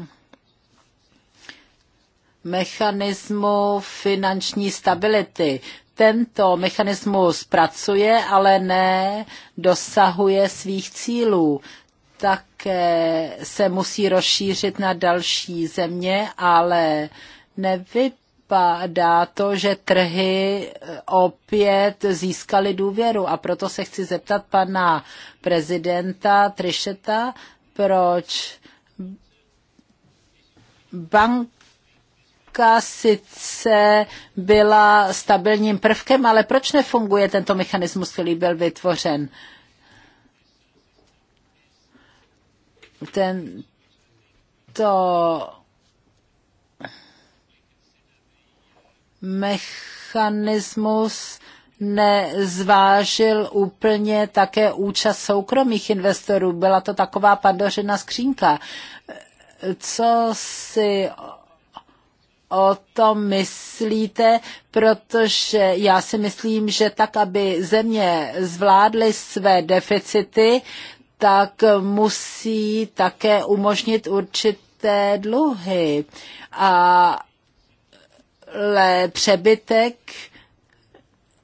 Speaker 1: mechanismu finanční stability. Tento mechanismus pracuje, ale ne dosahuje svých cílů. Také se musí rozšířit na další země, ale nevypadá to, že trhy opět získaly důvěru. A proto se chci zeptat pana prezidenta Trišeta, proč bank banka sice byla stabilním prvkem, ale proč nefunguje tento mechanismus, který byl vytvořen? Ten to mechanismus nezvážil úplně také účast soukromých investorů. Byla to taková padořena skřínka. Co si o tom myslíte, protože já si myslím, že tak, aby země zvládly své deficity, tak musí také umožnit určité dluhy. A přebytek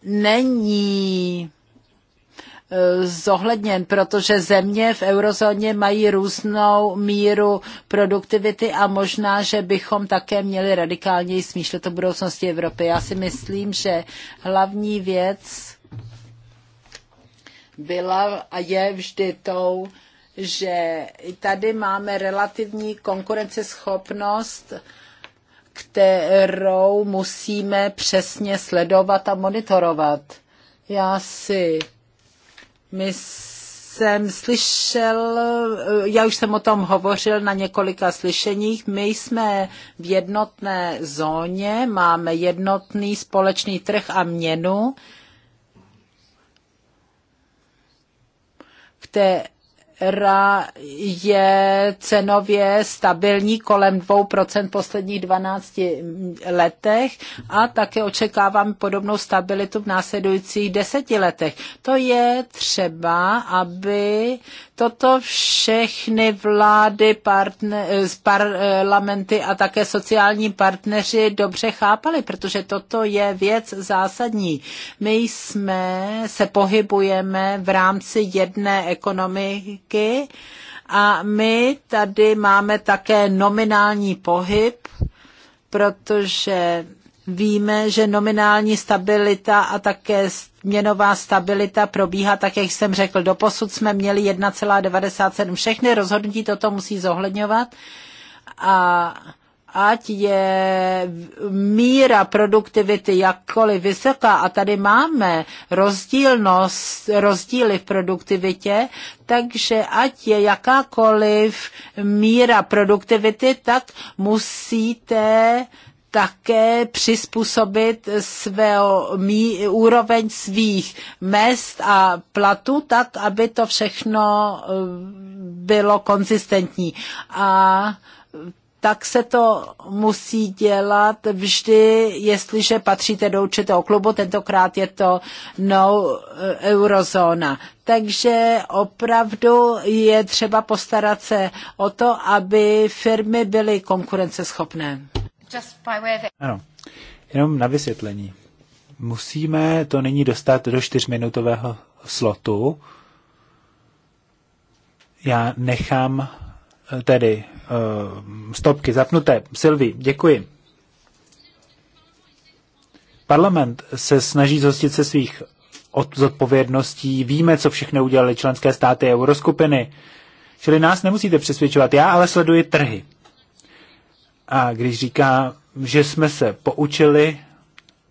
Speaker 1: není zohledněn, protože země v eurozóně mají různou míru produktivity a možná, že bychom také měli radikálněji smýšlet o budoucnosti Evropy. Já si myslím, že hlavní věc byla a je vždy tou, že tady máme relativní konkurenceschopnost, kterou musíme přesně sledovat a monitorovat. Já si my jsem slyšel, já už jsem o tom hovořil na několika slyšeních, my jsme v jednotné zóně, máme jednotný společný trh a měnu, které je cenově stabilní kolem 2% posledních 12 letech a také očekáváme podobnou stabilitu v následujících deseti letech. To je třeba, aby toto všechny vlády, z eh, parlamenty a také sociální partneři dobře chápali, protože toto je věc zásadní. My jsme, se pohybujeme v rámci jedné ekonomiky, podniky a my tady máme také nominální pohyb, protože víme, že nominální stabilita a také měnová stabilita probíhá, tak jak jsem řekl, doposud jsme měli 1,97. Všechny rozhodnutí toto musí zohledňovat a ať je míra produktivity jakkoliv vysoká, a tady máme rozdílnost, rozdíly v produktivitě, takže ať je jakákoliv míra produktivity, tak musíte také přizpůsobit svého mí, úroveň svých mest a platů tak, aby to všechno eh, bylo konzistentní. A tak se to musí dělat vždy, jestliže patříte do určitého klubu, tentokrát je to no eh, eurozóna. Takže opravdu je třeba postarat se o to, aby firmy byly konkurenceschopné.
Speaker 2: Ano, jenom na vysvětlení. Musíme to nyní dostat do čtyřminutového slotu. Já nechám eh, tedy Eh, stopky zapnuté. Silvi, děkuji. Parlament se snaží zhostit se svých zodpovědností, víme, co všechno udělali členské státy euroskupiny, čili nás nemusíte přesvědčovat. Já ale sleduji trhy. A když říká, že jsme se poučili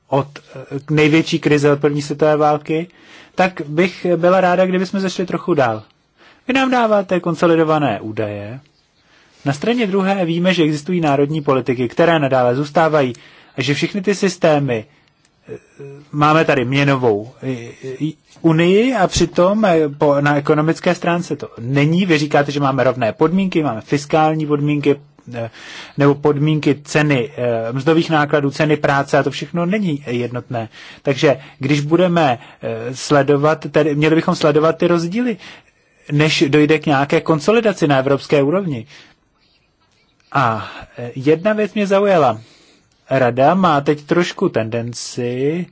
Speaker 2: od eh, největší krize od první světové války, tak bych byla ráda, kdybychom zašli trochu dál. Vy nám dáváte konsolidované údaje, na straně druhé víme, že existují národní politiky, které nadále zůstávají a že všechny ty systémy, e, máme tady měnovou e, e, unii a přitom na ekonomické stránce to není. Vy říkáte, že máme rovné podmínky, máme fiskální podmínky, nebo podmínky ceny mzdových nákladů, ceny práce a to všechno není jednotné. Takže když budeme sledovat, tedy měli bychom sledovat ty rozdíly, než dojde k nějaké konsolidaci na evropské úrovni. A e, jedna věc mě zaujala. Rada má teď trošku tendenci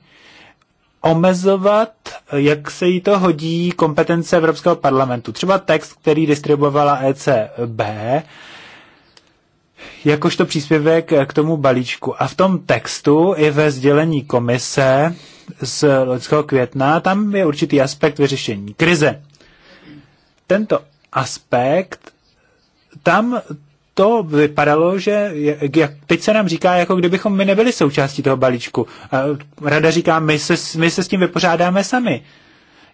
Speaker 2: omezovat, jak se jí to hodí, kompetence Evropského parlamentu. Třeba text, který distribuovala ECB, jakožto příspěvek k tomu balíčku. A v tom textu i ve sdělení komise z loňského května, tam je určitý aspekt vyřešení krize. Tento aspekt, tam to vypadalo, že jak, teď se nám říká, jako kdybychom my nebyli součástí toho balíčku. A rada říká, my se, my se s tím vypořádáme sami.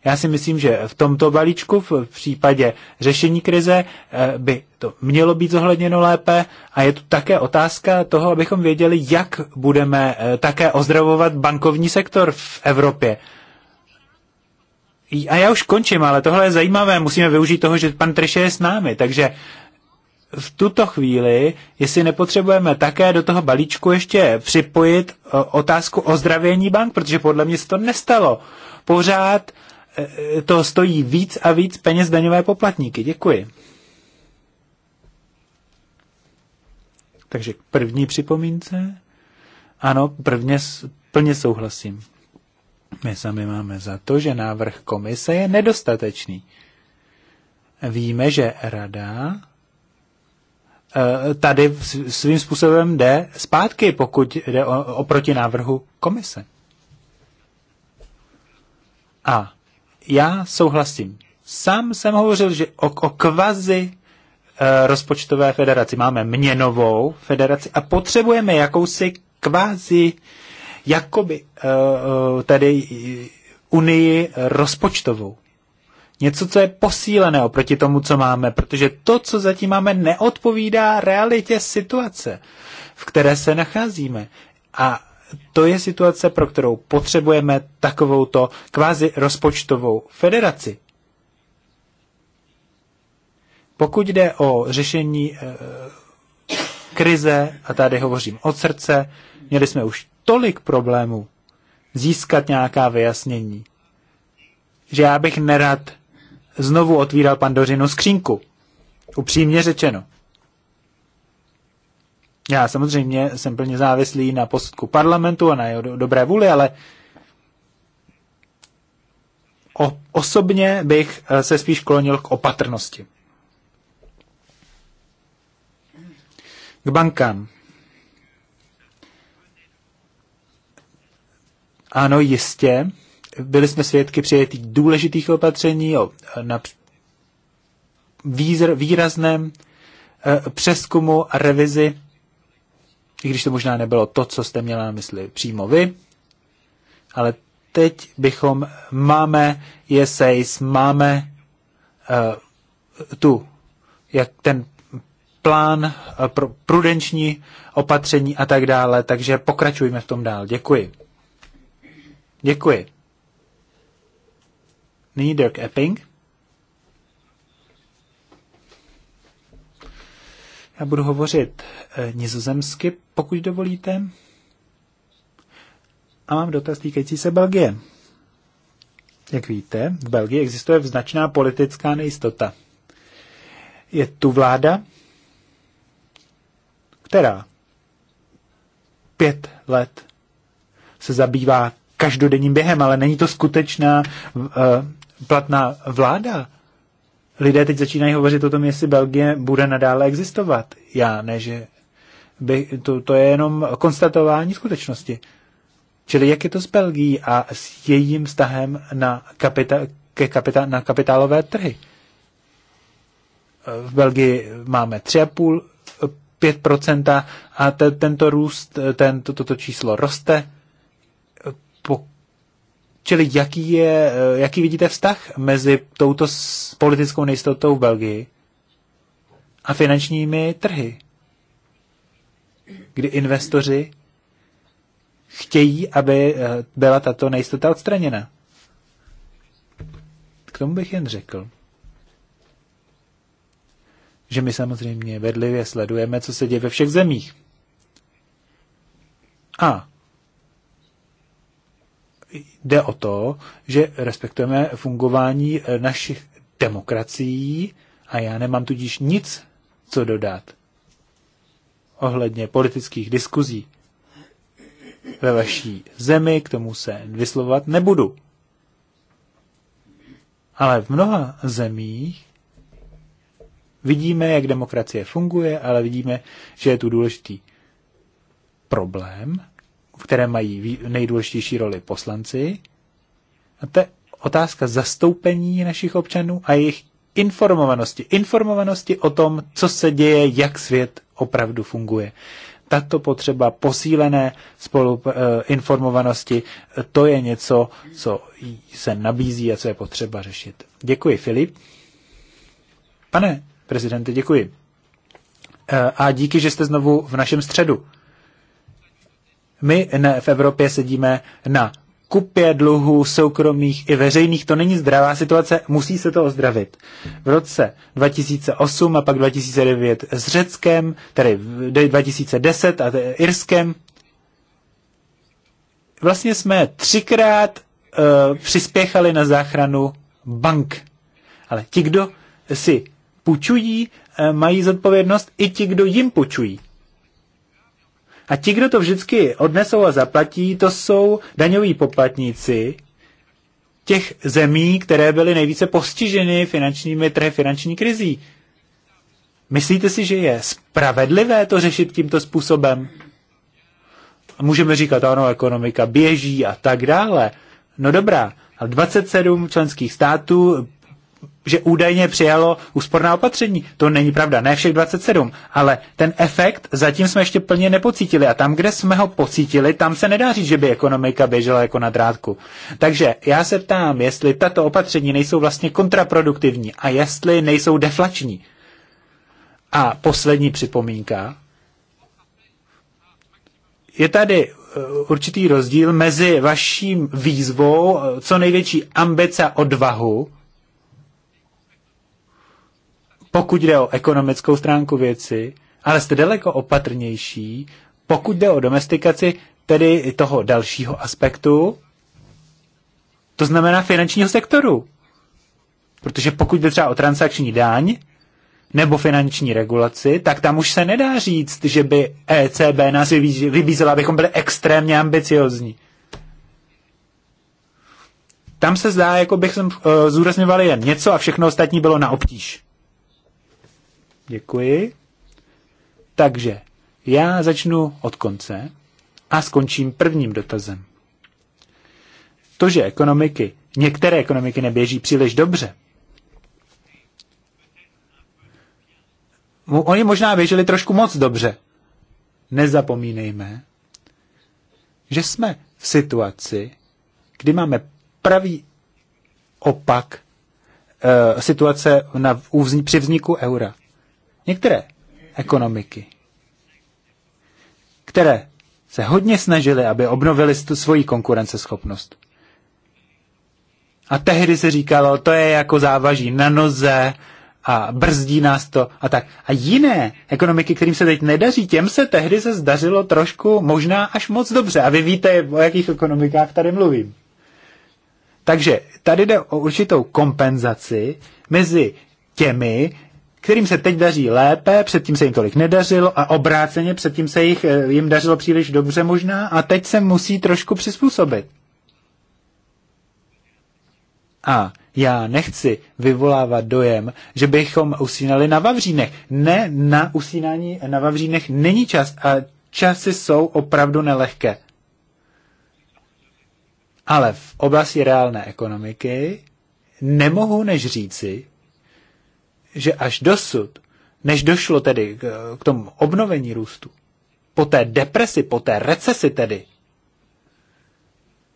Speaker 2: Já si myslím, že v tomto balíčku, v případě řešení krize, eh, by to mělo být zohledněno lépe a je tu také otázka toho, abychom věděli, jak budeme eh, také ozdravovat bankovní sektor v Evropě. A já už končím, ale tohle je zajímavé. Musíme využít toho, že pan Treše je s námi. Takže v tuto chvíli, jestli nepotřebujeme také do toho balíčku ještě připojit e, otázku ozdravění bank, protože podle mě se to nestalo. Pořád e, to stojí víc a víc peněz daňové poplatníky. Děkuji. Takže první připomínce. Ano, prvně, plně souhlasím. My sami máme za to, že návrh komise je nedostatečný. Víme, že rada Eh, tady svým způsobem jde zpátky, pokud jde o, oproti návrhu komise. A já souhlasím. Sám jsem hovořil, že o, o kvazi eh, rozpočtové federaci. Máme měnovou federaci a potřebujeme jakousi kvázi, jakoby tady eh, tedy unii rozpočtovou něco, co je posílené oproti tomu, co máme, protože to, co zatím máme, neodpovídá realitě situace, v které se nacházíme. A to je situace, pro kterou potřebujeme takovouto kvázi rozpočtovou federaci. Pokud jde o řešení e, krize, a tady hovořím od srdce, měli jsme už tolik problémů získat nějaká vyjasnění, že já bych nerad znovu otvíral pandořinu skřínku. Upřímně řečeno. Já samozřejmě jsem plně závislý na posudku parlamentu a na jeho dobré vůli, ale o, osobně bych eh, se spíš klonil k opatrnosti. K bankám. Ano, jistě byli jsme svědky přijetí důležitých opatření o na výzr, výrazném e, přeskumu a revizi, i když to možná nebylo to, co jste měla na mysli přímo vy, ale teď bychom, máme ESAs, máme uh, tu, jak ten plán e, pro prudenční opatření a tak dále, takže pokračujme v tom dál. Děkuji. Děkuji. Nyní Dirk Epping. Já budu hovořit eh, nizozemsky, pokud dovolíte. A mám dotaz týkající se Belgie. Jak víte, v Belgii existuje značná politická nejistota. Je tu vláda, která pět let se zabývá každodenním během, ale není to skutečná eh, platná vláda, lidé teď začínají hovořit o tom, jestli Belgie bude nadále existovat. Já ne, že by, to, to je jenom konstatování skutečnosti. Čili jak je to s Belgií a s jejím vztahem na, kapita, ke kapita, na kapitálové trhy? V Belgii máme 3,5 5% a te, tento růst, ten, to, toto číslo roste. Po, Čili jaký, je, eh, jaký vidíte vztah mezi touto politickou nejistotou v Belgii a finančními trhy, kdy investoři chtějí, aby eh, byla tato nejistota odstraněna? K tomu bych jen řekl, že my samozřejmě vedlivě sledujeme, co se děje ve všech zemích. A jde o to, že respektujeme fungování eh, našich demokracií a já nemám tudíž nic, co dodat ohledně politických diskuzí ve vaší zemi, k tomu se vyslovovat nebudu. Ale v mnoha zemích vidíme, jak demokracie funguje, ale vidíme, že je tu důležitý problém v které mají nejdůležitější roli poslanci. A to je otázka zastoupení našich občanů a jejich informovanosti. Informovanosti o tom, co se děje, jak svět opravdu funguje. Tato potřeba posílené spolu eh, informovanosti, to je něco, co se nabízí a co je potřeba řešit. Děkuji, Filip. Pane prezidente, děkuji. Eh, a díky, že jste znovu v našem středu. My v Evropě sedíme na kupě dluhů soukromých i veřejných. To není zdravá situace, musí se to ozdravit. V roce 2008 a pak 2009 s Řeckem, tedy 2010 a Irskem, vlastně jsme třikrát uh, přispěchali na záchranu bank. Ale ti, kdo si půjčují, eh, mají zodpovědnost i ti, kdo jim půjčují. A ti, kdo to vždycky odnesou a zaplatí, to jsou daňoví poplatníci těch zemí, které byly nejvíce postiženy finančními trhy, finanční krizí. Myslíte si, že je spravedlivé to řešit tímto způsobem? Můžeme říkat, ano, ekonomika běží a tak dále. No dobrá, 27 členských států že údajně přijalo úsporná opatření. To není pravda, ne všech 27, ale ten efekt zatím jsme ještě plně nepocítili a tam, kde jsme ho pocítili, tam se nedá říct, že by ekonomika běžela jako na drátku. Takže já se ptám, jestli tato opatření nejsou vlastně kontraproduktivní a jestli nejsou deflační. A poslední připomínka. Je tady eh, určitý rozdíl mezi vaším výzvou eh, co největší ambice a odvahu pokud jde o ekonomickou stránku věci, ale jste daleko opatrnější, pokud jde o domestikaci tedy toho dalšího aspektu, to znamená finančního sektoru. Protože pokud jde třeba o transakční daň nebo finanční regulaci, tak tam už se nedá říct, že by ECB nás vybízela, abychom byli extrémně ambiciozní. Tam se zdá, jako bych jsem uh, zúrazňoval jen něco a všechno ostatní bylo na obtíž. Děkuji. Takže já začnu od konce a skončím prvním dotazem. To, že ekonomiky, některé ekonomiky neběží příliš dobře, Oni možná běželi trošku moc dobře. Nezapomínejme, že jsme v situaci, kdy máme pravý opak e, situace na, u, při vzniku eura. Některé ekonomiky, které se hodně snažily, aby obnovili tu svoji konkurenceschopnost. A tehdy se říkalo, to je jako závaží na noze a brzdí nás to a tak. A jiné ekonomiky, kterým se teď nedaří, těm se tehdy se zdařilo trošku možná až moc dobře. A vy víte, o jakých ekonomikách tady mluvím. Takže tady jde o určitou kompenzaci mezi těmi, kterým se teď daří lépe, předtím se jim tolik nedařilo a obráceně předtím se jich, eh, jim dařilo příliš dobře možná a teď se musí trošku přizpůsobit. A já nechci vyvolávat dojem, že bychom usínali na Vavřínech. Ne, na usínání na Vavřínech není čas a časy jsou opravdu nelehké. Ale v oblasti reálné ekonomiky nemohu než říci, že až dosud, než došlo tedy k, k tomu obnovení růstu, po té depresi, po té recesi tedy,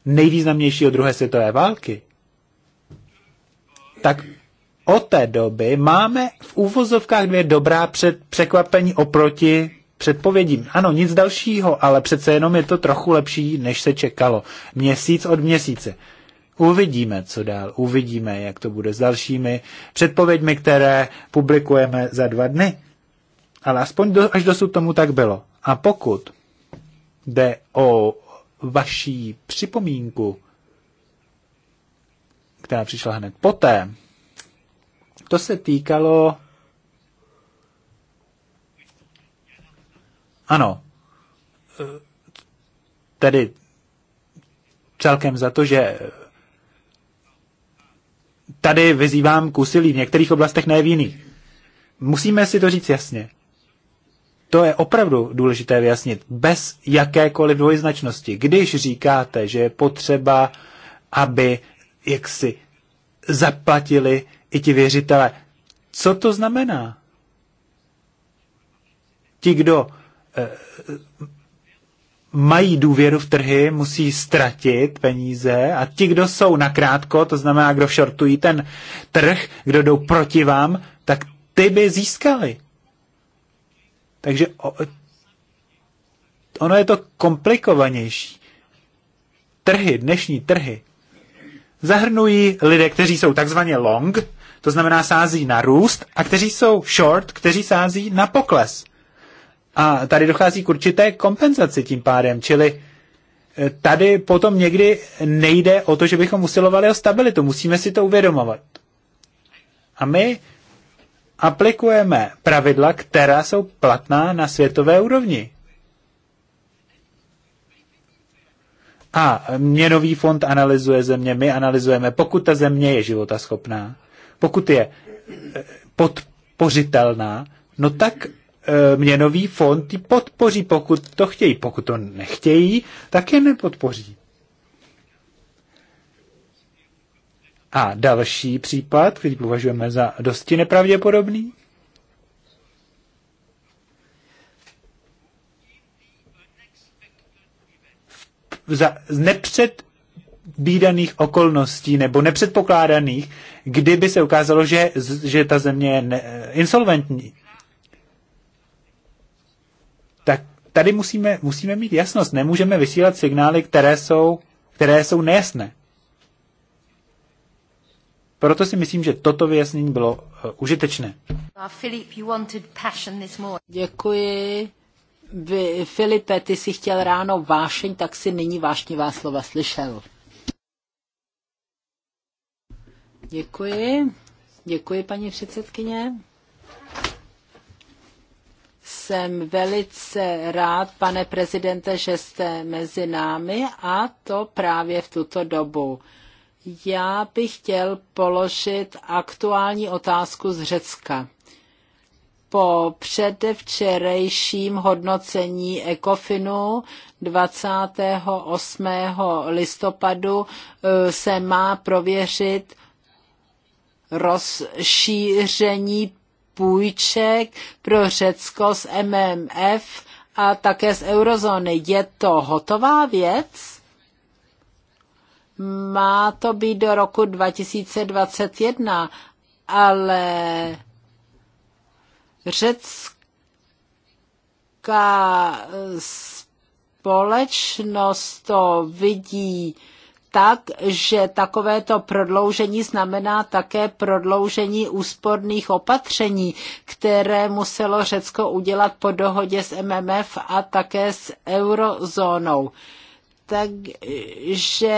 Speaker 2: nejvýznamnější od druhé světové války, tak od té doby máme v úvozovkách dvě dobrá před, překvapení oproti předpovědím. Ano, nic dalšího, ale přece jenom je to trochu lepší, než se čekalo. Měsíc od měsíce. Uvidíme, co dál. Uvidíme, jak to bude s dalšími předpověďmi, které publikujeme za dva dny. Ale aspoň do, až dosud tomu tak bylo. A pokud jde o vaší připomínku, která přišla hned poté, to se týkalo... Ano, tedy celkem za to, že tady vyzývám k úsilí, v některých oblastech ne v jiných. Musíme si to říct jasně. To je opravdu důležité vyjasnit, bez jakékoliv dvojznačnosti. Když říkáte, že je potřeba, aby jaksi zaplatili i ti věřitele, co to znamená? Ti, kdo eh, mají důvěru v trhy, musí ztratit peníze a ti, kdo jsou nakrátko, to znamená, kdo šortují ten trh, kdo jdou proti vám, tak ty by získali. Takže ono je to komplikovanější. Trhy, dnešní trhy, zahrnují lidé, kteří jsou takzvaně long, to znamená sází na růst, a kteří jsou short, kteří sází na pokles. A tady dochází k určité kompenzaci tím pádem, čili eh, tady potom někdy nejde o to, že bychom usilovali o stabilitu, musíme si to uvědomovat. A my aplikujeme pravidla, která jsou platná na světové úrovni. A měnový fond analyzuje země, my analyzujeme, pokud ta země je životaschopná, pokud je eh, podpořitelná, no tak Eh, měnový fond ji podpoří, pokud to chtějí. Pokud to nechtějí, tak je nepodpoří. A další případ, který považujeme za dosti nepravděpodobný, za, z nepředbídaných okolností nebo nepředpokládaných, kdyby se ukázalo, že, že ta země je ne, insolventní. tady musíme, musíme mít jasnost. Nemůžeme vysílat signály, které jsou, které jsou nejasné. Proto si myslím, že toto vyjasnění bylo eh, uh, užitečné.
Speaker 1: Děkuji. Vy, Filipe, ty jsi chtěl ráno vášeň, tak si nyní vášnivá slova slyšel. Děkuji. Děkuji, paní předsedkyně jsem velice rád, pane prezidente, že jste mezi námi a to právě v tuto dobu. Já bych chtěl položit aktuální otázku z Řecka. Po předevčerejším hodnocení Ekofinu 28. listopadu eh, se má prověřit rozšíření půjček pro Řecko z MMF a také z eurozóny. Je to hotová věc? Má to být do roku 2021, ale řecká společnost to vidí tak, že takovéto prodloužení znamená také prodloužení úsporných opatření, které muselo Řecko udělat po dohodě s MMF a také s eurozónou. Takže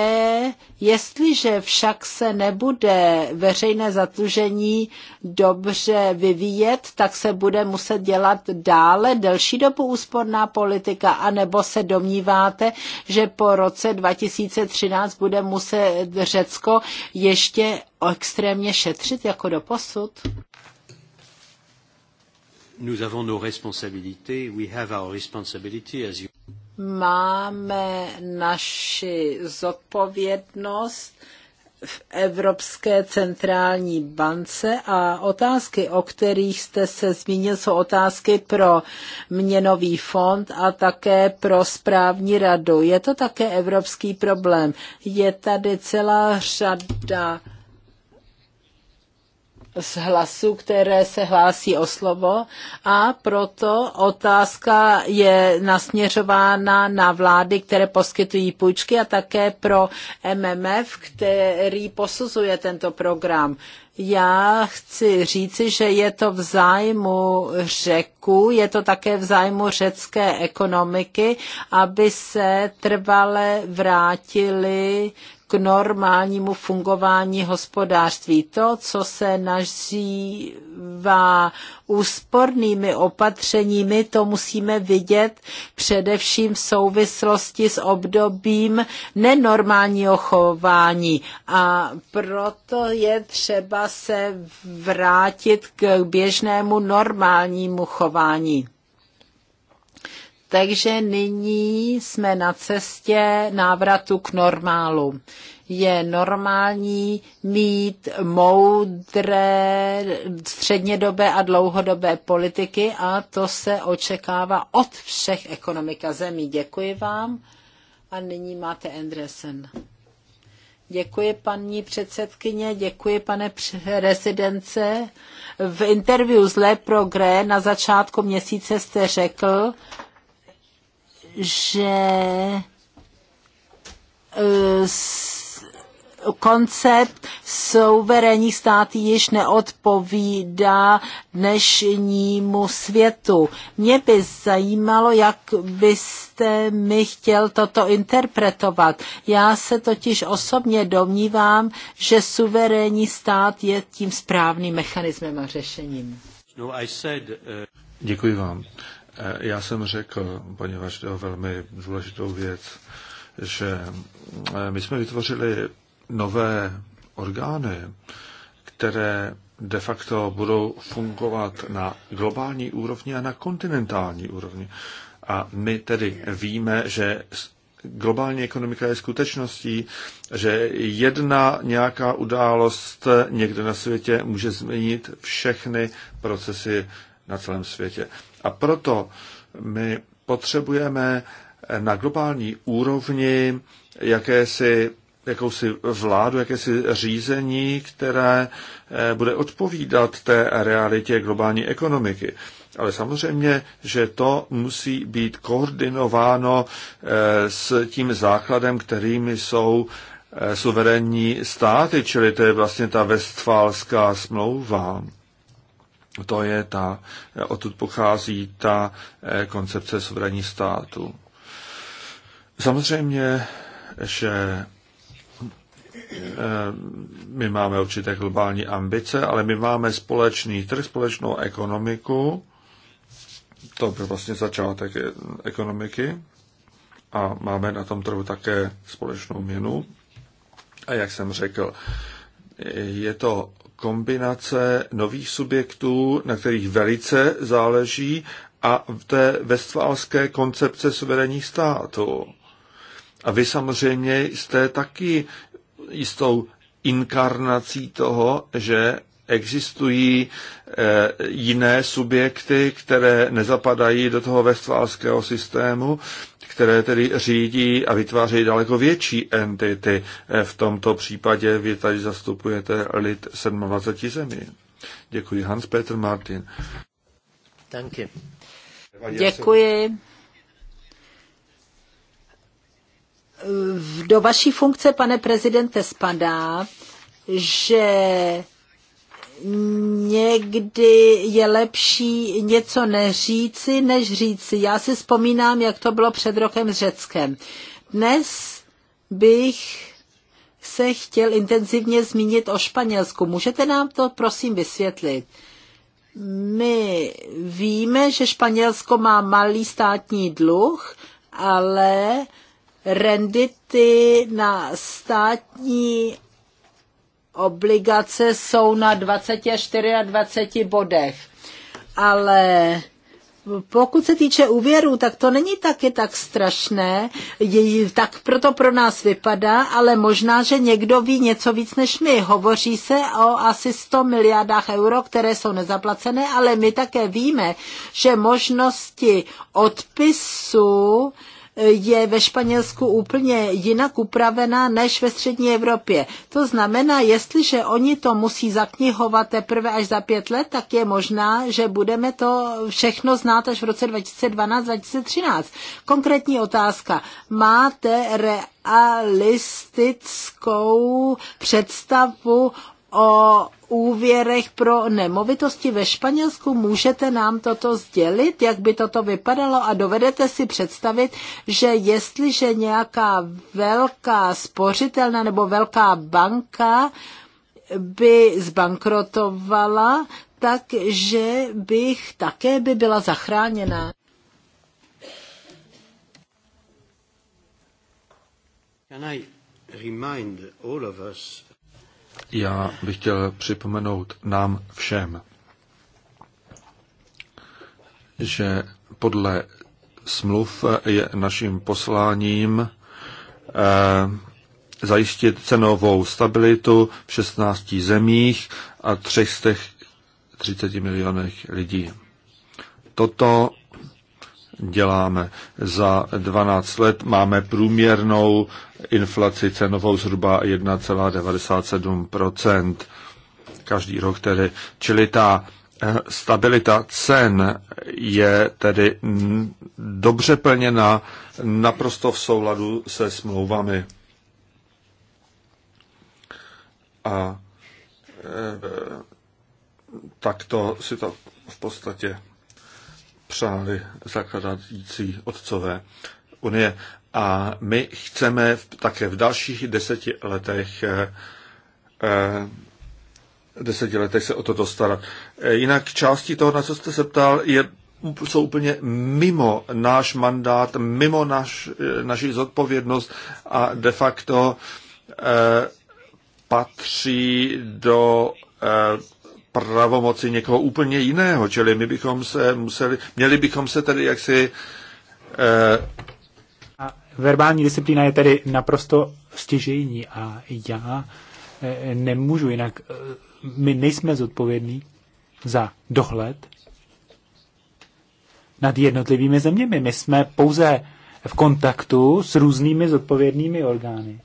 Speaker 1: jestliže však se nebude veřejné zatlužení dobře vyvíjet, tak se bude muset dělat dále delší dobu úsporná politika, anebo se domníváte, že po roce 2013 bude muset Řecko ještě extrémně šetřit jako do posud?
Speaker 2: Nous avons nos responsabilités. We have our responsibility as you
Speaker 1: máme naši zodpovědnost v Evropské centrální bance a otázky, o kterých jste se zmínil, jsou otázky pro měnový fond a také pro správní radu. Je to také evropský problém. Je tady celá řada z hlasů, které se hlásí o slovo a proto otázka je nasměřována na vlády, které poskytují půjčky a také pro MMF, který posuzuje tento program. Já chci říci, že je to v zájmu řeku, je to také v zájmu řecké ekonomiky, aby se trvale vrátili k normálnímu fungování hospodářství. To, co se nazývá úspornými opatřeními, to musíme vidět především v souvislosti s obdobím nenormálního chování. A proto je třeba se vrátit k běžnému normálnímu chování. Takže nyní jsme na cestě návratu k normálu. Je normální mít moudré střednědobé a dlouhodobé politiky a to se očekává od všech ekonomika zemí. Děkuji vám a nyní máte Andresen. Děkuji paní předsedkyně, děkuji pane rezidence. V interview z Le Progrès na začátku měsíce jste řekl, že eh, koncept souverénních států již neodpovídá dnešnímu světu. Mě by zajímalo, jak byste mi chtěl toto interpretovat. Já se totiž osobně domnívám, že suverénní stát je tím správným mechanismem a řešením.
Speaker 3: No, said, uh... Děkuji vám. Já jsem řekl, poněvadž jde o velmi důležitou věc, že eh, my jsme vytvořili nové orgány, které de facto budou fungovat na globální úrovni a na kontinentální úrovni. A my tedy víme, že globální ekonomika je skutečností, že jedna nějaká událost někde na světě může změnit všechny procesy na celém světě. A proto my potřebujeme na globální úrovni jakési jakousi vládu, jakési řízení, které eh, bude odpovídat té realitě globální ekonomiky. Ale samozřejmě, že to musí být koordinováno eh, s tím základem, kterým jsou eh, suverénní státy, čili to je vlastně ta vestfálská smlouva. To je ta, odtud pochází ta eh, koncepce suverení státu. Samozřejmě, že eh, my máme určité globální ambice, ale my máme společný trh, společnou ekonomiku. To byl vlastně začátek eh, ekonomiky. A máme na tom trhu také společnou měnu. A jak jsem řekl, je to kombinace nových subjektů, na kterých velice záleží, a té vestfálské koncepce suverénních států. A vy samozřejmě jste taky jistou inkarnací toho, že existují e, jiné subjekty, které nezapadají do toho vestfálského systému které tedy řídí a vytvářejí daleko větší entity. E, v tomto případě vy tady zastupujete lid 27 zemí. Děkuji. Hans-Peter Martin.
Speaker 1: Děkuji. Děkuji. E, do vaší funkce, pane prezidente, spadá, že někdy je lepší něco neříci, než říci. Já si vzpomínám, jak to bylo před rokem s Řeckem. Dnes bych se chtěl intenzivně zmínit o Španělsku. Můžete nám to prosím vysvětlit? My víme, že Španělsko má malý státní dluh, ale rendity na státní obligace jsou na 20 až 24 bodech. Ale pokud se týče úvěru, tak to není taky tak strašné, je, tak proto pro nás vypadá, ale možná, že někdo ví něco víc než my. Hovoří se o asi 100 miliardách euro, které jsou nezaplacené, ale my také víme, že možnosti odpisu je ve Španělsku úplně jinak upravená než ve střední Evropě. To znamená, jestliže oni to musí zaknihovat teprve až za pět let, tak je možná, že budeme to všechno znát až v roce 2012-2013. Konkrétní otázka. Máte realistickou představu o úvěrech pro nemovitosti ve Španělsku. Můžete nám toto sdělit, jak by toto vypadalo a dovedete si představit, že jestliže nějaká velká spořitelna nebo velká banka by zbankrotovala, takže bych také by byla zachráněna.
Speaker 2: Can I remind all of us
Speaker 3: já bych chtěl připomenout nám všem, že podle smluv je naším posláním eh, zajistit cenovou stabilitu v 16 zemích a 330 milionech lidí. Toto děláme. Za 12 let máme průměrnou inflaci cenovou zhruba 1,97 každý rok tedy. Čili ta eh, stabilita cen je tedy dobře plněna, naprosto v souladu se smlouvami. A eh, tak to si to v podstatě přáli zakladající otcové Unie. A my chceme v, také v dalších deseti letech eh, eh deseti letech se o toto starat. Eh, jinak části toho, na co jste se ptal, je, jsou úplně mimo náš mandát, mimo naš, eh, naši zodpovědnost a de facto eh, patří do eh, pravomoci někoho úplně jiného, čili my bychom se museli, měli bychom se tedy jaksi... Eh... A verbální
Speaker 2: disciplína je tedy naprosto stěžejní a já eh, nemůžu jinak, eh, my nejsme zodpovědní za dohled nad jednotlivými zeměmi. My jsme pouze v kontaktu s různými zodpovědnými orgány.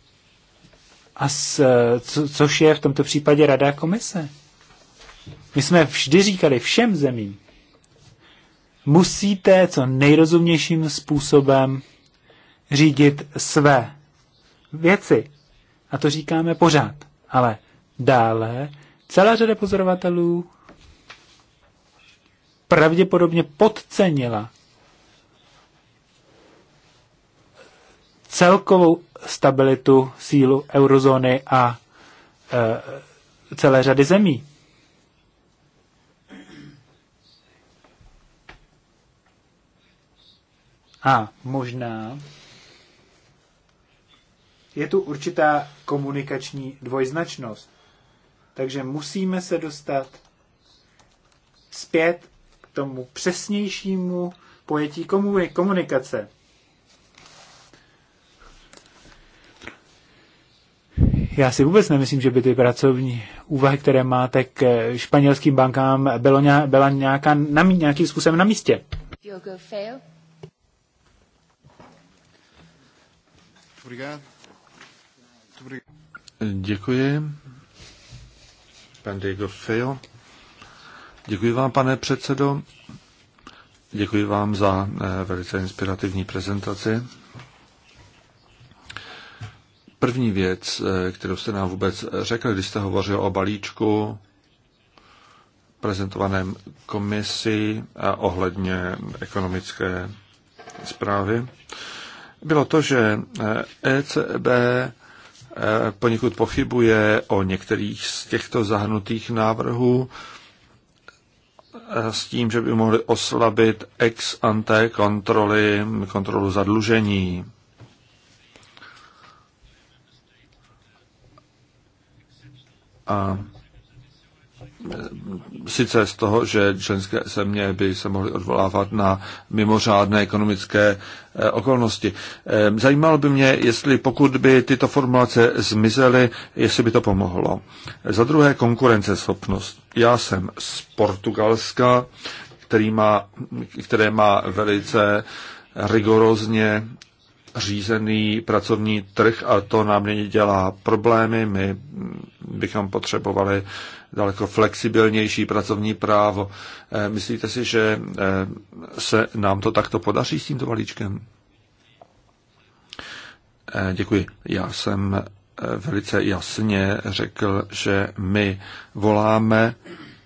Speaker 2: A s, co, což je v tomto případě Rada komise. My jsme vždy říkali všem zemím, musíte co nejrozumnějším způsobem řídit své věci. A to říkáme pořád. Ale dále celá řada pozorovatelů pravděpodobně podcenila celkovou stabilitu sílu eurozóny a e, celé řady zemí. A možná je tu určitá komunikační dvojznačnost. Takže musíme se dostat zpět k tomu přesnějšímu pojetí komunikace. Já si vůbec nemyslím, že by ty pracovní úvahy, které máte k španělským bankám, bylo nějaká, byla nějaká, nějakým způsobem na místě.
Speaker 3: Děkuji. Pan Diego Feo. Děkuji vám, pane předsedo. Děkuji vám za eh, velice inspirativní prezentaci. První věc, eh, kterou jste nám vůbec řekl, když jste hovořil o balíčku prezentovaném komisi a ohledně ekonomické zprávy, bylo to, že ECB eh, e eh, poněkud pochybuje o některých z těchto zahrnutých návrhů eh, s tím, že by mohly oslabit ex ante kontroly, kontrolu zadlužení. A sice z toho, že členské země by se mohly odvolávat na mimořádné ekonomické eh, okolnosti. Eh, zajímalo by mě, jestli pokud by tyto formulace zmizely, jestli by to pomohlo. Za druhé konkurenceschopnost. Já jsem z Portugalska, který má, které má velice rigorózně řízený pracovní trh a to nám nyní dělá problémy. My bychom potřebovali daleko flexibilnější pracovní právo. Eh, myslíte si, že eh, se nám to takto podaří s tímto balíčkem? Eh, děkuji. Já jsem velice jasně řekl, že my voláme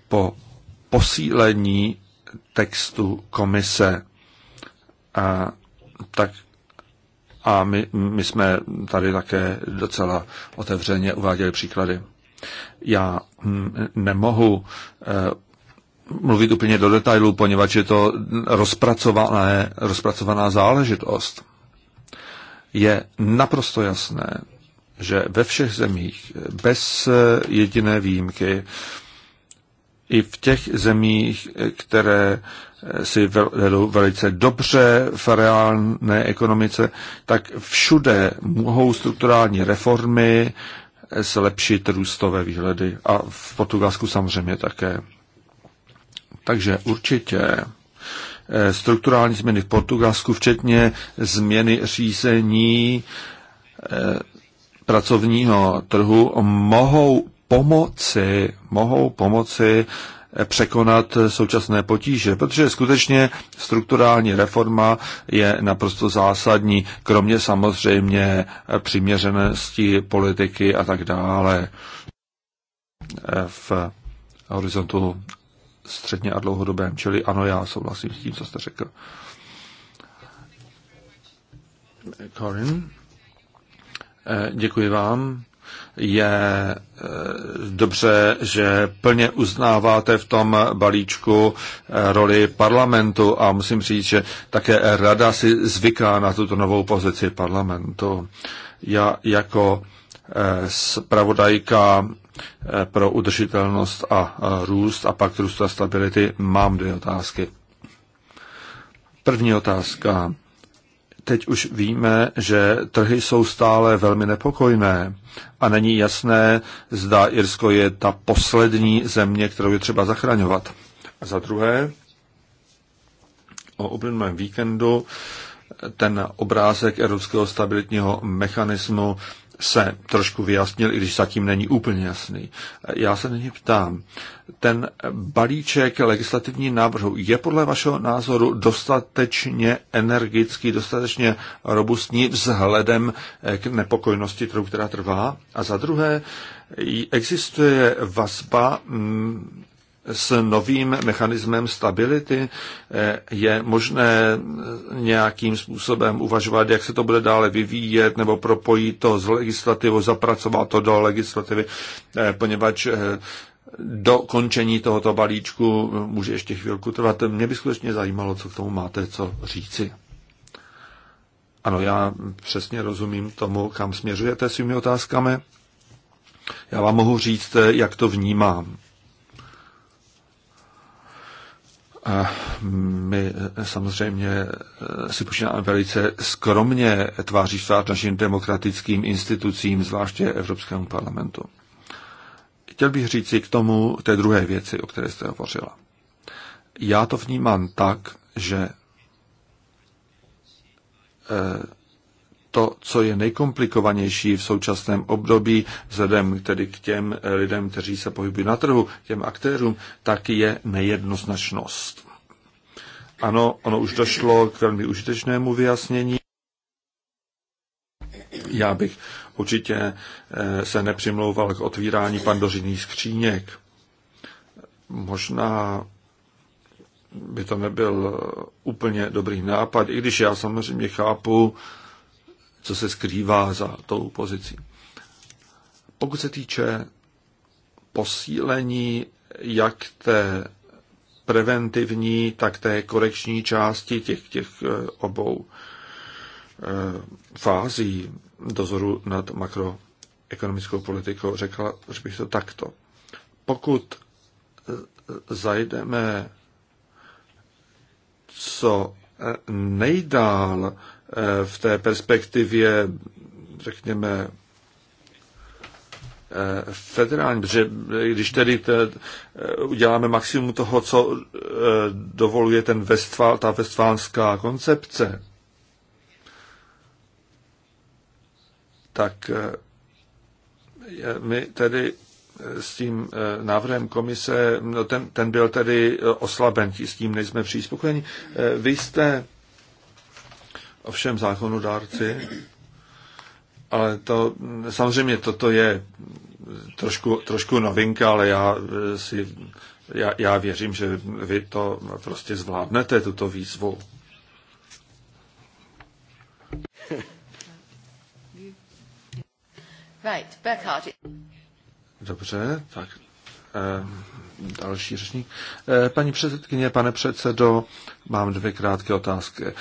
Speaker 3: po posílení textu komise. A, tak, a my, my jsme tady také docela otevřeně uváděli příklady. Já hm, nemohu eh, mluvit úplně do detailů, poněvadž je to rozpracované, rozpracovaná záležitost. Je naprosto jasné, že ve všech zemích, bez eh, jediné výjimky, i v těch zemích, které eh, si vedou velice dobře v reálné ekonomice, tak všude mohou strukturální reformy zlepšit růstové výhledy a v Portugalsku samozřejmě také. Takže určitě eh, strukturální změny v Portugalsku, včetně změny řízení eh, pracovního trhu, mohou pomoci, mohou pomoci překonat současné potíže, protože skutečně strukturální reforma je naprosto zásadní, kromě samozřejmě přiměřenosti politiky a tak dále v horizontu středně a dlouhodobém. Čili ano, já souhlasím s tím, co jste řekl. Corin, eh, děkuji vám je eh, dobře, že plně uznáváte v tom balíčku eh, roli parlamentu a musím říct, že také rada si zvyká na tuto novou pozici parlamentu. Já jako eh, zpravodajka pro udržitelnost a růst a pak růst a stability mám dvě otázky. První otázka teď už víme, že trhy jsou stále velmi nepokojné a není jasné, zda Irsko je ta poslední země, kterou je třeba zachraňovat. A za druhé, o uplynulém víkendu ten obrázek Evropského stabilitního mechanismu se trošku vyjasnil, i když zatím není úplně jasný. Já se nyní ptám, ten balíček legislativní návrhu je podle vašeho názoru dostatečně energický, dostatečně robustní vzhledem eh, k nepokojnosti trhu, která trvá? A za druhé, existuje vazba mm, s novým mechanismem stability je možné nějakým způsobem uvažovat, jak se to bude dále vyvíjet, nebo propojit to z legislativou, zapracovat to do legislativy, eh, poněvadž eh, do končení tohoto balíčku může ještě chvilku trvat. Mě by skutečně zajímalo, co k tomu máte co říci. Ano, já přesně rozumím tomu, kam směřujete svými otázkami. Já vám mohu říct, eh, jak to vnímám. A my eh, samozřejmě eh, si počínáme velice skromně tváří stát našim demokratickým institucím, zvláště Evropskému parlamentu. Chtěl bych říci k tomu té druhé věci, o které jste hovořila. Já to vnímám tak, že eh, to, co je nejkomplikovanější v současném období, vzhledem tedy k těm lidem, kteří se pohybují na trhu, těm aktérům, tak je nejednoznačnost. Ano, ono už došlo k velmi užitečnému vyjasnění. Já bych určitě eh, se nepřimlouval k otvírání pandořinných skříněk. Možná by to nebyl eh, úplně dobrý nápad, i když já samozřejmě chápu co se skrývá za tou pozicí. Pokud se týče posílení jak té preventivní, tak té korekční části těch, těch eh, obou eh, fází dozoru nad makroekonomickou politikou, řekla, že bych to takto. Pokud eh, zajdeme co nejdál Eh, v té perspektivě, řekněme, eh, federální, protože když tedy te, eh, uděláme maximum toho, co dovoluje ten Westfál, ta vestfálská koncepce, tak my tedy s tím návrhem komise, no ten, ten byl tedy oslaben, s tím nejsme příspokojeni. Vy jste ovšem zákonodárci, ale to, samozřejmě toto je trošku, trošku novinka, ale já eh, si, já, já věřím, že vy to prostě zvládnete, tuto výzvu. Right, Dobře, tak. Um, další řečník. Eh, paní předsedkyně, pane předsedo, mám dvě krátké otázky. Eh,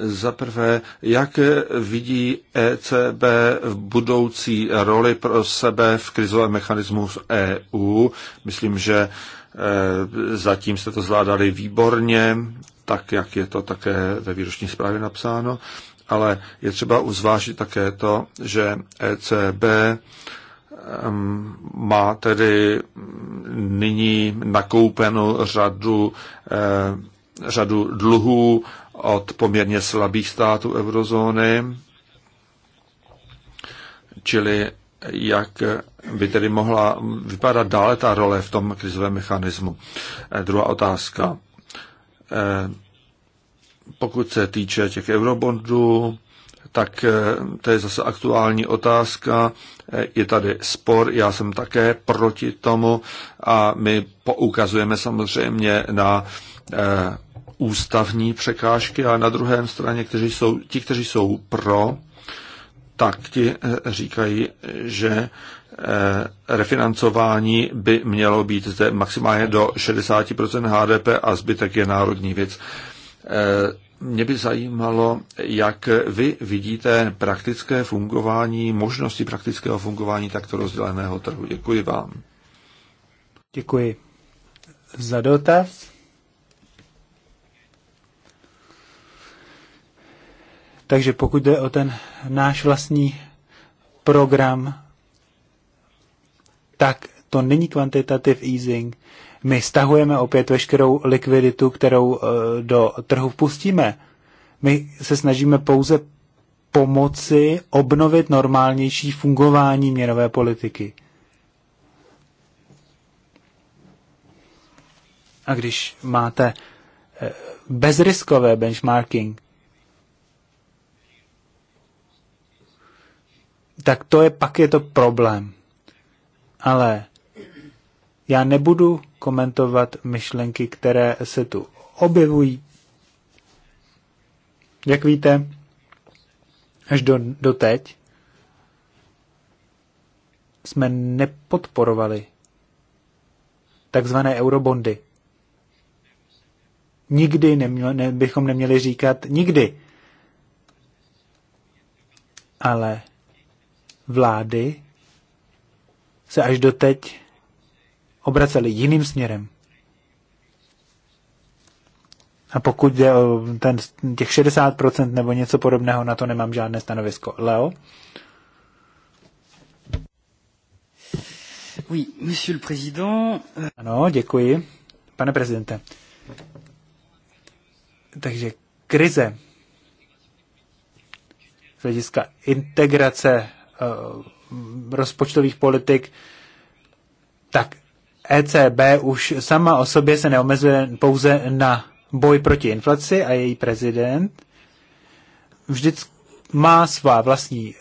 Speaker 3: za prvé, jak vidí ECB v budoucí roli pro sebe v krizovém mechanismu v EU? Myslím, že eh, zatím jste to zvládali výborně, tak jak je to také ve výroční zprávě napsáno, ale je třeba uzvážit také to, že ECB má tedy nyní nakoupeno řadu, eh, řadu dluhů od poměrně slabých států eurozóny, čili jak by tedy mohla vypadat dále ta role v tom krizovém mechanismu. Eh, druhá otázka. Eh, pokud se týče těch eurobondů, tak eh, to je zase aktuální otázka. Eh, je tady spor, já jsem také proti tomu a my poukazujeme samozřejmě na eh, ústavní překážky, a na druhé straně kteří jsou, ti, kteří jsou pro, tak ti říkají, že refinancování by mělo být zde maximálně do 60% HDP a zbytek je národní věc mě by zajímalo, jak vy vidíte praktické fungování, možnosti praktického fungování takto rozděleného trhu. Děkuji vám.
Speaker 2: Děkuji za dotaz. Takže pokud jde o ten náš vlastní program, tak to není kvantitativ easing, my stahujeme opět veškerou likviditu, kterou eh, do trhu vpustíme. My se snažíme pouze pomoci obnovit normálnější fungování měnové politiky. A když máte eh, bezriskové benchmarking, tak to je, pak je to problém. Ale já nebudu komentovat myšlenky, které se tu objevují. Jak víte, až do, do teď jsme nepodporovali takzvané eurobondy. Nikdy neměl, ne, bychom neměli říkat nikdy. Ale vlády se až doteď obraceli jiným směrem. A pokud jde o ten, těch 60% nebo něco podobného, na to nemám žádné stanovisko. Leo? Oui, monsieur le président. Ano, děkuji. Pane prezidente. Takže krize z hlediska integrace uh, rozpočtových politik, tak ECB už sama o sobě se neomezuje pouze na boj proti inflaci a její prezident vždycky má svá vlastní e,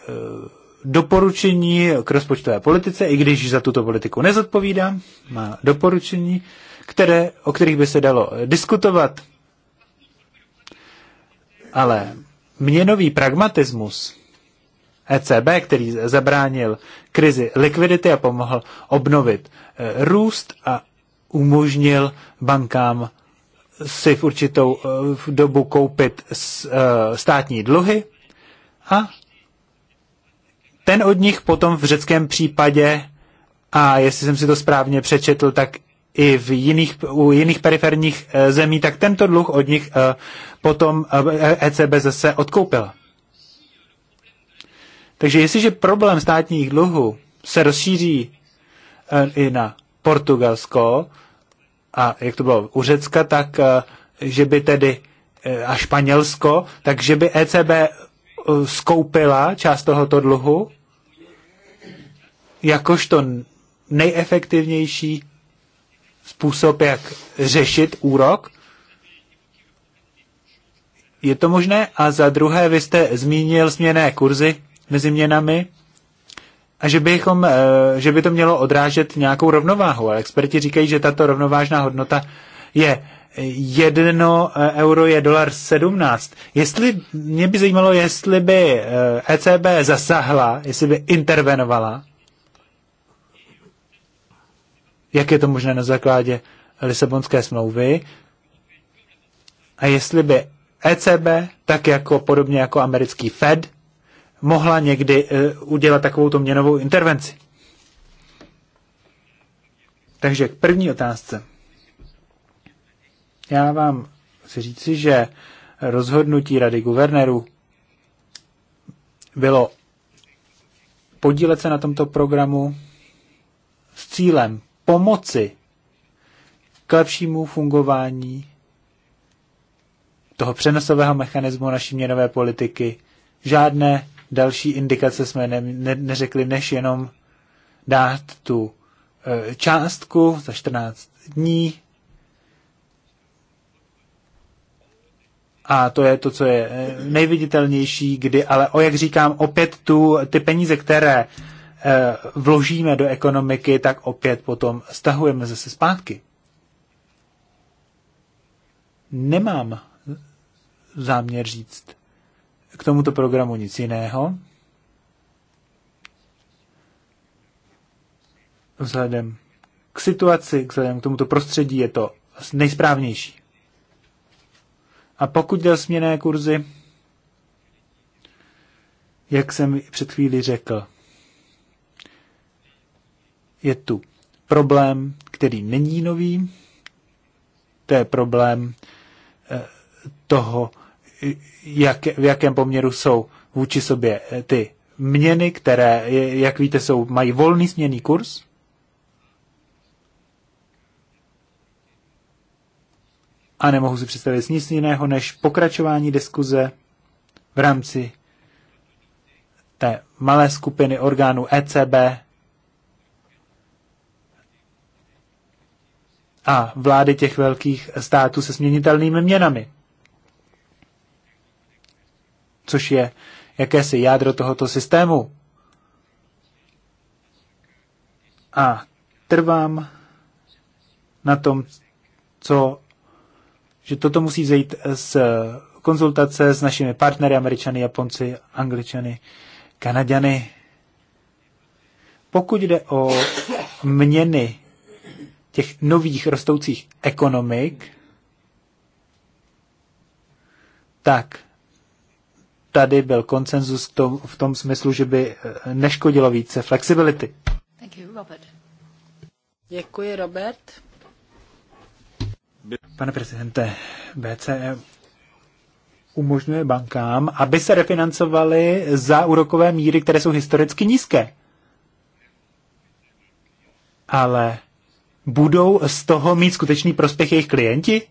Speaker 2: doporučení k rozpočtové politice, i když za tuto politiku nezodpovídá, má doporučení, které, o kterých by se dalo diskutovat. Ale měnový pragmatismus ECB, který zabránil krizi likvidity a pomohl obnovit eh, růst a umožnil bankám si v určitou eh, dobu koupit eh, státní dluhy a ten od nich potom v řeckém případě, a jestli jsem si to správně přečetl, tak i v jiných, u jiných periferních zemí, tak tento dluh od nich potom ECB e zase odkoupila. Takže jestliže problém státních dluhů se rozšíří eh, i na Portugalsko, a jak to bylo u Řecka, tak eh, že by tedy eh, a Španělsko, takže by ECB skoupila část tohoto dluhu jakožto nejefektivnější způsob, jak řešit úrok. Je to možné? A za druhé, vy jste zmínil směné kurzy mezi měnami a že, bychom, eh, že by to mělo odrážet nějakou rovnováhu. Ale experti říkají, že tato rovnovážná hodnota je jedno eh, euro je dolar 17. Jestli, mě by zajímalo, jestli by ECB eh, e zasahla, jestli by intervenovala, jak je to možné na základě Lisabonské smlouvy, a jestli by ECB, tak jako podobně jako americký Fed, mohla někdy eh, udělat takovouto měnovou intervenci. Takže k první otázce. Já vám chci říci, že rozhodnutí Rady guvernérů bylo podílet se na tomto programu s cílem pomoci k lepšímu fungování toho přenosového mechanismu naší měnové politiky. Žádné další indikace jsme ne, ne, neřekli, než jenom dát tu e, částku za 14 dní. A to je to, co je e, nejviditelnější, kdy, ale o jak říkám, opět tu, ty peníze, které e, vložíme do ekonomiky, tak opět potom stahujeme zase zpátky. Nemám záměr říct, k tomuto programu nic jiného. Vzhledem k situaci, vzhledem k tomuto prostředí je to nejsprávnější. A pokud jde o směné kurzy, jak jsem před chvíli řekl, je tu problém, který není nový, to je problém eh, toho jak, v jakém poměru jsou vůči sobě eh, ty měny, které, jak víte, jsou, mají volný směný kurz. A nemohu si představit nic jiného, než pokračování diskuze v rámci té malé skupiny orgánů ECB a vlády těch velkých států se směnitelnými měnami což je jakési jádro tohoto systému. A trvám na tom, co, že toto musí vzejít z konzultace s našimi partnery, američany, japonci, angličany, kanaděny. Pokud jde o měny těch nových rostoucích ekonomik, tak tady byl konsenzus v tom smyslu, že by eh, neškodilo více flexibility.
Speaker 1: Thank you, Robert. Děkuji, Robert.
Speaker 2: Pane prezidente, BCE umožňuje bankám, aby se refinancovaly za úrokové míry, které jsou historicky nízké. Ale budou z toho mít skutečný prospěch jejich klienti?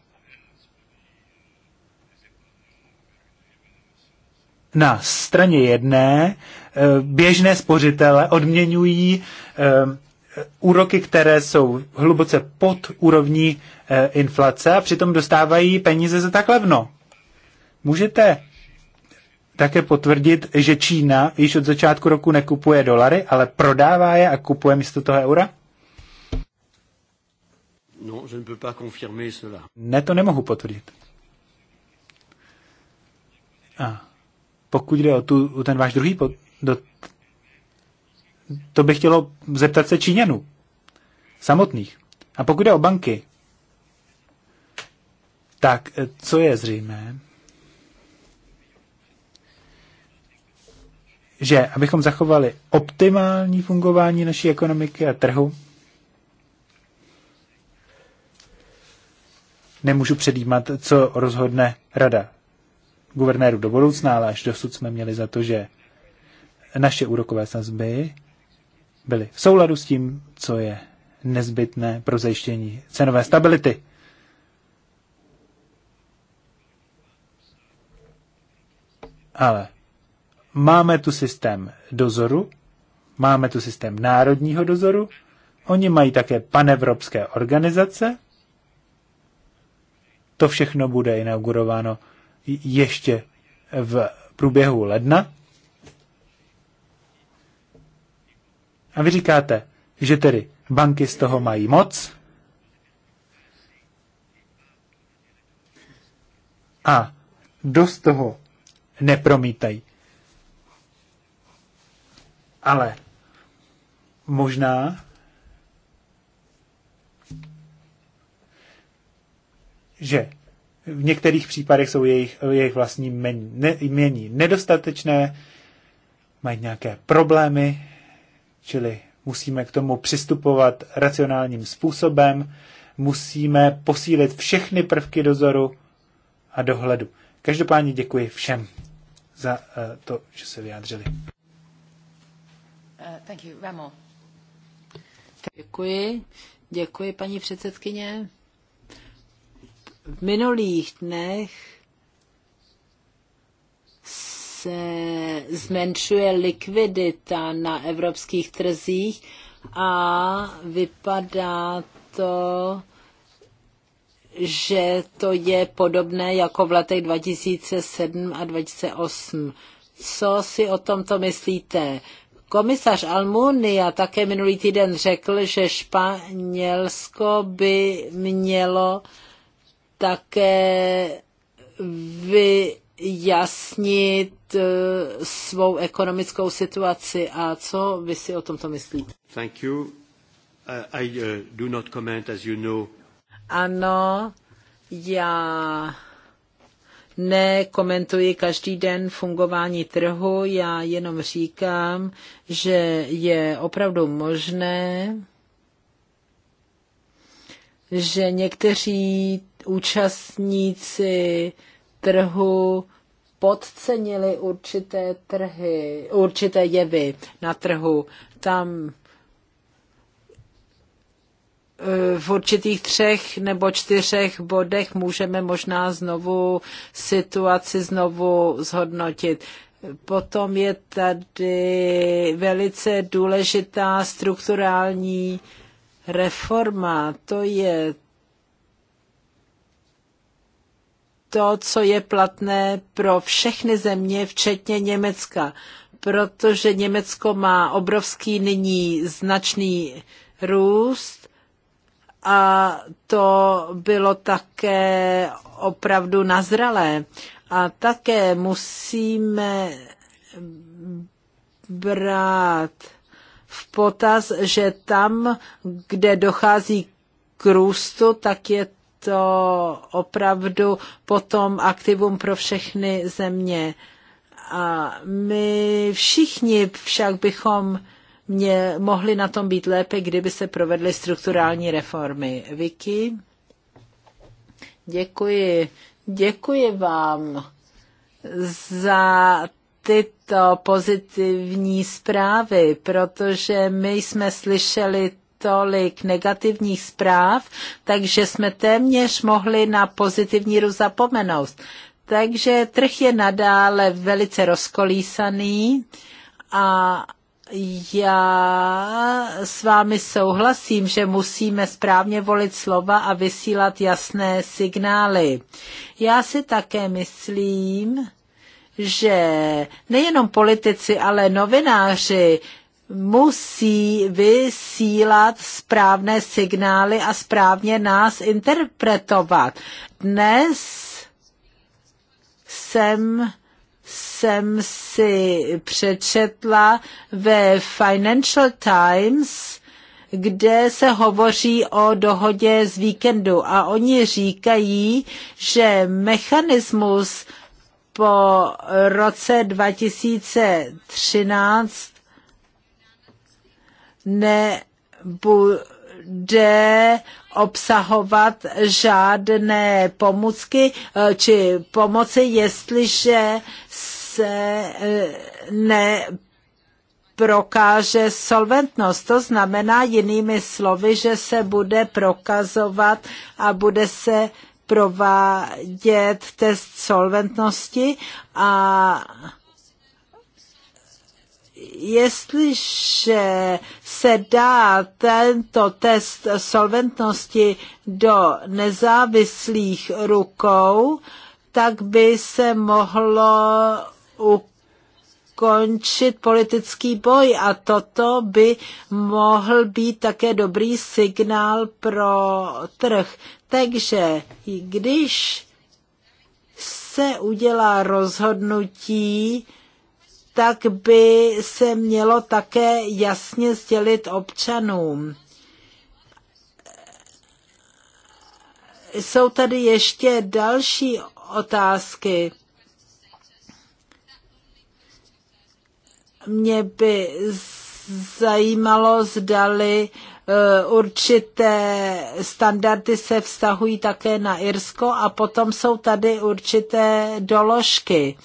Speaker 2: na straně jedné eh, běžné spořitele odměňují eh, úroky, které jsou hluboce pod úrovní eh, inflace a přitom dostávají peníze za tak levno. Můžete také potvrdit, že Čína již od začátku roku nekupuje dolary, ale prodává je a kupuje místo toho eura?
Speaker 3: No, je ne, peux pas confirmer cela.
Speaker 2: ne, to nemohu potvrdit. A pokud jde o tu, ten váš druhý pod, do, to by chtělo zeptat se Číňanů samotných. A pokud jde o banky, tak eh, co je zřejmé, že abychom zachovali optimální fungování naší ekonomiky a trhu, nemůžu předjímat, co rozhodne rada guvernéru do budoucna, ale až dosud jsme měli za to, že naše úrokové sazby byly v souladu s tím, co je nezbytné pro zajištění cenové stability. Ale máme tu systém dozoru, máme tu systém národního dozoru, oni mají také panevropské organizace, to všechno bude inaugurováno ještě v průběhu ledna. A vy říkáte, že tedy banky z toho mají moc a dost toho nepromítají. Ale možná, že v některých případech jsou jejich, jejich vlastní jmění ne, nedostatečné, mají nějaké problémy, čili musíme k tomu přistupovat racionálním způsobem, musíme posílit všechny prvky dozoru a dohledu. Každopádně děkuji všem za eh, to, že se vyjádřili.
Speaker 1: Eh, děkuji. Děkuji, paní předsedkyně. V minulých dnech se zmenšuje likvidita na evropských trzích a vypadá to, že to je podobné jako v letech 2007 a 2008. Co si o tomto myslíte? Komisař Almunia také minulý týden řekl, že Španělsko by mělo uh, také vyjasnit eh, svou ekonomickou situaci. A co vy si o tomto myslíte?
Speaker 2: Thank you. Uh, I uh, do not comment,
Speaker 3: as you know.
Speaker 1: Ano, já nekomentuji každý den fungování trhu, já jenom říkám, že je opravdu možné, že někteří účastníci trhu podcenili určité trhy, určité jevy na trhu. Tam eh, v určitých třech nebo čtyřech bodech můžeme možná znovu situaci znovu zhodnotit. Potom je tady velice důležitá strukturální reforma. To je to, co je platné pro všechny země, včetně Německa, protože Německo má obrovský nyní značný růst a to bylo také opravdu nazralé. A také musíme brát v potaz, že tam, kde dochází k růstu, tak je to opravdu potom aktivum pro všechny země. A my všichni však bychom mě, mohli na tom být lépe, kdyby se provedly strukturální reformy. Vicky? Děkuji. Děkuji vám za tyto pozitivní zprávy, protože my jsme slyšeli tolik negativních zpráv, takže jsme téměř mohli na pozitivní růst zapomenout. Takže trh je nadále velice rozkolísaný a já s vámi souhlasím, že musíme správně volit slova a vysílat jasné signály. Já si také myslím, že nejenom politici, ale novináři musí vysílat správné signály a správně nás interpretovat. Dnes jsem jsem si přečetla ve Financial Times, kde se hovoří o dohodě z víkendu a oni říkají, že mechanismus po roce 2013 nebude obsahovat žádné pomůcky eh, či pomoci, jestliže se eh, ne prokáže solventnost. To znamená jinými slovy, že se bude prokazovat a bude se provádět test solventnosti a jestliže se dá tento test solventnosti do nezávislých rukou, tak by se mohlo ukončit politický boj a toto by mohl být také dobrý signál pro trh. Takže když se udělá rozhodnutí, tak by se mělo také jasně sdělit občanům. Jsou tady ještě další otázky. Mě by zajímalo, zdali eh, určité standardy se vztahují také na Irsko a potom jsou tady určité doložky.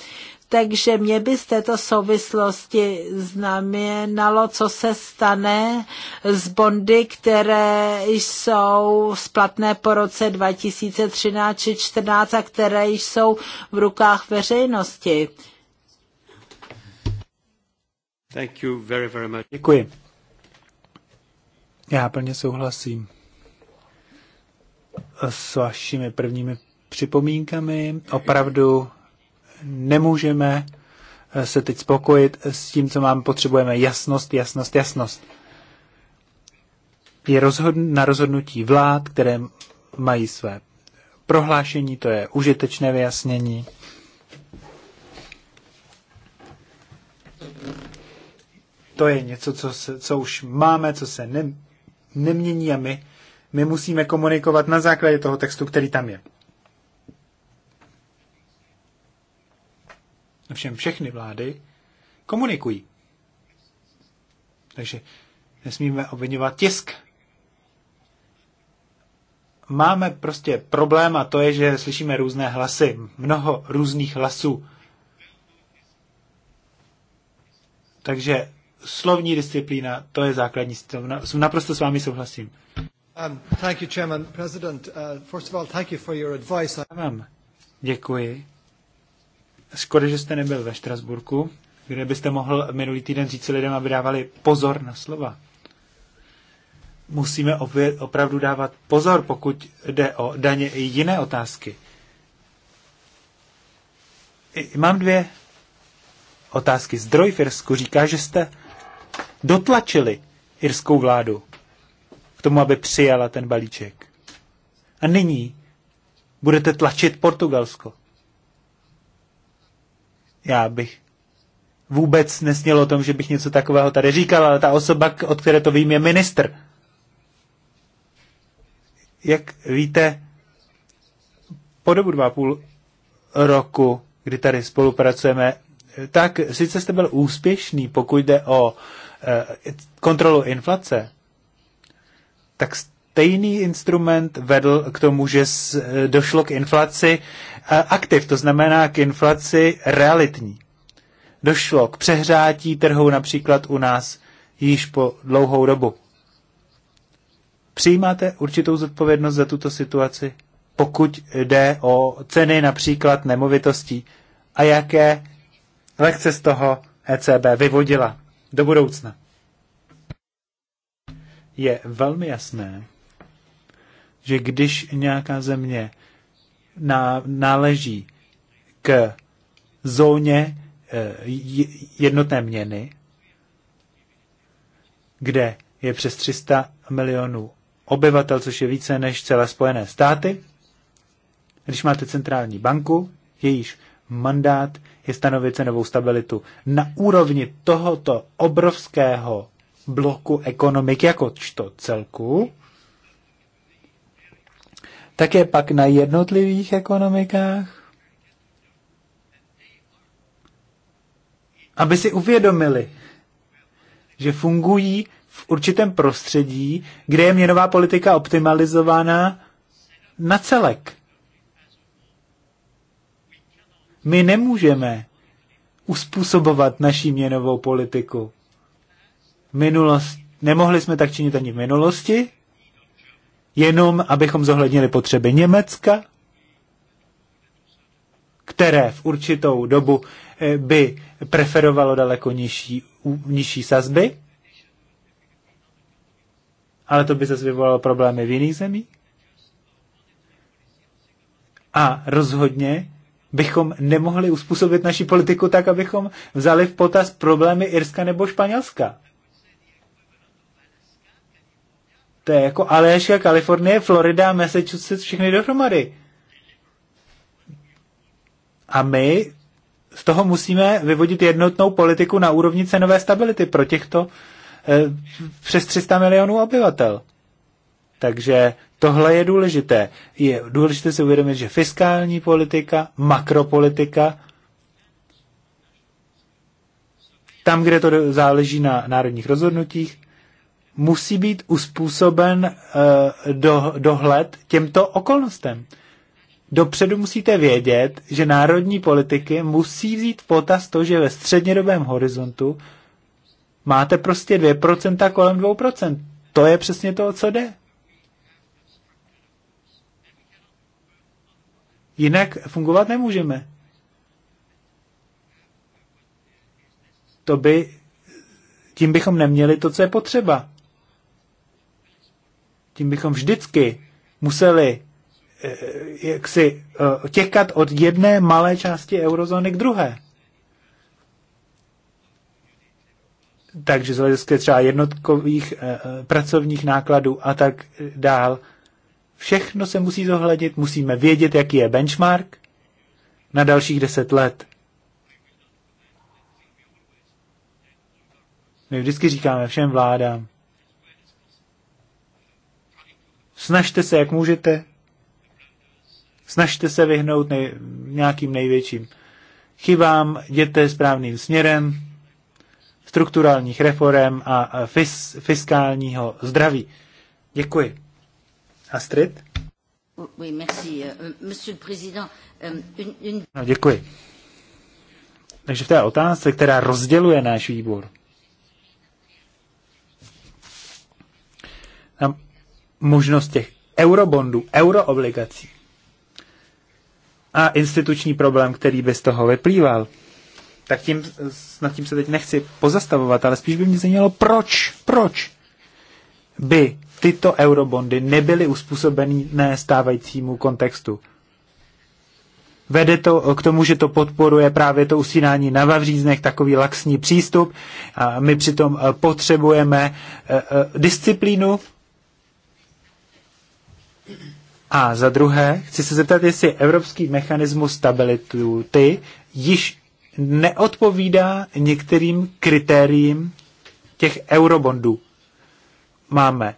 Speaker 1: Takže mě by z této souvislosti znamenalo, co se stane s bondy, které jsou splatné po roce 2013 či 2014 a které jsou v rukách veřejnosti. Thank you very, very much. Děkuji.
Speaker 2: Já plně souhlasím s vašimi prvními připomínkami. Opravdu nemůžeme eh, se teď spokojit s tím, co máme, potřebujeme jasnost, jasnost, jasnost. Je rozhodn- na rozhodnutí vlád, které mají své prohlášení, to je užitečné vyjasnění. To je něco, co, se, co už máme, co se ne, nemění a my, my musíme komunikovat na základě toho textu, který tam je. všem všechny vlády komunikují. Takže nesmíme obvinovat tisk. Máme prostě problém a to je, že slyšíme různé hlasy, mnoho různých hlasů. Takže slovní disciplína, to je základní. To naprosto s vámi souhlasím.
Speaker 3: Um, thank you, Chairman, President. Uh, first of all, thank you for your advice. Vám
Speaker 2: děkuji Škoda, že jste nebyl ve Štrasburku, kde byste mohl minulý týden říct lidem, aby dávali pozor na slova. Musíme opět opravdu dávat pozor, pokud jde o daně i jiné otázky. Mám dvě otázky. Zdroj v Irsku říká, že jste dotlačili irskou vládu k tomu, aby přijala ten balíček. A nyní budete tlačit Portugalsko. Já bych vůbec nesněl o tom, že bych něco takového tady říkal, ale ta osoba, od které to vím, je ministr. Jak víte, po dobu dva půl roku, kdy tady spolupracujeme, tak sice jste byl úspěšný, pokud jde o eh, kontrolu inflace, tak stejný instrument vedl k tomu, že eh, došlo k inflaci eh, aktiv, to znamená k inflaci realitní. Došlo k přehrátí trhu například u nás již po dlouhou dobu. Přijímáte určitou zodpovědnost za tuto situaci, pokud jde o ceny například nemovitostí a jaké lekce z toho ECB vyvodila do budoucna. Je velmi jasné, že když nějaká země ná, náleží k zóně eh, jednotné měny, kde je přes 300 milionů obyvatel, což je více než celé Spojené státy. Když máte centrální banku, jejíž mandát je stanovit cenovou stabilitu na úrovni tohoto obrovského bloku ekonomik jako čto celku, také pak na jednotlivých ekonomikách, aby si uvědomili, že fungují v určitém prostředí, kde je měnová politika optimalizována na celek. My nemůžeme uspůsobovat naší měnovou politiku. Minulost, nemohli jsme tak činit ani v minulosti jenom abychom zohlednili potřeby Německa, které v určitou dobu eh, by preferovalo daleko nižší, nižší sazby, ale to by zase vyvolalo problémy v jiných zemích. A rozhodně bychom nemohli uspůsobit naši politiku tak, abychom vzali v potaz problémy Irska nebo Španělska. To je jako Aljaška, Kalifornie, Florida, Massachusetts, všechny dohromady. A my z toho musíme vyvodit jednotnou politiku na úrovni cenové stability pro těchto eh, přes 300 milionů obyvatel. Takže tohle je důležité. Je důležité si uvědomit, že fiskální politika, makropolitika, tam, kde to záleží na národních rozhodnutích, musí být uspůsoben eh, do, dohled těmto okolnostem. Dopředu musíte vědět, že národní politiky musí vzít v potaz to, že ve střednědobém horizontu máte prostě 2% kolem 2%. To je přesně to, co jde. Jinak fungovat nemůžeme. To by, tím bychom neměli to, co je potřeba tím bychom vždycky museli eh, jaksi eh, těkat od jedné malé části eurozóny k druhé. Takže z hlediska třeba jednotkových eh, pracovních nákladů a tak dál. Všechno se musí zohlednit, musíme vědět, jaký je benchmark na dalších deset let. My vždycky říkáme všem vládám, Snažte se, jak můžete. Snažte se vyhnout nej, nějakým největším chybám, jděte správným směrem, strukturálních reform a fis, fiskálního zdraví. Děkuji. Astrid?
Speaker 1: Oui, merci. Euh, monsieur le Président, euh, une,
Speaker 2: No, děkuji. Takže v té otázce, která rozděluje náš výbor, možnost těch eurobondů, euroobligací a instituční problém, který by z toho vyplýval, tak tím, nad tím se teď nechci pozastavovat, ale spíš by mě zajímalo, proč, proč by tyto eurobondy nebyly uspůsobené stávajícímu kontextu. Vede to k tomu, že to podporuje právě to usínání na vavříznech, takový laxní přístup. A my přitom potřebujeme eh, eh, disciplínu a za druhé, chci se zeptat, jestli evropský mechanismus stability již neodpovídá některým kritériím těch eurobondů. Máme e,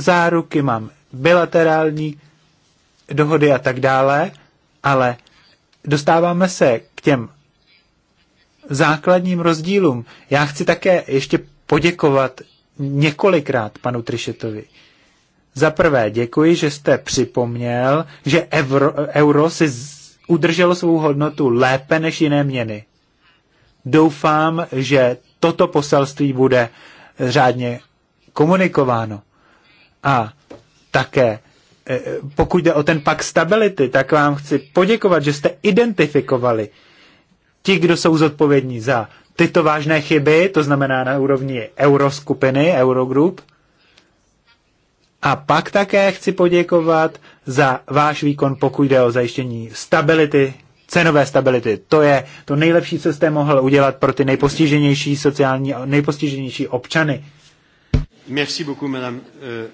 Speaker 2: záruky, máme bilaterální dohody a tak dále, ale dostáváme se k těm základním rozdílům. Já chci také ještě poděkovat několikrát panu Trišetovi. Za prvé děkuji, že jste připomněl, že euro, euro si udrželo svou hodnotu lépe než jiné měny. Doufám, že toto poselství bude řádně komunikováno. A také, e, e, pokud jde o ten pak stability, tak vám chci poděkovat, že jste identifikovali ti, kdo jsou zodpovědní za tyto vážné chyby, to znamená na úrovni euroskupiny, Eurogroup, a pak také chci poděkovat za váš výkon, pokud jde o zajištění stability, cenové stability. To je to nejlepší, co jste mohl udělat pro ty nejpostiženější sociální, nejpostiženější občany.
Speaker 3: Merci beaucoup, madame. Euh,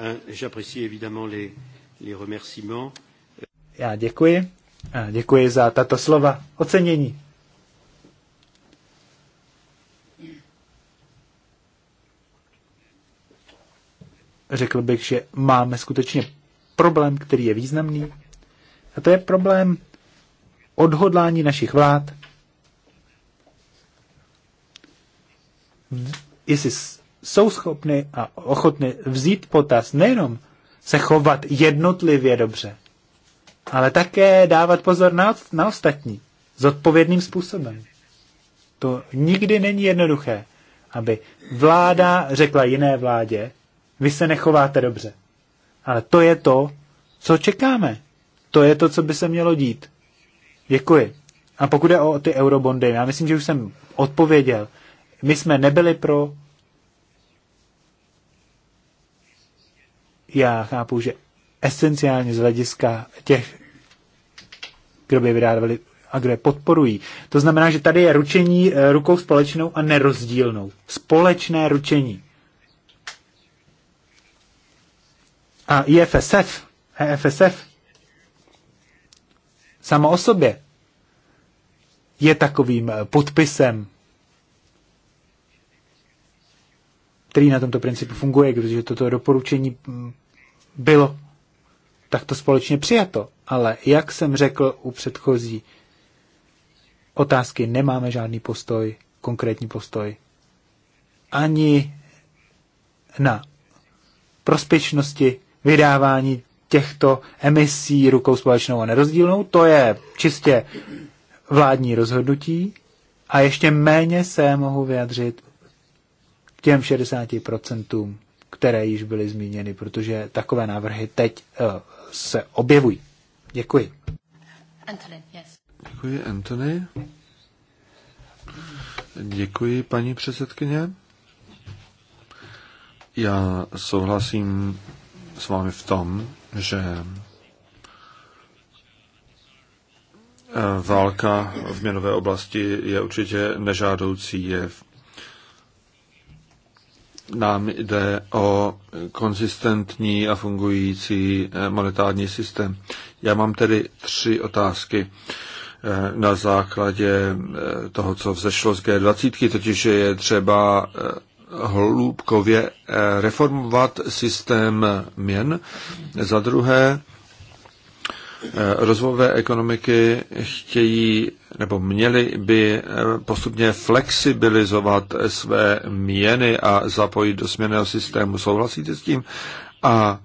Speaker 3: euh, j'apprécie évidemment les, les remerciements.
Speaker 2: Já děkuji. děkuji za tato slova ocenění. řekl bych, že máme skutečně problém, který je významný. A to je problém odhodlání našich vlád. Jestli jsou schopny a ochotny vzít potaz nejenom se chovat jednotlivě dobře, ale také dávat pozor na, na ostatní zodpovědným způsobem. To nikdy není jednoduché, aby vláda řekla jiné vládě, vy se nechováte dobře. Ale to je to, co čekáme. To je to, co by se mělo dít. Děkuji. A pokud je o ty eurobondy, já myslím, že už jsem odpověděl. My jsme nebyli pro. Já chápu, že esenciálně z hlediska těch, kdo by vydávali a kdo je podporují. To znamená, že tady je ručení eh, rukou společnou a nerozdílnou. Společné ručení. a IFSF, EFSF sama o sobě je takovým eh, podpisem, který na tomto principu funguje, protože toto doporučení mm, bylo takto společně přijato. Ale jak jsem řekl u předchozí otázky, nemáme žádný postoj, konkrétní postoj. Ani na prospěšnosti vydávání těchto emisí rukou společnou a nerozdílnou. To je čistě vládní rozhodnutí a ještě méně se mohu vyjadřit k těm 60%, které již byly zmíněny, protože takové návrhy teď uh, se objevují. Děkuji.
Speaker 1: Anthony, yes.
Speaker 3: Děkuji, Anthony. Děkuji, paní předsedkyně. Já souhlasím s vámi v tom, že eh, válka v měnové oblasti je určitě nežádoucí jev. Nám jde o konzistentní a fungující eh, monetární systém. Já mám tedy tři otázky eh, na základě toho, co vzešlo z G20, totiž je třeba hloubkově eh, reformovat systém měn. Za druhé, eh, rozvojové ekonomiky chtějí nebo měly by eh, postupně flexibilizovat své měny a zapojit do směného systému. Souhlasíte s tím? A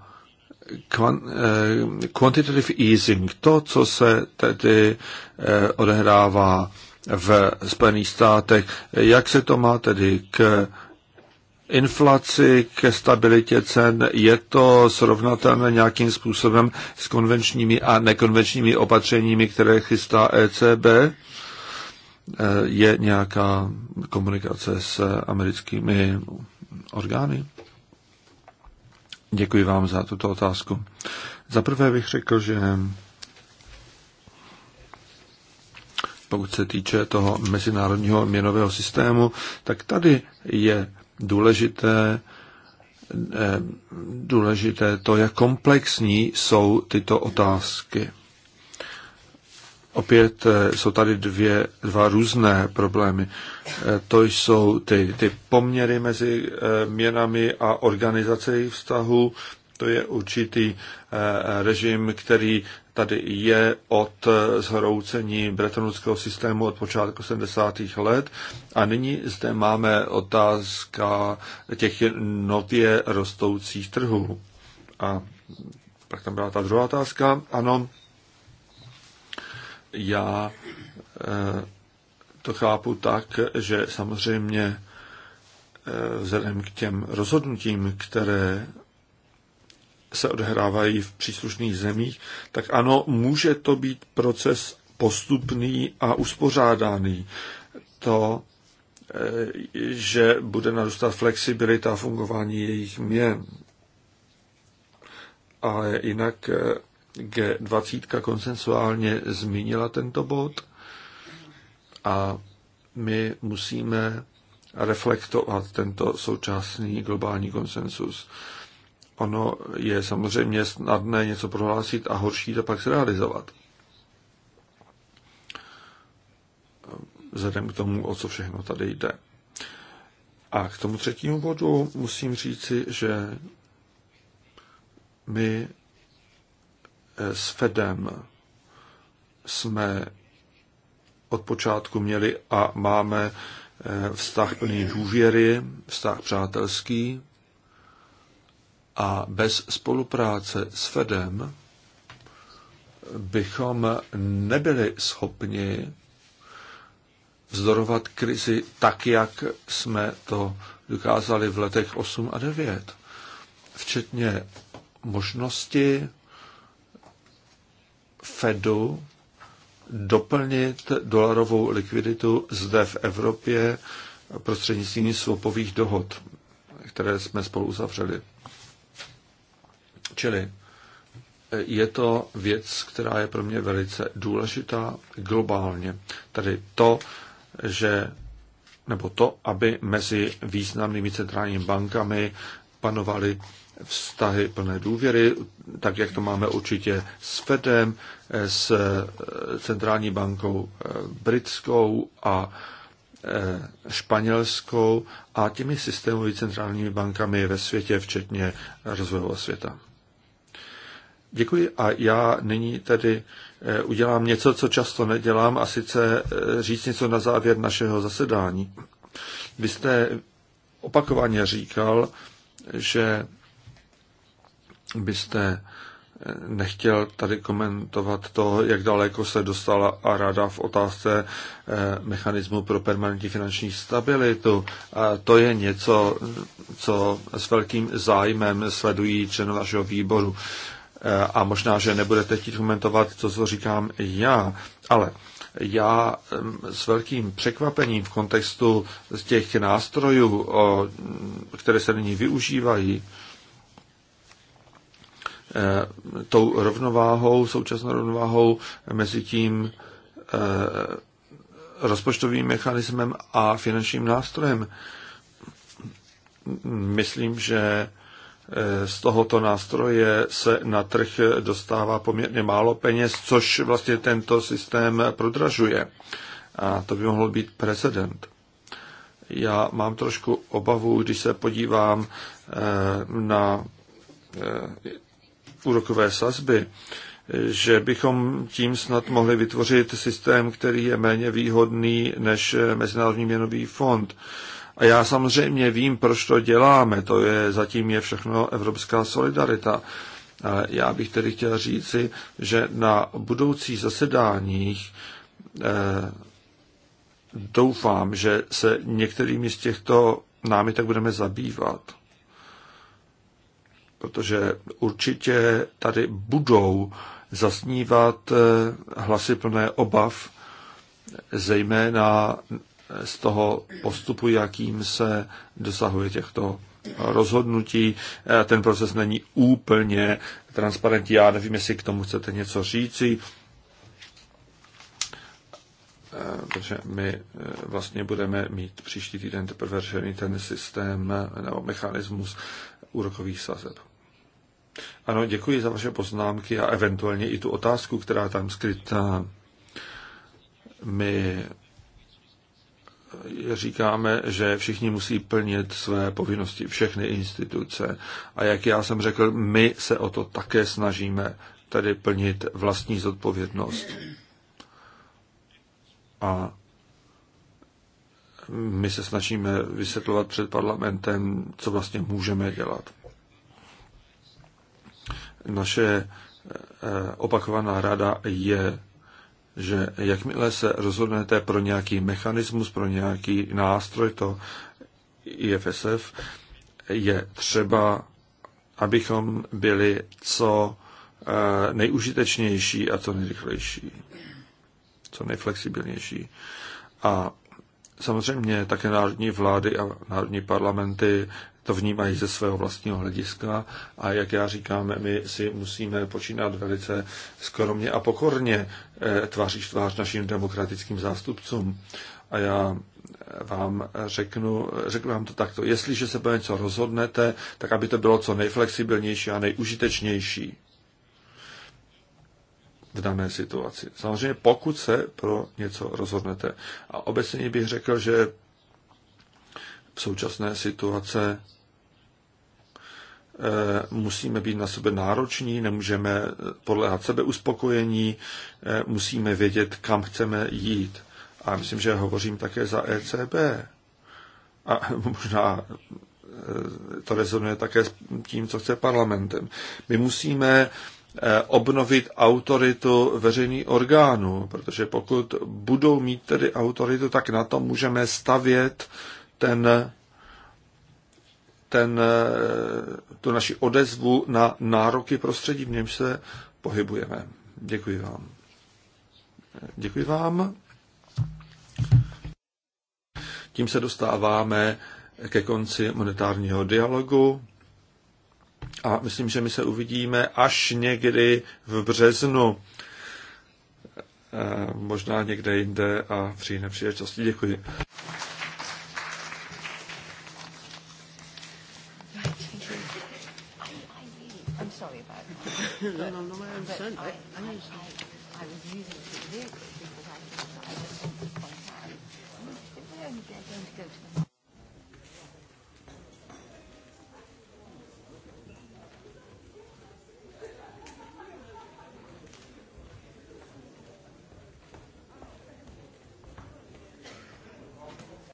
Speaker 3: quantitative easing, to, co se tedy odehrává v Spojených státech, jak se to má tedy k inflaci, ke stabilitě cen. Je to srovnatelné nějakým způsobem s konvenčními a nekonvenčními opatřeními, které chystá ECB? Je nějaká komunikace s americkými orgány? Děkuji vám za tuto otázku. Za prvé bych řekl, že pokud se týče toho mezinárodního měnového systému, tak tady je důležité, eh, důležité to, jak komplexní jsou tyto otázky. Opět eh, jsou tady dvě, dva různé problémy. Eh, to jsou ty, ty poměry mezi měnami a organizací vztahu. To je určitý režim, který tady je od zhroucení bretonovského systému od počátku 70. let. A nyní zde máme otázka těch nově rostoucích trhů. A pak tam byla ta druhá otázka. Ano, já eh, to chápu tak, že samozřejmě eh, vzhledem k těm rozhodnutím, které se odehrávají v příslušných zemích, tak ano, může to být proces postupný a uspořádaný. To, eh, že bude narůstat flexibilita fungování jejich měn. Ale jinak eh, G20 konsensuálně zmínila tento bod a my musíme reflektovat tento současný globální konsensus. Ono je samozřejmě snadné něco prohlásit a horší to pak zrealizovat. Vzhledem k tomu, o co všechno tady jde. A k tomu třetímu bodu musím říci, že my eh, s Fedem jsme od počátku měli a máme eh, vztah plný důvěry, vztah přátelský. A bez spolupráce s Fedem bychom nebyli schopni vzdorovat krizi tak, jak jsme to dokázali v letech 8 a 9, včetně možnosti Fedu doplnit dolarovou likviditu zde v Evropě prostřednictvím svopových dohod, které jsme spolu uzavřeli. Čili eh, je to věc, která je pro mě velice důležitá globálně. Tady to, že nebo to, aby mezi významnými centrálními bankami panovaly vztahy plné důvěry, tak jak to máme určitě s Fedem, eh, s eh, centrální bankou britskou a španělskou a těmi systémovými centrálními bankami ve světě, včetně rozvojového světa. Děkuji a já nyní tedy eh, udělám něco, co často nedělám, a sice eh, říct něco na závěr našeho zasedání. Vy jste opakovaně říkal, že byste eh, nechtěl tady komentovat to, jak daleko se dostala a rada v otázce mechanismu pro permanentní finanční stabilitu. A to je něco, co s velkým zájmem sledují členové našeho výboru. Eh, a možná, že nebudete chtít komentovat to, co říkám já, ale já s velkým překvapením v kontextu z těch nástrojů, které se nyní využívají, eh, tou rovnováhou, současnou rovnováhou mezi tím eh, rozpočtovým mechanismem a finančním nástrojem. Myslím, že z tohoto nástroje se na trh dostává poměrně málo peněz, což vlastně tento systém prodražuje. A to by mohl být precedent. Já mám trošku obavu, když se podívám eh, na eh, úrokové sazby, že bychom tím snad mohli vytvořit systém, který je méně výhodný než Mezinárodní měnový fond. A já samozřejmě vím, proč to děláme. To je zatím je všechno evropská solidarita. já bych tedy chtěl říci, že na budoucích zasedáních eh, doufám, že se některými z těchto tak budeme zabývat. Protože určitě tady budou zasnívat eh, hlasy plné obav, zejména z toho postupu, jakým se dosahuje těchto rozhodnutí. E, ten proces není úplně transparentní. Já nevím, jestli k tomu chcete něco říci, e, protože my e, vlastně budeme mít příští týden teprve řešený ten systém nebo mechanismus úrokových sazeb. Ano, děkuji za vaše poznámky a eventuálně i tu otázku, která tam skrytá. My říkáme, že všichni musí plnit své povinnosti, všechny instituce. A jak já jsem řekl, my se o to také snažíme, tedy plnit vlastní zodpovědnost. A my se snažíme vysvětlovat před parlamentem, co vlastně můžeme dělat. Naše eh, opakovaná rada je že jakmile se rozhodnete pro nějaký mechanismus, pro nějaký nástroj, to IFSF, je třeba, abychom byli co eh, nejužitečnější a co nejrychlejší, co nejflexibilnější. A samozřejmě také národní vlády a národní parlamenty to vnímají ze svého vlastního hlediska a jak já říkám, my si musíme počínat velice skromně a pokorně eh, tváří tvář našim demokratickým zástupcům. A já eh, vám řeknu, řeknu vám to takto. Jestliže se pro něco rozhodnete, tak aby to bylo co nejflexibilnější a nejužitečnější v dané situaci. Samozřejmě pokud se pro něco rozhodnete. A obecně bych řekl, že současné situace eh, musíme být na sebe nároční, nemůžeme podléhat sebe uspokojení, eh, musíme vědět, kam chceme jít. A myslím, že hovořím také za ECB. A možná eh, to rezonuje také s tím, co chce parlamentem. My musíme obnovit autoritu veřejných orgánů, protože pokud budou mít tedy autoritu, tak na to můžeme stavět ten, ten, eh, tu naši odezvu na nároky prostředí, v něm se pohybujeme. Děkuji vám. Děkuji vám. Tím se dostáváme ke konci monetárního dialogu a myslím, že my se uvidíme až někdy v březnu, eh, možná někde jinde a při příležitosti. Děkuji. no, no, no, I understand. I, I understand.